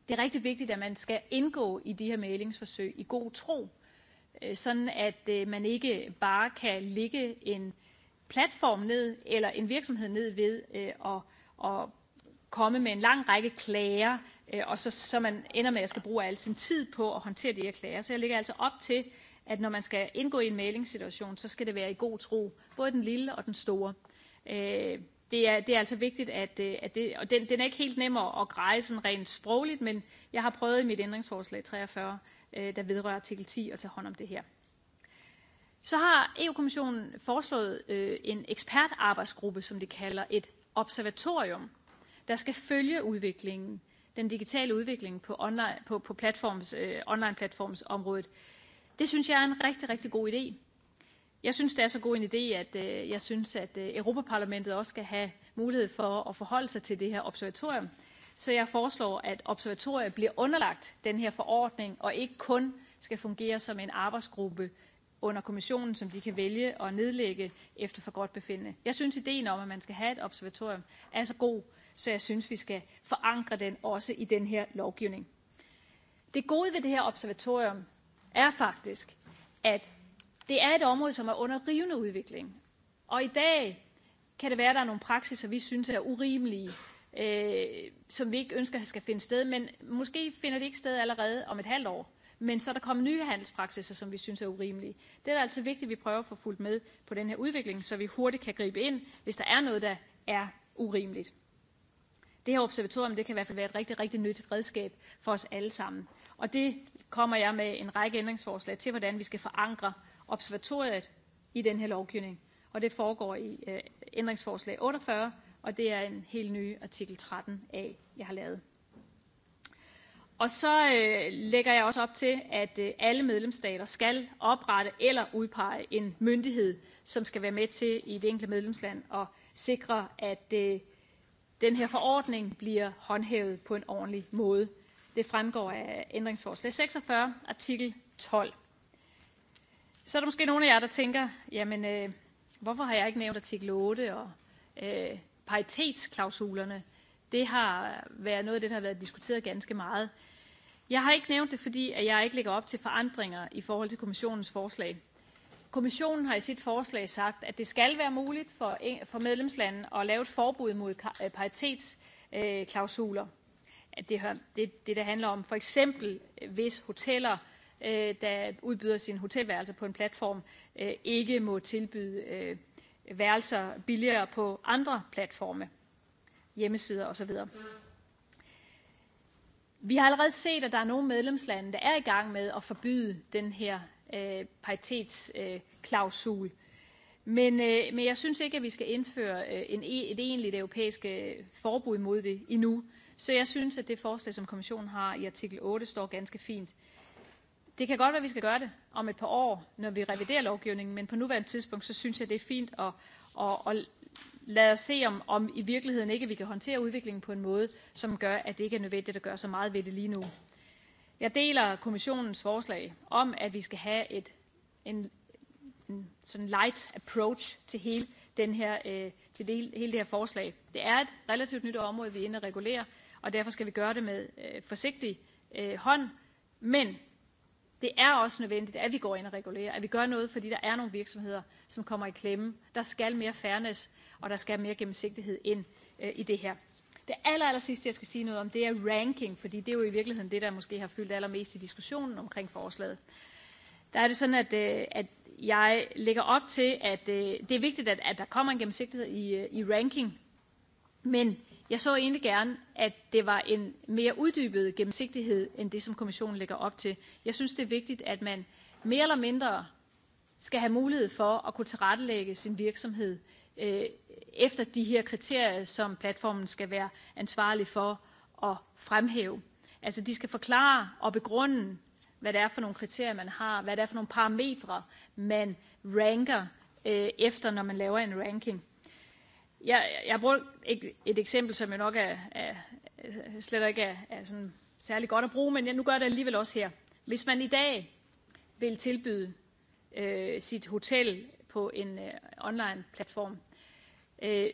det er rigtig vigtigt, at man skal indgå i de her mæglingsforsøg i god tro, sådan at man ikke bare kan ligge en platform ned eller en virksomhed ned ved at komme med en lang række klager, og så, så man ender med at skal bruge al sin tid på at håndtere de her klager. Så jeg ligger altså op til, at når man skal indgå i en mailingssituation, så skal det være i god tro, både den lille og den store det er, det er altså vigtigt, at, at det, og den, den er ikke helt nem at greje sådan rent sprogligt, men jeg har prøvet i mit ændringsforslag 43, der vedrører artikel 10, at tage hånd om det her. Så har EU-kommissionen foreslået en ekspertarbejdsgruppe, som de kalder et observatorium, der skal følge udviklingen, den digitale udvikling på, online, på, på platforms, øh, online-platformsområdet. Det synes jeg er en rigtig, rigtig god idé. Jeg synes, det er så god en idé, at jeg synes, at Europaparlamentet også skal have mulighed for at forholde sig til det her observatorium. Så jeg foreslår, at observatoriet bliver underlagt den her forordning og ikke kun skal fungere som en arbejdsgruppe under kommissionen, som de kan vælge at nedlægge efter for godt befindende. Jeg synes, ideen om, at man skal have et observatorium, er så god, så jeg synes, vi skal forankre den også i den her lovgivning. Det gode ved det her observatorium er faktisk, at Det er et område, som er under rivende udvikling. Og i dag kan det være, at der er nogle praksiser, vi synes er urimelige, som vi ikke ønsker skal finde sted, men måske finder de ikke sted allerede om et halvt år. Men så er der kommet nye handelspraksiser, som vi synes er urimelige. Det er altså vigtigt, at vi prøver at få fulgt med på den her udvikling, så vi hurtigt kan gribe ind, hvis der er noget, der er urimeligt. Det her observatorium det kan i hvert fald være et rigtig, rigtig nyttigt redskab for os alle sammen. Og det kommer jeg med en række ændringsforslag til, hvordan vi skal forankre observatoriet i den her lovgivning, og det foregår i ændringsforslag 48, og det er en helt ny artikel 13a, jeg har lavet. Og så lægger jeg også op til, at alle medlemsstater skal oprette eller udpege en myndighed, som skal være med til i det enkelte medlemsland og sikre, at den her forordning bliver håndhævet på en ordentlig måde. Det fremgår af ændringsforslag 46, artikel 12. Så er der måske nogle af jer, der tænker, jamen øh, hvorfor har jeg ikke nævnt artikel 8 og øh, paritetsklausulerne? Det har været noget af det, der har været diskuteret ganske meget. Jeg har ikke nævnt det, fordi at jeg ikke lægger op til forandringer i forhold til kommissionens forslag. Kommissionen har i sit forslag sagt, at det skal være muligt for, for medlemslandene at lave et forbud mod paritetsklausuler. det, det, det, der handler om for eksempel, hvis hoteller der udbyder sin hotelværelser på en platform, ikke må tilbyde værelser billigere på andre platforme, hjemmesider osv. Vi har allerede set, at der er nogle medlemslande, der er i gang med at forbyde den her paritetsklausul. Men, men jeg synes ikke, at vi skal indføre en, et egentligt europæisk forbud mod det endnu. Så jeg synes, at det forslag, som kommissionen har i artikel 8, står ganske fint. Det kan godt være, at vi skal gøre det om et par år, når vi reviderer lovgivningen, men på nuværende tidspunkt, så synes jeg, det er fint at lade os se, om i virkeligheden ikke vi kan håndtere udviklingen på en måde, som gør, at det ikke er nødvendigt at gøre så meget ved det lige nu. Jeg deler kommissionens forslag om, at vi skal have et, en, en sådan light approach til hele, den her, til det, hele det her forslag. Det er et relativt nyt område, vi er inde og regulere, og derfor skal vi gøre det med øh, forsigtig hånd. Men det er også nødvendigt, at vi går ind og regulerer, at vi gør noget, fordi der er nogle virksomheder, som kommer i klemme. Der skal mere fairness, og der skal mere gennemsigtighed ind i det her. Det aller, jeg skal sige noget om, det er ranking, fordi det er jo i virkeligheden det, der måske har fyldt allermest i diskussionen omkring forslaget. Der er det sådan, at, at jeg lægger op til, at det er vigtigt, at, at der kommer en gennemsigtighed i, i ranking, men Jeg så egentlig gerne, at det var en mere uddybet gennemsigtighed, end det, som kommissionen lægger op til. Jeg synes, det er vigtigt, at man mere eller mindre skal have mulighed for at kunne tilrettelægge sin virksomhed efter de her kriterier, som platformen skal være ansvarlig for at fremhæve. Altså, de skal forklare og begrunde, hvad det er for nogle kriterier, man har, hvad det er for nogle parametre, man ranker efter, når man laver en ranking. Jeg jeg bruger et eksempel, som jeg nok er slet ikke er sådan særlig godt at bruge, men nu gør det alligevel også her. Hvis man i dag vil tilbyde sit hotel på en online-platform,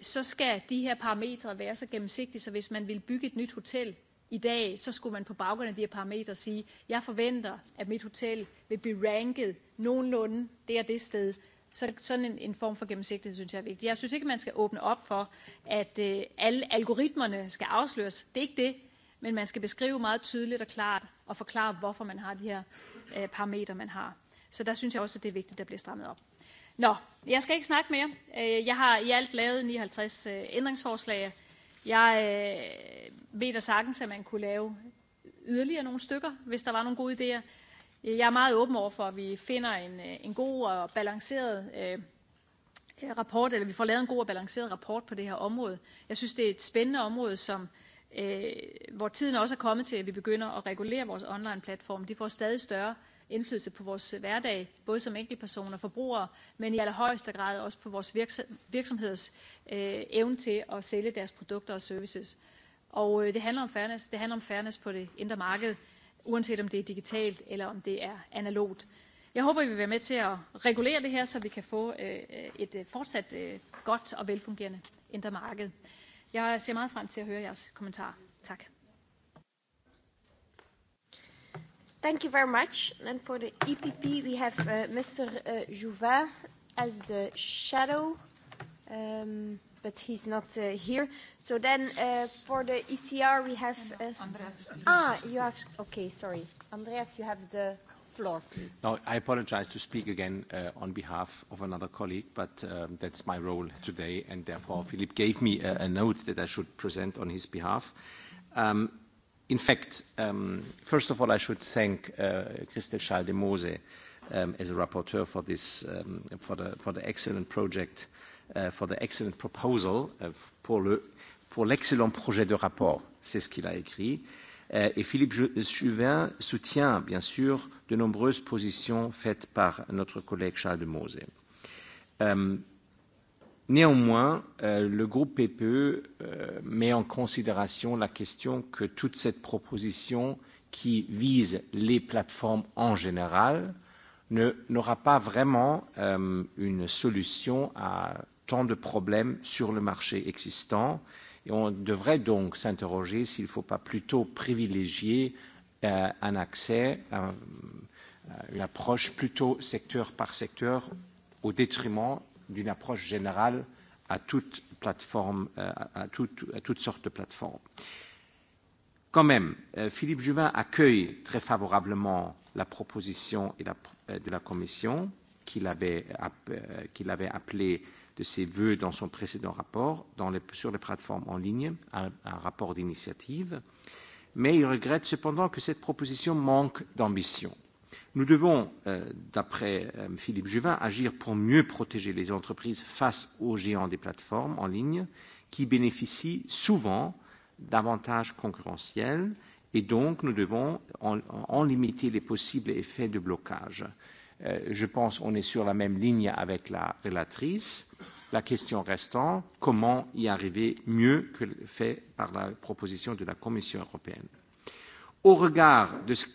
så skal de her parametre være så gennemsigtige, så hvis man vil bygge et nyt hotel i dag, så skulle man på baggrund af de her parametre sige, jeg forventer, at mit hotel vil blive ranket nogenlunde det og det sted, Så sådan en, en form for gennemsigtighed synes jeg er vigtig. Jeg synes ikke, man skal åbne op for, at øh, alle algoritmerne skal afsløres. Det er ikke det. Men man skal beskrive meget tydeligt og klart og forklare, hvorfor man har de her øh, parametre, man har. Så der synes jeg også, at det er vigtigt, at der bliver strammet op. Nå, jeg skal ikke snakke mere. Jeg har i alt lavet 59 ændringsforslag. Jeg øh, ved da sagtens, at man kunne lave yderligere nogle stykker, hvis der var nogle gode idéer. Jeg er meget åben over for, at vi finder en god og balanceret rapport, eller vi får lavet en god og balanceret rapport på det her område. Jeg synes, det er et spændende område, som hvor tiden også er kommet til, at vi begynder at regulere vores platform. De får stadig større indflydelse på vores hverdag, både som enkeltpersoner og forbrugere, men i allerhøjeste grad også på vores øh, evne til at sælge deres produkter og services. Og det handler om fairness. Det handler om fairness på det indre marked uanset om det er digitalt eller om det er analogt. Jeg håber, I vil være med til at regulere det her, så vi kan få et fortsat godt og velfungerende indre marked. Jeg ser meget frem til at høre jeres kommentarer. Tak. Thank you very much. And for the EPP, we have Mr. Jouvin as the shadow. Um, but he's not here. So then for the ECR we have... Andreas. Ah, you have... Okay, sorry. Andreas, you have the floor, please. No, I apologize to speak again on behalf of another colleague, but that's my role today, and therefore Philip gave me a note that I should present on his behalf. In fact, first of all, I should thank Christel Schaldemose as a rapporteur for this, for the excellent project for the excellent proposal, pour l'excellent projet de rapport. C'est ce qu'il a écrit. Et Philippe Juvin soutient, bien sûr, de nombreuses positions faites par notre collègue Charles de Mose. Néanmoins, le groupe PPE met en considération la question que toute cette proposition qui vise les plateformes en général n'aura pas vraiment une solution à tant de problèmes sur le marché existant et on devrait donc s'interroger s'il ne faut pas plutôt privilégier un accès à une approche plutôt secteur par secteur au détriment d'une approche générale à toute plateforme, à toutes sortes de plateformes. Quand même, Philippe Juvin accueille très favorablement la proposition de la Commission qu'il avait appelée de ses voeux dans son précédent rapport dans les, sur les plateformes en ligne, un, un rapport d'initiative, mais il regrette cependant que cette proposition manque d'ambition. Nous devons, d'après Philippe Juvin, agir pour mieux protéger les entreprises face aux géants des plateformes en ligne qui bénéficient souvent d'avantages concurrentiels et donc nous devons en limiter les possibles effets de blocage je pense qu'on est sur la même ligne avec la relatrice. La question restant, comment y arriver mieux que fait par la proposition de la Commission européenne. Au regard de ce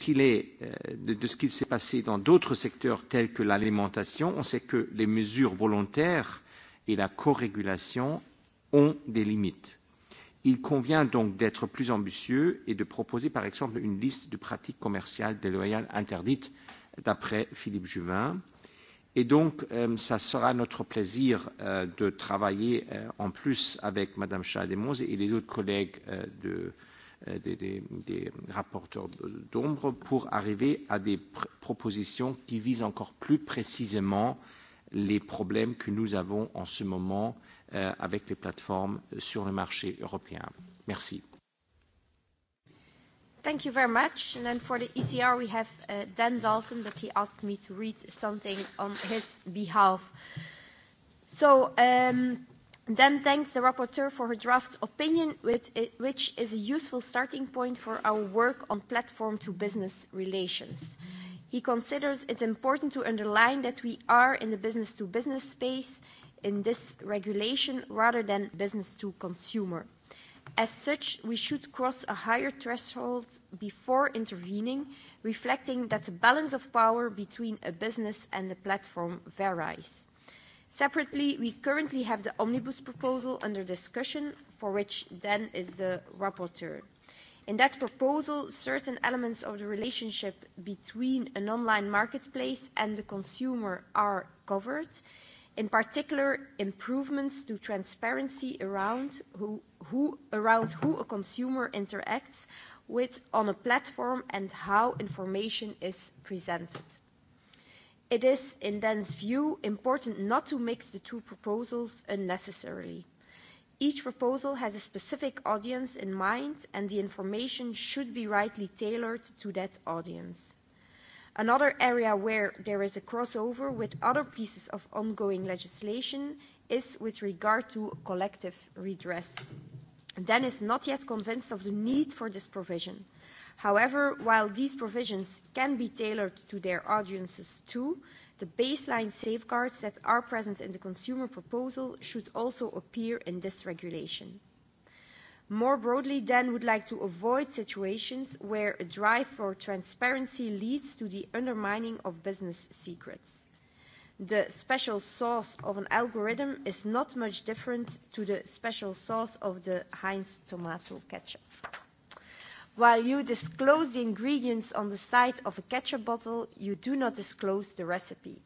qu'il s'est passé dans d'autres secteurs tels que l'alimentation, on sait que les mesures volontaires et la corégulation ont des limites. Il convient donc d'être plus ambitieux et de proposer, par exemple, une liste de pratiques commerciales déloyales interdites d'après Philippe Juvin. Et donc, ça sera notre plaisir de travailler en plus avec Mme Chalemons et les autres collègues de, des, des, des rapporteurs d'ombre pour arriver à des propositions qui visent encore plus précisément les problèmes que nous avons en ce moment avec les plateformes sur le marché européen. Merci. Thank you very much. And then for the ECR, we have Dan Dalton, but he asked me to read something on his behalf. So Dan thanks the rapporteur for her draft opinion, which is a useful starting point for our work on platform-to-business relations. He considers it important to underline that we are in the business-to-business space in this regulation rather than business-to-consumer. As such, we should cross a higher threshold before intervening, reflecting that the balance of power between a business and the platform varies. Separately, we currently have the omnibus proposal under discussion, for which Dan is the rapporteur. In that proposal, certain elements of the relationship between an online marketplace and the consumer are covered, in particular improvements to transparency around who who, around who a consumer interacts with on a platform and how information is presented. It is, in Dan's view, important not to mix the two proposals unnecessarily. Each proposal has a specific audience in mind and the information should be rightly tailored to that audience. Another area where there is a crossover with other pieces of ongoing legislation is with regard to collective redress then is not yet convinced of the need for this provision. However, while these provisions can be tailored to their audiences too, the baseline safeguards that are present in the consumer proposal should also appear in this regulation. More broadly, Dan would like to avoid situations where a drive for transparency leads to the undermining of business secrets the special sauce of an algorithm is not much different to the special sauce of the Heinz tomato ketchup. While you disclose the ingredients on the side of a ketchup bottle, you do not disclose the recipe.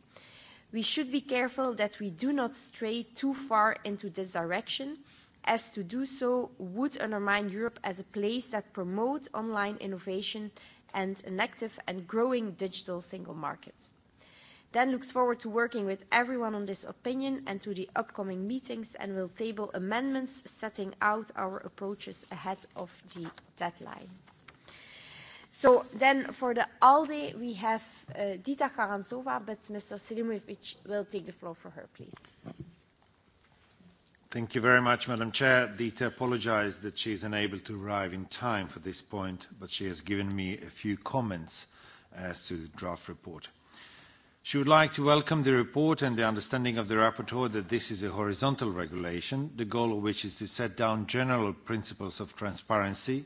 We should be careful that we do not stray too far into this direction, as to do so would undermine Europe as a place that promotes online innovation and an active and growing digital single market then looks forward to working with everyone on this opinion and to the upcoming meetings and will table amendments setting out our approaches ahead of the deadline. So then for the ALDE we have Dita Garanzova, but Mr. Selimovic will take the floor for her, please. Thank you very much, Madam Chair. Dita apologized that she is unable to arrive in time for this point, but she has given me a few comments as to the draft report. She would like to welcome the report and the understanding of the rapporteur that this is a horizontal regulation, the goal of which is to set down general principles of transparency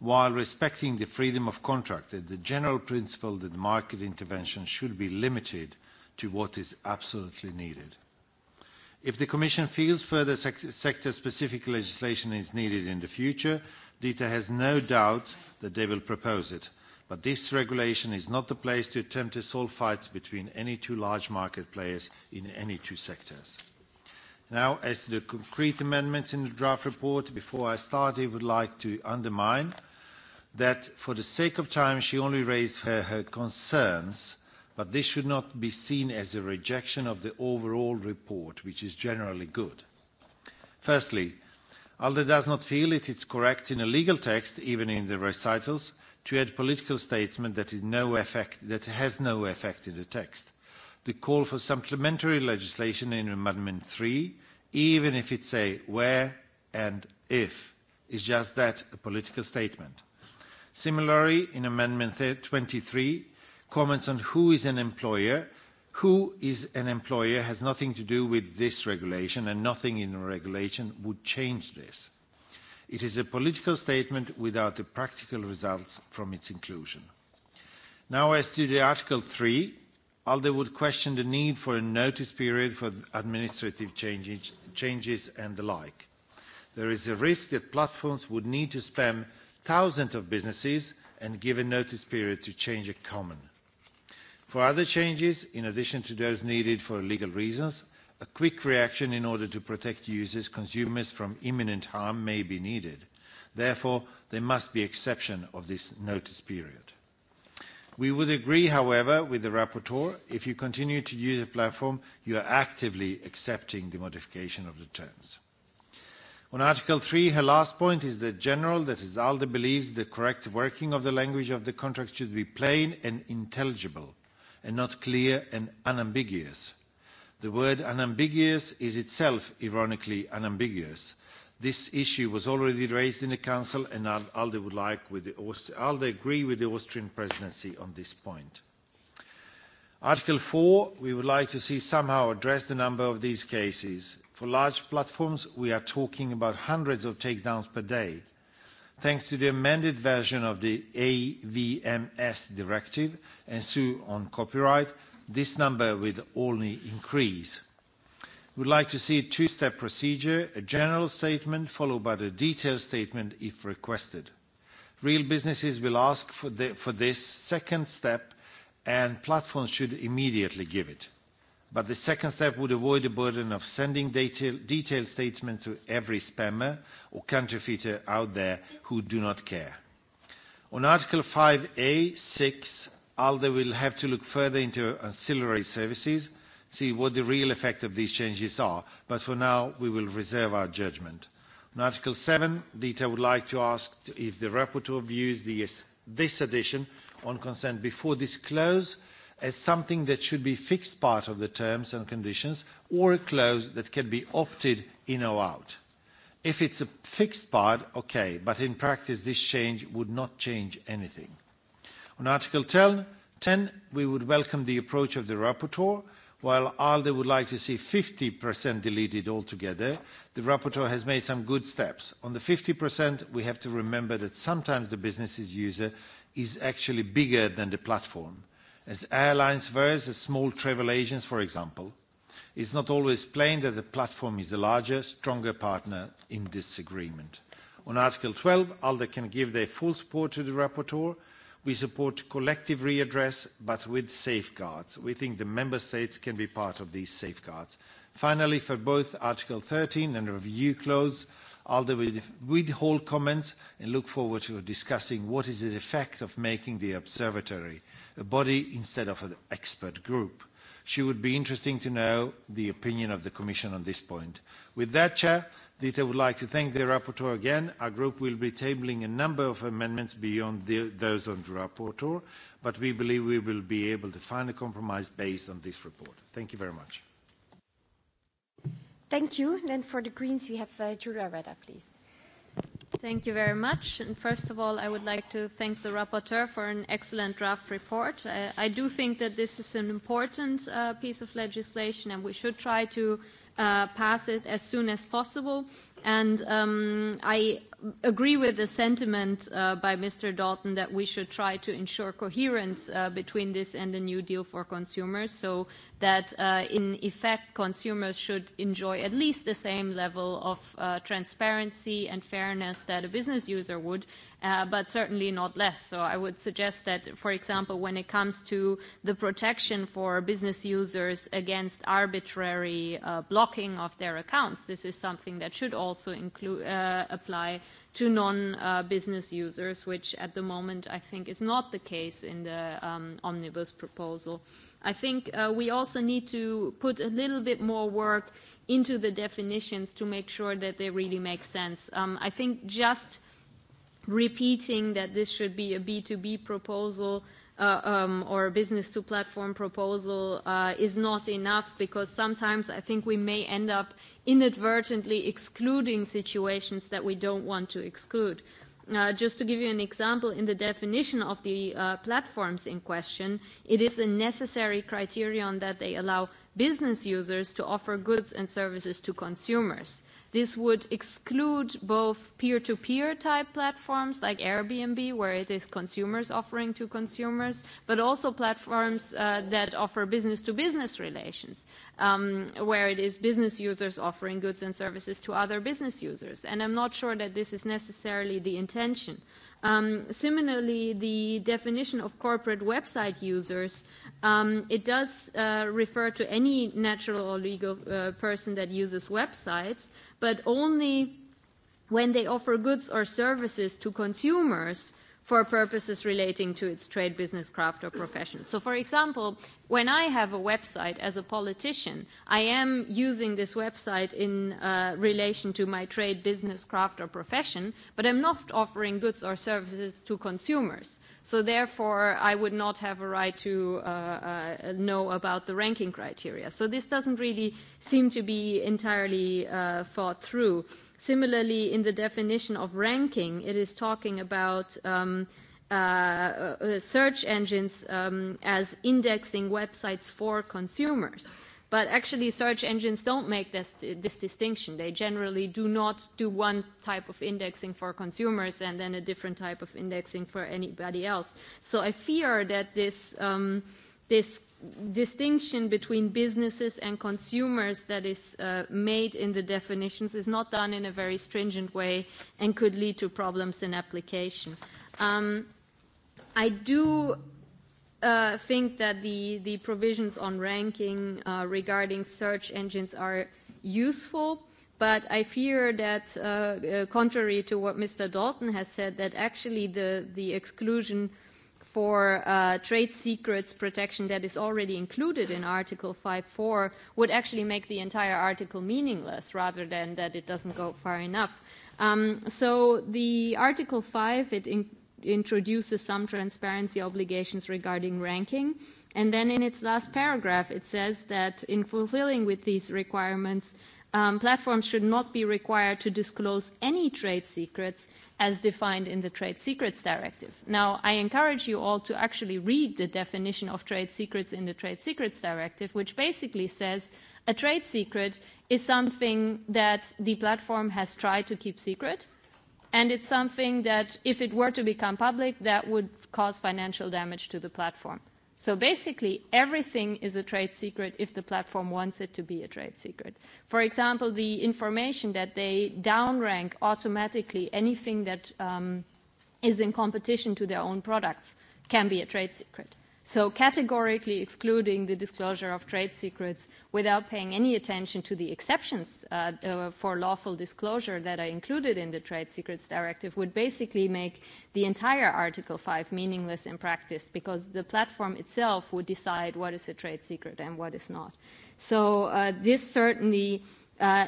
while respecting the freedom of contract and the general principle that market intervention should be limited to what is absolutely needed. If the Commission feels further sector-specific legislation is needed in the future, DITA has no doubt that they will propose it. But this regulation is not the place to attempt to solve fights between any two large market players in any two sectors. Now, as to the concrete amendments in the draft report, before I start, I would like to undermine that for the sake of time she only raised her concerns, but this should not be seen as a rejection of the overall report, which is generally good. Firstly, ALDE does not feel it is correct in a legal text, even in the recitals, to add political statement that is no effect that has no effect in the text. The call for supplementary legislation in Amendment 3, even if it says where and if, is just that, a political statement. Similarly, in Amendment 23, comments on who is an employer, who is an employer has nothing to do with this regulation and nothing in the regulation would change this. It is a political statement without the practical results from its inclusion. Now, as to the Article 3, ALDE would question the need for a notice period for administrative changes and the like. There is a risk that platforms would need to spam thousands of businesses and give a notice period to change a common. For other changes, in addition to those needed for legal reasons, A quick reaction in order to protect users, consumers from imminent harm may be needed. Therefore, there must be exception of this notice period. We would agree, however, with the rapporteur, if you continue to use the platform, you are actively accepting the modification of the terms. On Article 3, her last point is that general, that is, ALDE believes the correct working of the language of the contract should be plain and intelligible, and not clear and unambiguous. The word unambiguous is itself, ironically, unambiguous. This issue was already raised in the Council, and ALDE would like with agree with the Austrian presidency on this point. Article 4, we would like to see somehow address the number of these cases. For large platforms, we are talking about hundreds of takedowns per day. Thanks to the amended version of the AVMS directive and sue on copyright, This number will only increase. We would like to see a two-step procedure, a general statement followed by a detailed statement if requested. Real businesses will ask for this second step and platforms should immediately give it. But the second step would avoid the burden of sending detailed statements to every spammer or counterfeiter out there who do not care. On Article 5A, 6 ALDE will have to look further into ancillary services, see what the real effect of these changes are, but for now we will reserve our judgment. On Article 7, Dita would like to ask if the rapporteur views this addition on consent before this close as something that should be fixed part of the terms and conditions or a clause that can be opted in or out. If it's a fixed part, okay, but in practice this change would not change anything. On Article 10, 10 we would welcome the approach of the rapporteur. While ALDE would like to see 50% deleted altogether, the rapporteur has made some good steps. On the 50%, we have to remember that sometimes the business's user is actually bigger than the platform, as airlines versus small travel agents, for example. It's not always plain that the platform is a larger, stronger partner in this agreement. On Article 12, ALDE can give their full support to the rapporteur We support collective readdress, but with safeguards. We think the member states can be part of these safeguards. Finally, for both Article 13 and review clause, Alder will withhold comments and look forward to discussing what is the effect of making the observatory a body instead of an expert group. She would be interesting to know the opinion of the Commission on this point. With that, Chair, Dita would like to thank the rapporteur again. Our group will be tabling a number of amendments beyond those on the rapporteur, but we believe we will be able to find a compromise based on this report. Thank you very much. Thank you. then for the Greens, we have Julia Reda, please. Thank you very much. And first of all, I would like to thank the rapporteur for an excellent draft report. I do think that this is an important piece of legislation, and we should try to pass it as soon as possible And I agree with the sentiment by Mr. Dalton that we should try to ensure coherence between this and the New Deal for consumers so that, in effect, consumers should enjoy at least the same level of transparency and fairness that a business user would, but certainly not less. So I would suggest that, for example, when it comes to the protection for business users against arbitrary blocking of their accounts, this is something that should also also apply to non-business users, which at the moment I think is not the case in the omnibus proposal. I think we also need to put a little bit more work into the definitions to make sure that they really make sense. I think just repeating that this should be a B2B proposal or business to platform proposal is not enough because sometimes I think we may end up inadvertently excluding situations that we don't want to exclude. Just to give you an example, in the definition of the platforms in question, it is a necessary criterion that they allow business users to offer goods and services to consumers. This would exclude both peer-to-peer type platforms like Airbnb, where it is consumers offering to consumers, but also platforms that offer business-to-business relations, where it is business users offering goods and services to other business users. And I'm not sure that this is necessarily the intention Similarly, the definition of corporate website users, it does refer to any natural or legal person that uses websites, but only when they offer goods or services to consumers for purposes relating to its trade, business, craft, or profession. So, for example, when I have a website as a politician, I am using this website in relation to my trade, business, craft, or profession, but I'm not offering goods or services to consumers. So, therefore, I would not have a right to know about the ranking criteria. So, this doesn't really seem to be entirely thought through Similarly, in the definition of ranking, it is talking about search engines as indexing websites for consumers. But actually, search engines don't make this, this distinction. They generally do not do one type of indexing for consumers and then a different type of indexing for anybody else. So I fear that this, um, this distinction between businesses and consumers that is made in the definitions is not done in a very stringent way and could lead to problems in application. I do think that the the provisions on ranking regarding search engines are useful, but I fear that, contrary to what Mr. Dalton has said, that actually the the exclusion for trade secrets protection that is already included in Article 5.4 would actually make the entire article meaningless rather than that it doesn't go far enough. So the Article 5, it introduces some transparency obligations regarding ranking. And then in its last paragraph, it says that in fulfilling with these requirements, platforms should not be required to disclose any trade secrets as defined in the Trade Secrets Directive. Now, I encourage you all to actually read the definition of trade secrets in the Trade Secrets Directive, which basically says a trade secret is something that the platform has tried to keep secret, and it's something that, if it were to become public, that would cause financial damage to the platform. So basically, everything is a trade secret if the platform wants it to be a trade secret. For example, the information that they downrank automatically anything that is in competition to their own products can be a trade secret. So categorically excluding the disclosure of trade secrets without paying any attention to the exceptions for lawful disclosure that are included in the Trade Secrets Directive would basically make the entire Article 5 meaningless in practice because the platform itself would decide what is a trade secret and what is not. So this certainly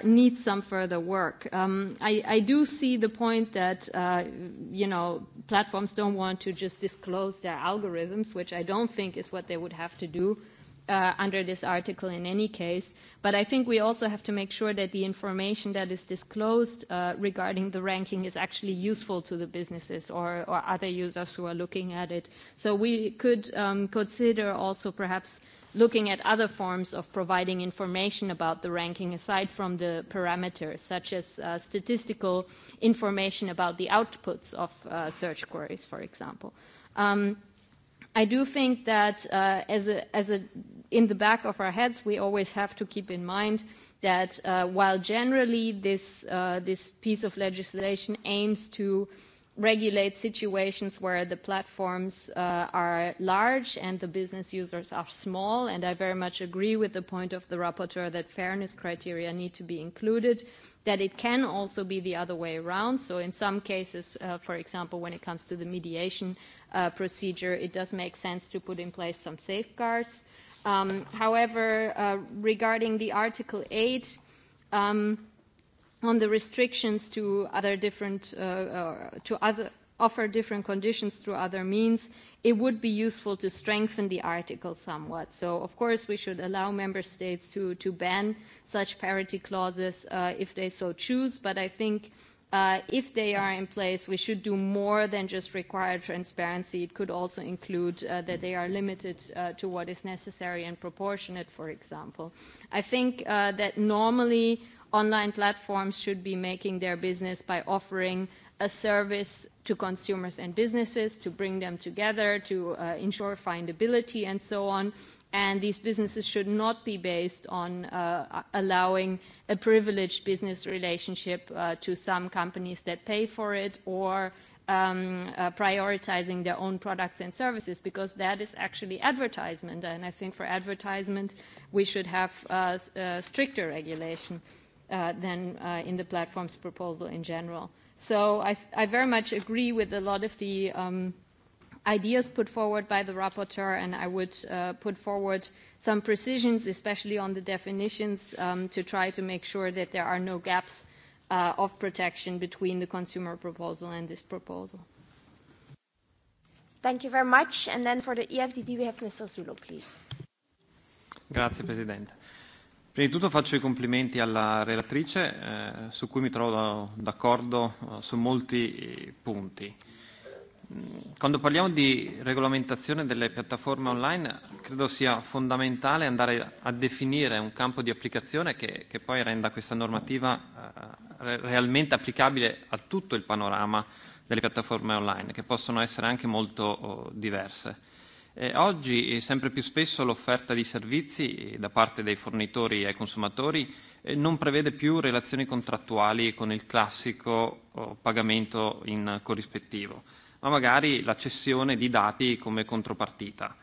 needs some further work. I do see the point that, you know, platforms don't want to just disclose their algorithms, which I don't think is what they would have to do under this article in any case. But I think we also have to make sure that the information that is disclosed regarding the ranking is actually useful to the businesses or other users who are looking at it. So we could consider also perhaps looking at other forms of providing information about the ranking aside from the parameters, such as statistical information about the outputs of search queries, for example. I do think that as a, as a, in the back of our heads, we always have to keep in mind that while generally this, this piece of legislation aims to regulate situations where the platforms are large and the business users are small, and I very much agree with the point of the rapporteur that fairness criteria need to be included, that it can also be the other way around. So in some cases, for example, when it comes to the mediation procedure, it does make sense to put in place some safeguards. However, regarding the Article 8, on the restrictions to other different to other offer different conditions through other means, it would be useful to strengthen the article somewhat. So, of course, we should allow member states to, to ban such parity clauses if they so choose, but I think if they are in place, we should do more than just require transparency. It could also include that they are limited to what is necessary and proportionate, for example. I think that normally online platforms should be making their business by offering a service to consumers and businesses to bring them together, to ensure findability and so on. And these businesses should not be based on allowing a privileged business relationship to some companies that pay for it or prioritizing their own products and services because that is actually advertisement. And I think for advertisement we should have stricter regulation than in the platform's proposal in general. So I very much agree with a lot of the ideas put forward by the rapporteur, and I would put forward some precisions, especially on the definitions, to try to make sure that there are no gaps of protection between the consumer proposal and this proposal. Thank you very much. And then for the EFDD, we have Mr. Zulo, please. Grazie, Presidente. Prima di tutto faccio i complimenti alla relatrice, su cui mi trovo d'accordo su molti punti. Quando parliamo di regolamentazione delle piattaforme online, credo sia fondamentale andare a definire un campo di applicazione che, che poi renda questa normativa realmente applicabile a tutto il panorama delle piattaforme online, che possono essere anche molto diverse. Oggi sempre più spesso l'offerta di servizi da parte dei fornitori ai consumatori non prevede più relazioni contrattuali con il classico pagamento in corrispettivo, ma magari la cessione di dati come contropartita.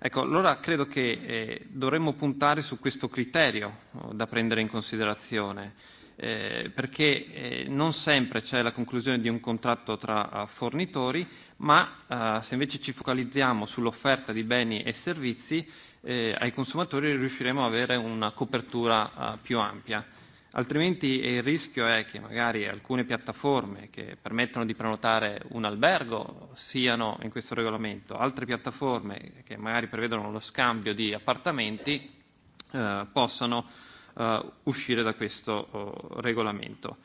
Ecco, allora credo che dovremmo puntare su questo criterio da prendere in considerazione perché non sempre c'è la conclusione di un contratto tra fornitori, ma se invece ci focalizziamo sull'offerta di beni e servizi ai consumatori riusciremo ad avere una copertura più ampia. Altrimenti il rischio è che magari alcune piattaforme che permettono di prenotare un albergo siano in questo regolamento, altre piattaforme che magari prevedono lo scambio di appartamenti possano uscire da questo regolamento.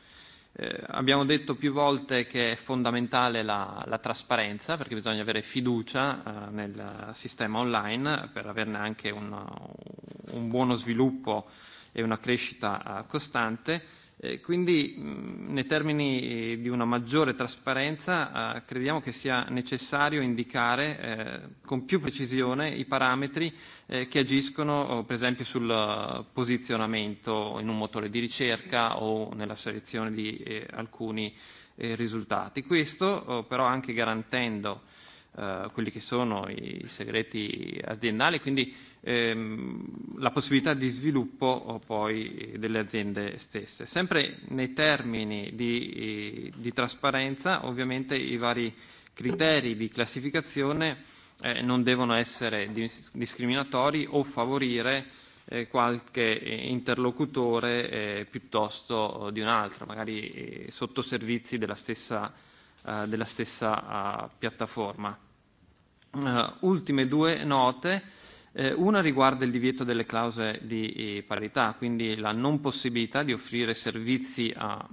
Abbiamo detto più volte che è fondamentale la trasparenza perché bisogna avere fiducia nel sistema online per averne anche un buono sviluppo e una crescita costante Quindi nei termini di una maggiore trasparenza crediamo che sia necessario indicare con più precisione i parametri che agiscono per esempio sul posizionamento in un motore di ricerca o nella selezione di alcuni risultati. Questo però anche garantendo quelli che sono i segreti aziendali, quindi la possibilità di sviluppo poi delle aziende stesse. Sempre nei termini di, di trasparenza, ovviamente i vari criteri di classificazione non devono essere discriminatori o favorire qualche interlocutore piuttosto di un altro, magari sotto servizi della stessa della stessa piattaforma. Ultime due note. Una riguarda il divieto delle clausole di parità, quindi la non possibilità di offrire servizi a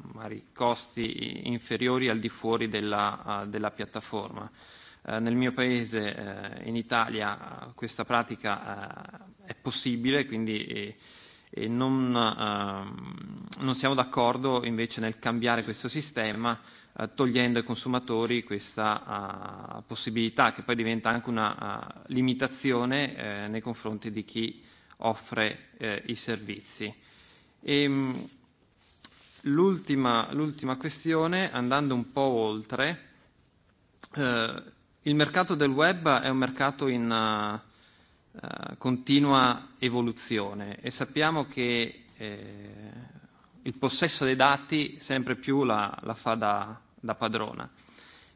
costi inferiori al di fuori della, della piattaforma. Nel mio paese, in Italia, questa pratica è possibile, quindi e non, non siamo d'accordo invece nel cambiare questo sistema togliendo ai consumatori questa possibilità che poi diventa anche una limitazione nei confronti di chi offre i servizi. E, l'ultima, l'ultima questione, andando un po' oltre, il mercato del web è un mercato in continua evoluzione e sappiamo che il possesso dei dati sempre più la, la fa da, da padrona.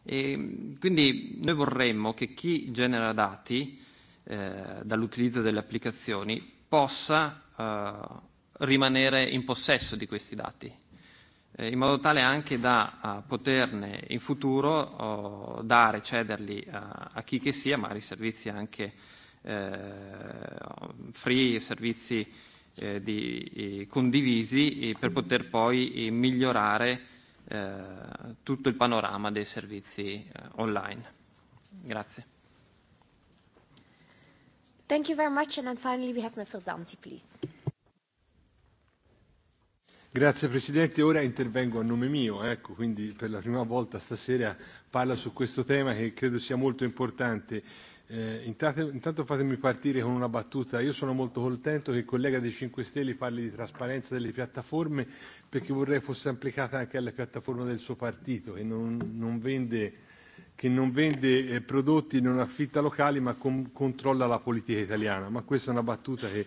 E quindi noi vorremmo che chi genera dati dall'utilizzo delle applicazioni possa rimanere in possesso di questi dati in modo tale anche da poterne in futuro dare, cederli a chi che sia, magari servizi anche free, servizi di condivisi per poter poi migliorare tutto il panorama dei servizi online. Grazie. Thank you very much and finally we have Mr. please. Grazie Presidente, ora intervengo a nome mio, ecco, quindi per la prima volta stasera parlo su questo tema che credo sia molto importante Eh, intanto, intanto fatemi partire con una battuta. Io sono molto contento che il collega dei 5 Stelle parli di trasparenza delle piattaforme perché vorrei fosse applicata anche alla piattaforma del suo partito che non, non vende, che non vende prodotti, non affitta locali ma controlla la politica italiana. Ma questa è una battuta che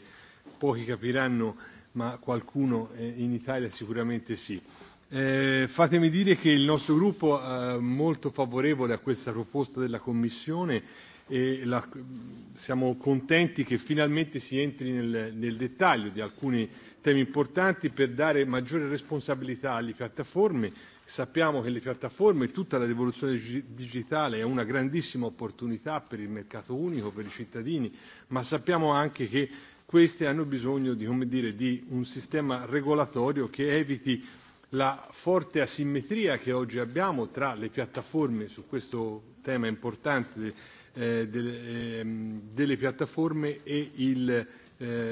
pochi capiranno ma qualcuno in Italia sicuramente sì. fatemi dire che il nostro gruppo è molto favorevole a questa proposta della Commissione e siamo contenti che finalmente si entri nel dettaglio di alcuni temi importanti per dare maggiore responsabilità alle piattaforme. Sappiamo che le piattaforme, e tutta la rivoluzione digitale è una grandissima opportunità per il mercato unico, per i cittadini, ma sappiamo anche che queste hanno bisogno di, come dire, di un sistema regolatorio che eviti la forte asimmetria che oggi abbiamo tra le piattaforme su questo tema importante delle piattaforme e il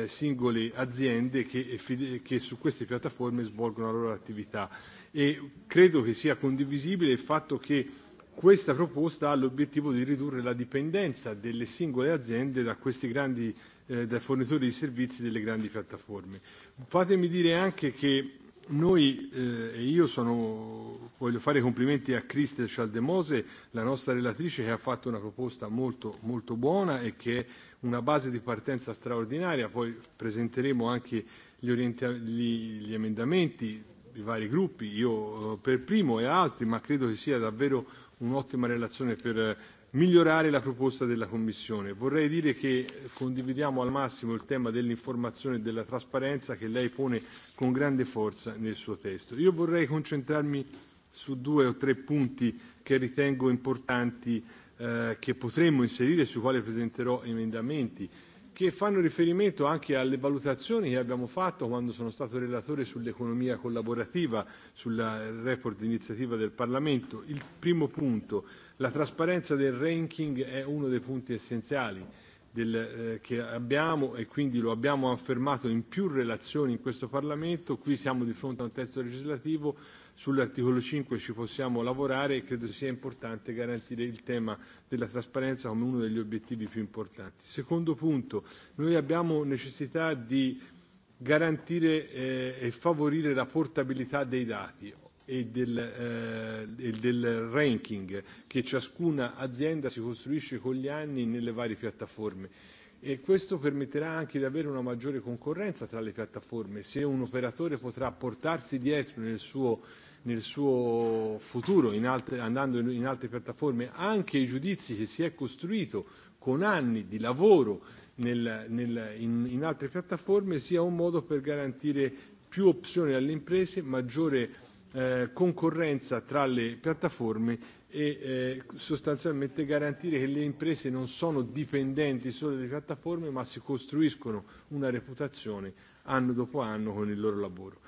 singole aziende che, che su queste piattaforme svolgono la loro attività. E credo che sia condivisibile il fatto che questa proposta ha l'obiettivo di ridurre la dipendenza delle singole aziende da questi grandi dai fornitori di servizi delle grandi piattaforme. Fatemi dire anche che Noi e io sono voglio fare i complimenti a Christel Schaldemose, la nostra relatrice che ha fatto una proposta molto molto buona e che è una base di partenza straordinaria, poi presenteremo anche gli gli emendamenti i vari gruppi, io per primo e altri, ma credo che sia davvero un'ottima relazione per migliorare la proposta della Commissione. Vorrei dire che condividiamo al massimo il tema dell'informazione e della trasparenza che lei pone con grande forza nel suo testo. Io vorrei concentrarmi su due o tre punti che ritengo importanti che potremmo inserire, sui quali presenterò emendamenti che fanno riferimento anche alle valutazioni che abbiamo fatto quando sono stato relatore sull'economia collaborativa, sul report d'iniziativa del Parlamento. Il primo punto, la trasparenza del ranking è uno dei punti essenziali del, che abbiamo e quindi lo abbiamo affermato in più relazioni in questo Parlamento. Qui siamo di fronte a un testo legislativo Sull'articolo 5 ci possiamo lavorare e credo sia importante garantire il tema della trasparenza come uno degli obiettivi più importanti. Secondo punto, noi abbiamo necessità di garantire e favorire la portabilità dei dati e del, e del ranking che ciascuna azienda si costruisce con gli anni nelle varie piattaforme e questo permetterà anche di avere una maggiore concorrenza tra le piattaforme se un operatore potrà portarsi dietro nel suo nel suo futuro, in altre, andando in altre piattaforme, anche i giudizi che si è costruito con anni di lavoro nel, nel, in, in altre piattaforme sia un modo per garantire più opzioni alle imprese, maggiore concorrenza tra le piattaforme e sostanzialmente garantire che le imprese non sono dipendenti solo dalle piattaforme ma si costruiscono una reputazione anno dopo anno con il loro lavoro.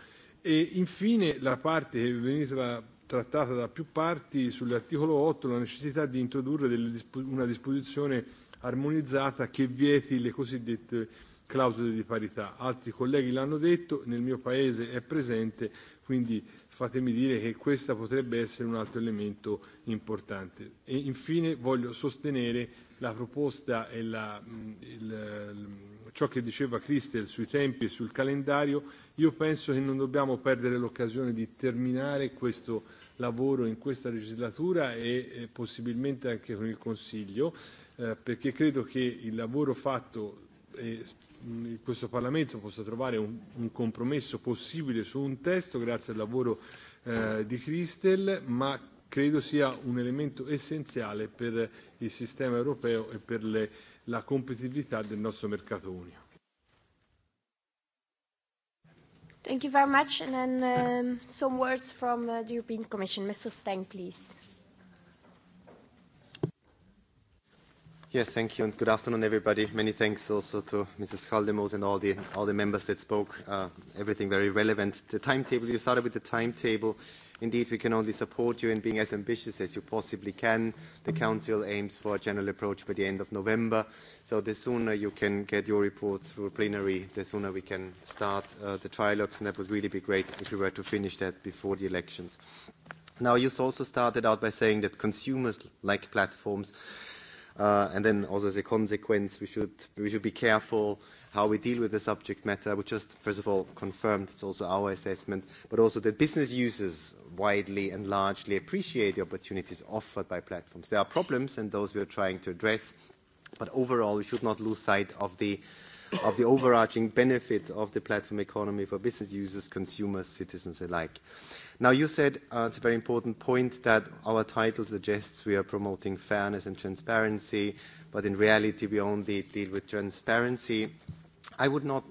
E infine la parte che veniva trattata da più parti sull'articolo 8, la necessità di introdurre delle, una disposizione armonizzata che vieti le cosiddette clausole di parità. Altri colleghi l'hanno detto, nel mio paese è presente, quindi fatemi dire che questo potrebbe essere un altro elemento importante. E infine voglio sostenere la proposta e la, il, ciò che diceva Christel sui tempi e sul calendario Io penso che non dobbiamo perdere l'occasione di terminare questo lavoro in questa legislatura e possibilmente anche con il Consiglio, perché credo che il lavoro fatto e questo Parlamento possa trovare un compromesso possibile su un testo grazie al lavoro di Christel, ma credo sia un elemento essenziale per il sistema europeo e per la competitività del nostro mercato unico. Thank you very much. And then some words from the European Commission. Mr. Steng, please. Yes, thank you, and good afternoon, everybody. Many thanks also to Mrs. Haldemos and all the all the members that spoke. Everything very relevant. The timetable, you started with the timetable. Indeed, we can only support you in being as ambitious as you possibly can. The Council aims for a general approach by the end of November, so the sooner you can get your report through plenary, the sooner we can start the trilogues, and that would really be great if we were to finish that before the elections. Now, you also started out by saying that consumers like platforms, and then also as a consequence, we should we should be careful how we deal with the subject matter. which just, first of all, confirmed it's also our assessment, but also that business users widely and largely appreciate the opportunities offered by platforms. There are problems, and those we are trying to address, but overall, we should not lose sight of the of the overarching benefits of the platform economy for business users, consumers, citizens alike. Now, you said it's a very important point that our title suggests we are promoting fairness and transparency, but in reality, we only deal with transparency I would not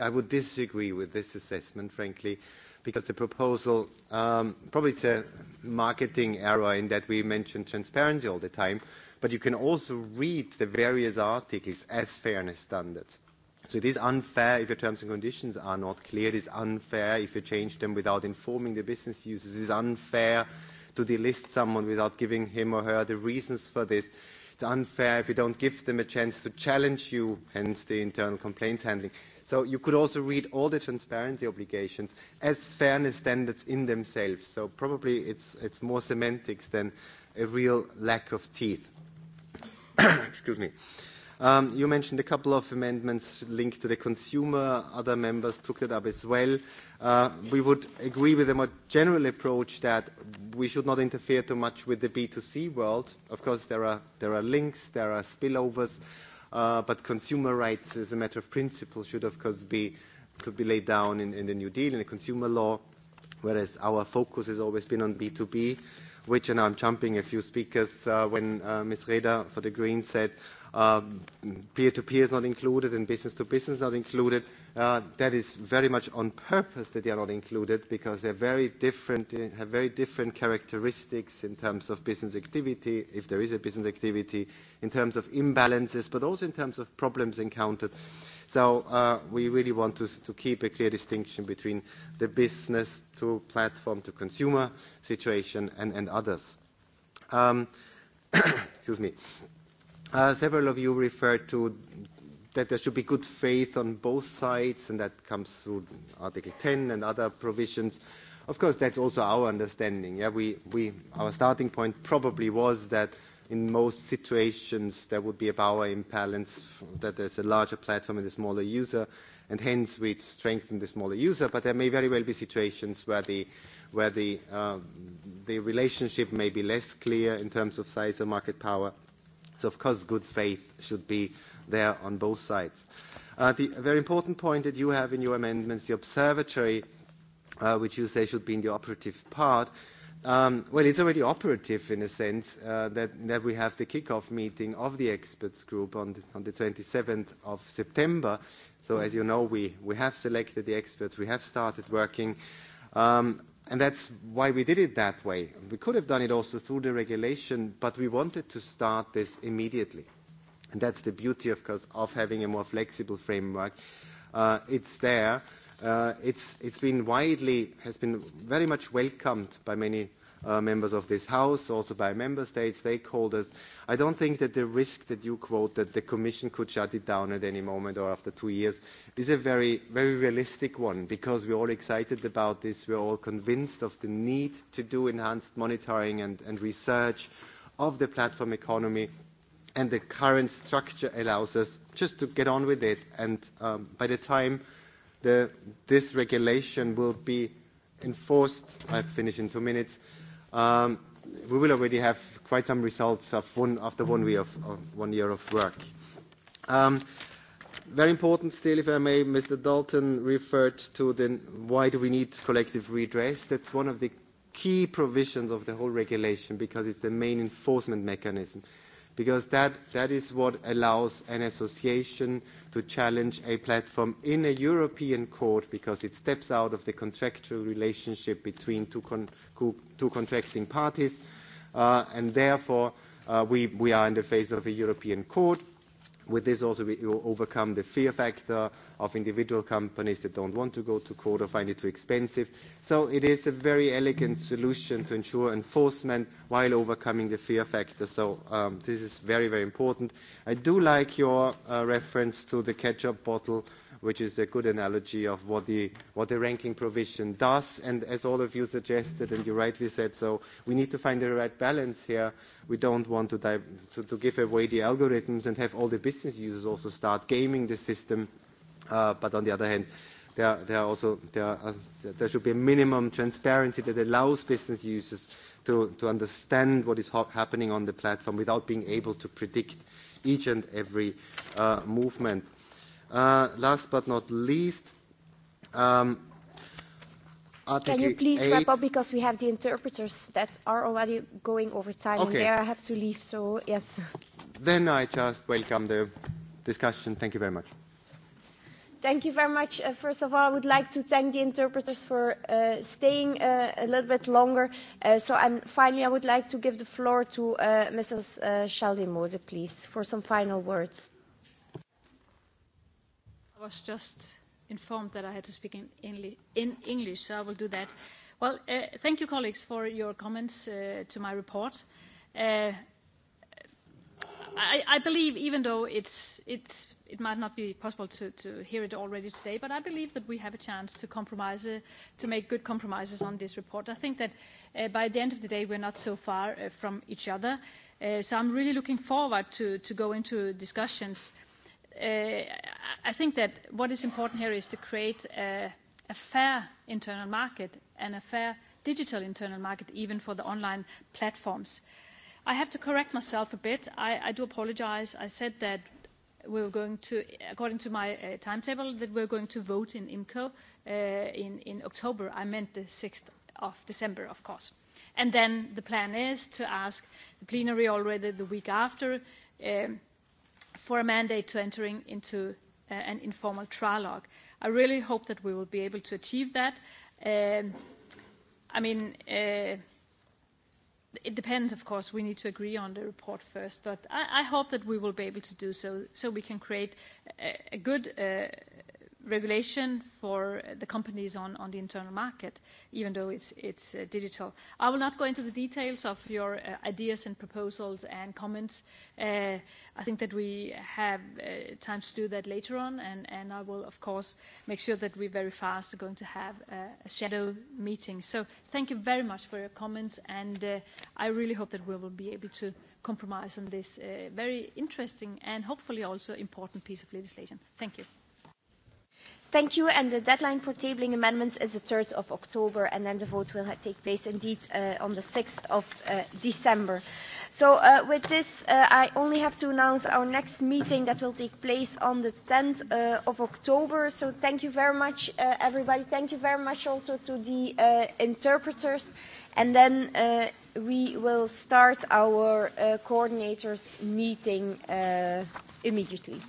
I would disagree with this assessment, frankly, because the proposal um probably it's a marketing error in that we mention transparency all the time, but you can also read the various articles as fairness standards. So it is unfair if your terms and conditions are not clear. It is unfair if you change them without informing the business users. It is unfair to delist someone without giving him or her the reasons for this it's unfair if you don't give them a chance to challenge you, hence the internal complaints handling. So you could also read all the transparency obligations as fairness standards in themselves. So probably it's, it's more semantics than a real lack of teeth. Excuse me. You mentioned a couple of amendments linked to the consumer. Other members took that up as well. We would agree with a more general approach that we should not interfere too much with the B2C world. Of course, there are there are links, there are spillovers, but consumer rights, as a matter of principle, should of course be could be laid down in in the New Deal in the consumer law, whereas our focus has always been on B2B, which and I'm jumping a few speakers when Ms. Reda for the Greens said peer-to-peer is not included and business-to-business not included. That is very much on purpose that they are not included because they're very different, have very different characteristics in terms of business activity, if there is a business activity, in terms of imbalances, but also in terms of problems encountered. So we really want to keep a clear distinction between the business to platform to consumer situation and others. Excuse me. Several of you referred to that there should be good faith on both sides, and that comes through Article 10 and other provisions. Of course, that's also our understanding. Yeah, we, we, our starting point probably was that in most situations there would be a power imbalance, that there's a larger platform and a smaller user, and hence we strengthen the smaller user. But there may very well be situations where the, where the, the relationship may be less clear in terms of size or market power So, of course, good faith should be there on both sides. The very important point that you have in your amendments, the observatory, which you say should be in the operative part, well, it's already operative in a sense that that we have the kick-off meeting of the experts group on the 27th of September. So, as you know, we have selected the experts. We have started working. And that's why we did it that way. We could have done it also through the regulation, but we wanted to start this immediately. And that's the beauty, of course, of having a more flexible framework. It's there. It's been widely, has been very much welcomed by many members of this House, also by member states, stakeholders. I don't think that the risk that you quote that the Commission could shut it down at any moment or after two years is a very, very realistic one because we're all excited about this. We're all convinced of the need to do enhanced monitoring and research of the platform economy and the current structure allows us just to get on with it. And by the time the, this regulation will be enforced, I finish in two minutes, Um we will already have quite some results of one after one year of one year work. Very important still, if I may, Mr. Dalton referred to the why do we need collective redress. That's one of the key provisions of the whole regulation because it's the main enforcement mechanism because that that is what allows an association to challenge a platform in a European court because it steps out of the contractual relationship between two contracting parties and therefore we we are in the face of a European court With this also we overcome the fear factor of individual companies that don't want to go to court or find it too expensive. So it is a very elegant solution to ensure enforcement while overcoming the fear factor. So this is very, very important. I do like your reference to the ketchup bottle which is a good analogy of what the what the ranking provision does. And as all of you suggested, and you rightly said so, we need to find the right balance here. We don't want to give away the algorithms and have all the business users also start gaming the system. But on the other hand, there there also there there should be a minimum transparency that allows business users to to understand what is happening on the platform without being able to predict each and every movement. Last but not least, Can you please wrap up because we have the interpreters that are already going over time and I have to leave, so yes. Then I just welcome the discussion. Thank you very much. Thank you very much. First of all, I would like to thank the interpreters for staying a little bit longer. So, and finally, I would like to give the floor to Mrs. Mose, please, for some final words was just informed that I had to speak in English, so I will do that. Well, thank you, colleagues, for your comments to my report. I I believe, even though it's it's it might not be possible to to hear it already today, but I believe that we have a chance to compromise, to make good compromises on this report. I think that by the end of the day, we're not so far from each other. So I'm really looking forward to go into discussions I think that what is important here is to create a fair internal market and a fair digital internal market, even for the online platforms. I have to correct myself a bit. I do apologize. I said that we were going to, according to my timetable, that we're going to vote in IMCO in October. I meant the 6th of December, of course. And then the plan is to ask the plenary already the week after for a mandate to entering into an informal trilogue, I really hope that we will be able to achieve that. I mean, it depends, of course. We need to agree on the report first, but I hope that we will be able to do so, so we can create a good regulation for the companies on the internal market, even though it's digital. I will not go into the details of your ideas and proposals and comments. I think that we have time to do that later on, and and I will of course make sure that we very fast are going to have a shadow meeting. So thank you very much for your comments, and I really hope that we will be able to compromise on this very interesting and hopefully also important piece of legislation. Thank you. Thank you. And the deadline for tabling amendments is the 3rd of October, and then the vote will take place indeed on the 6th of December. So with this, I only have to announce our next meeting that will take place on the 10th of October. So thank you very much, everybody. Thank you very much also to the interpreters. And then we will start our coordinators meeting immediately.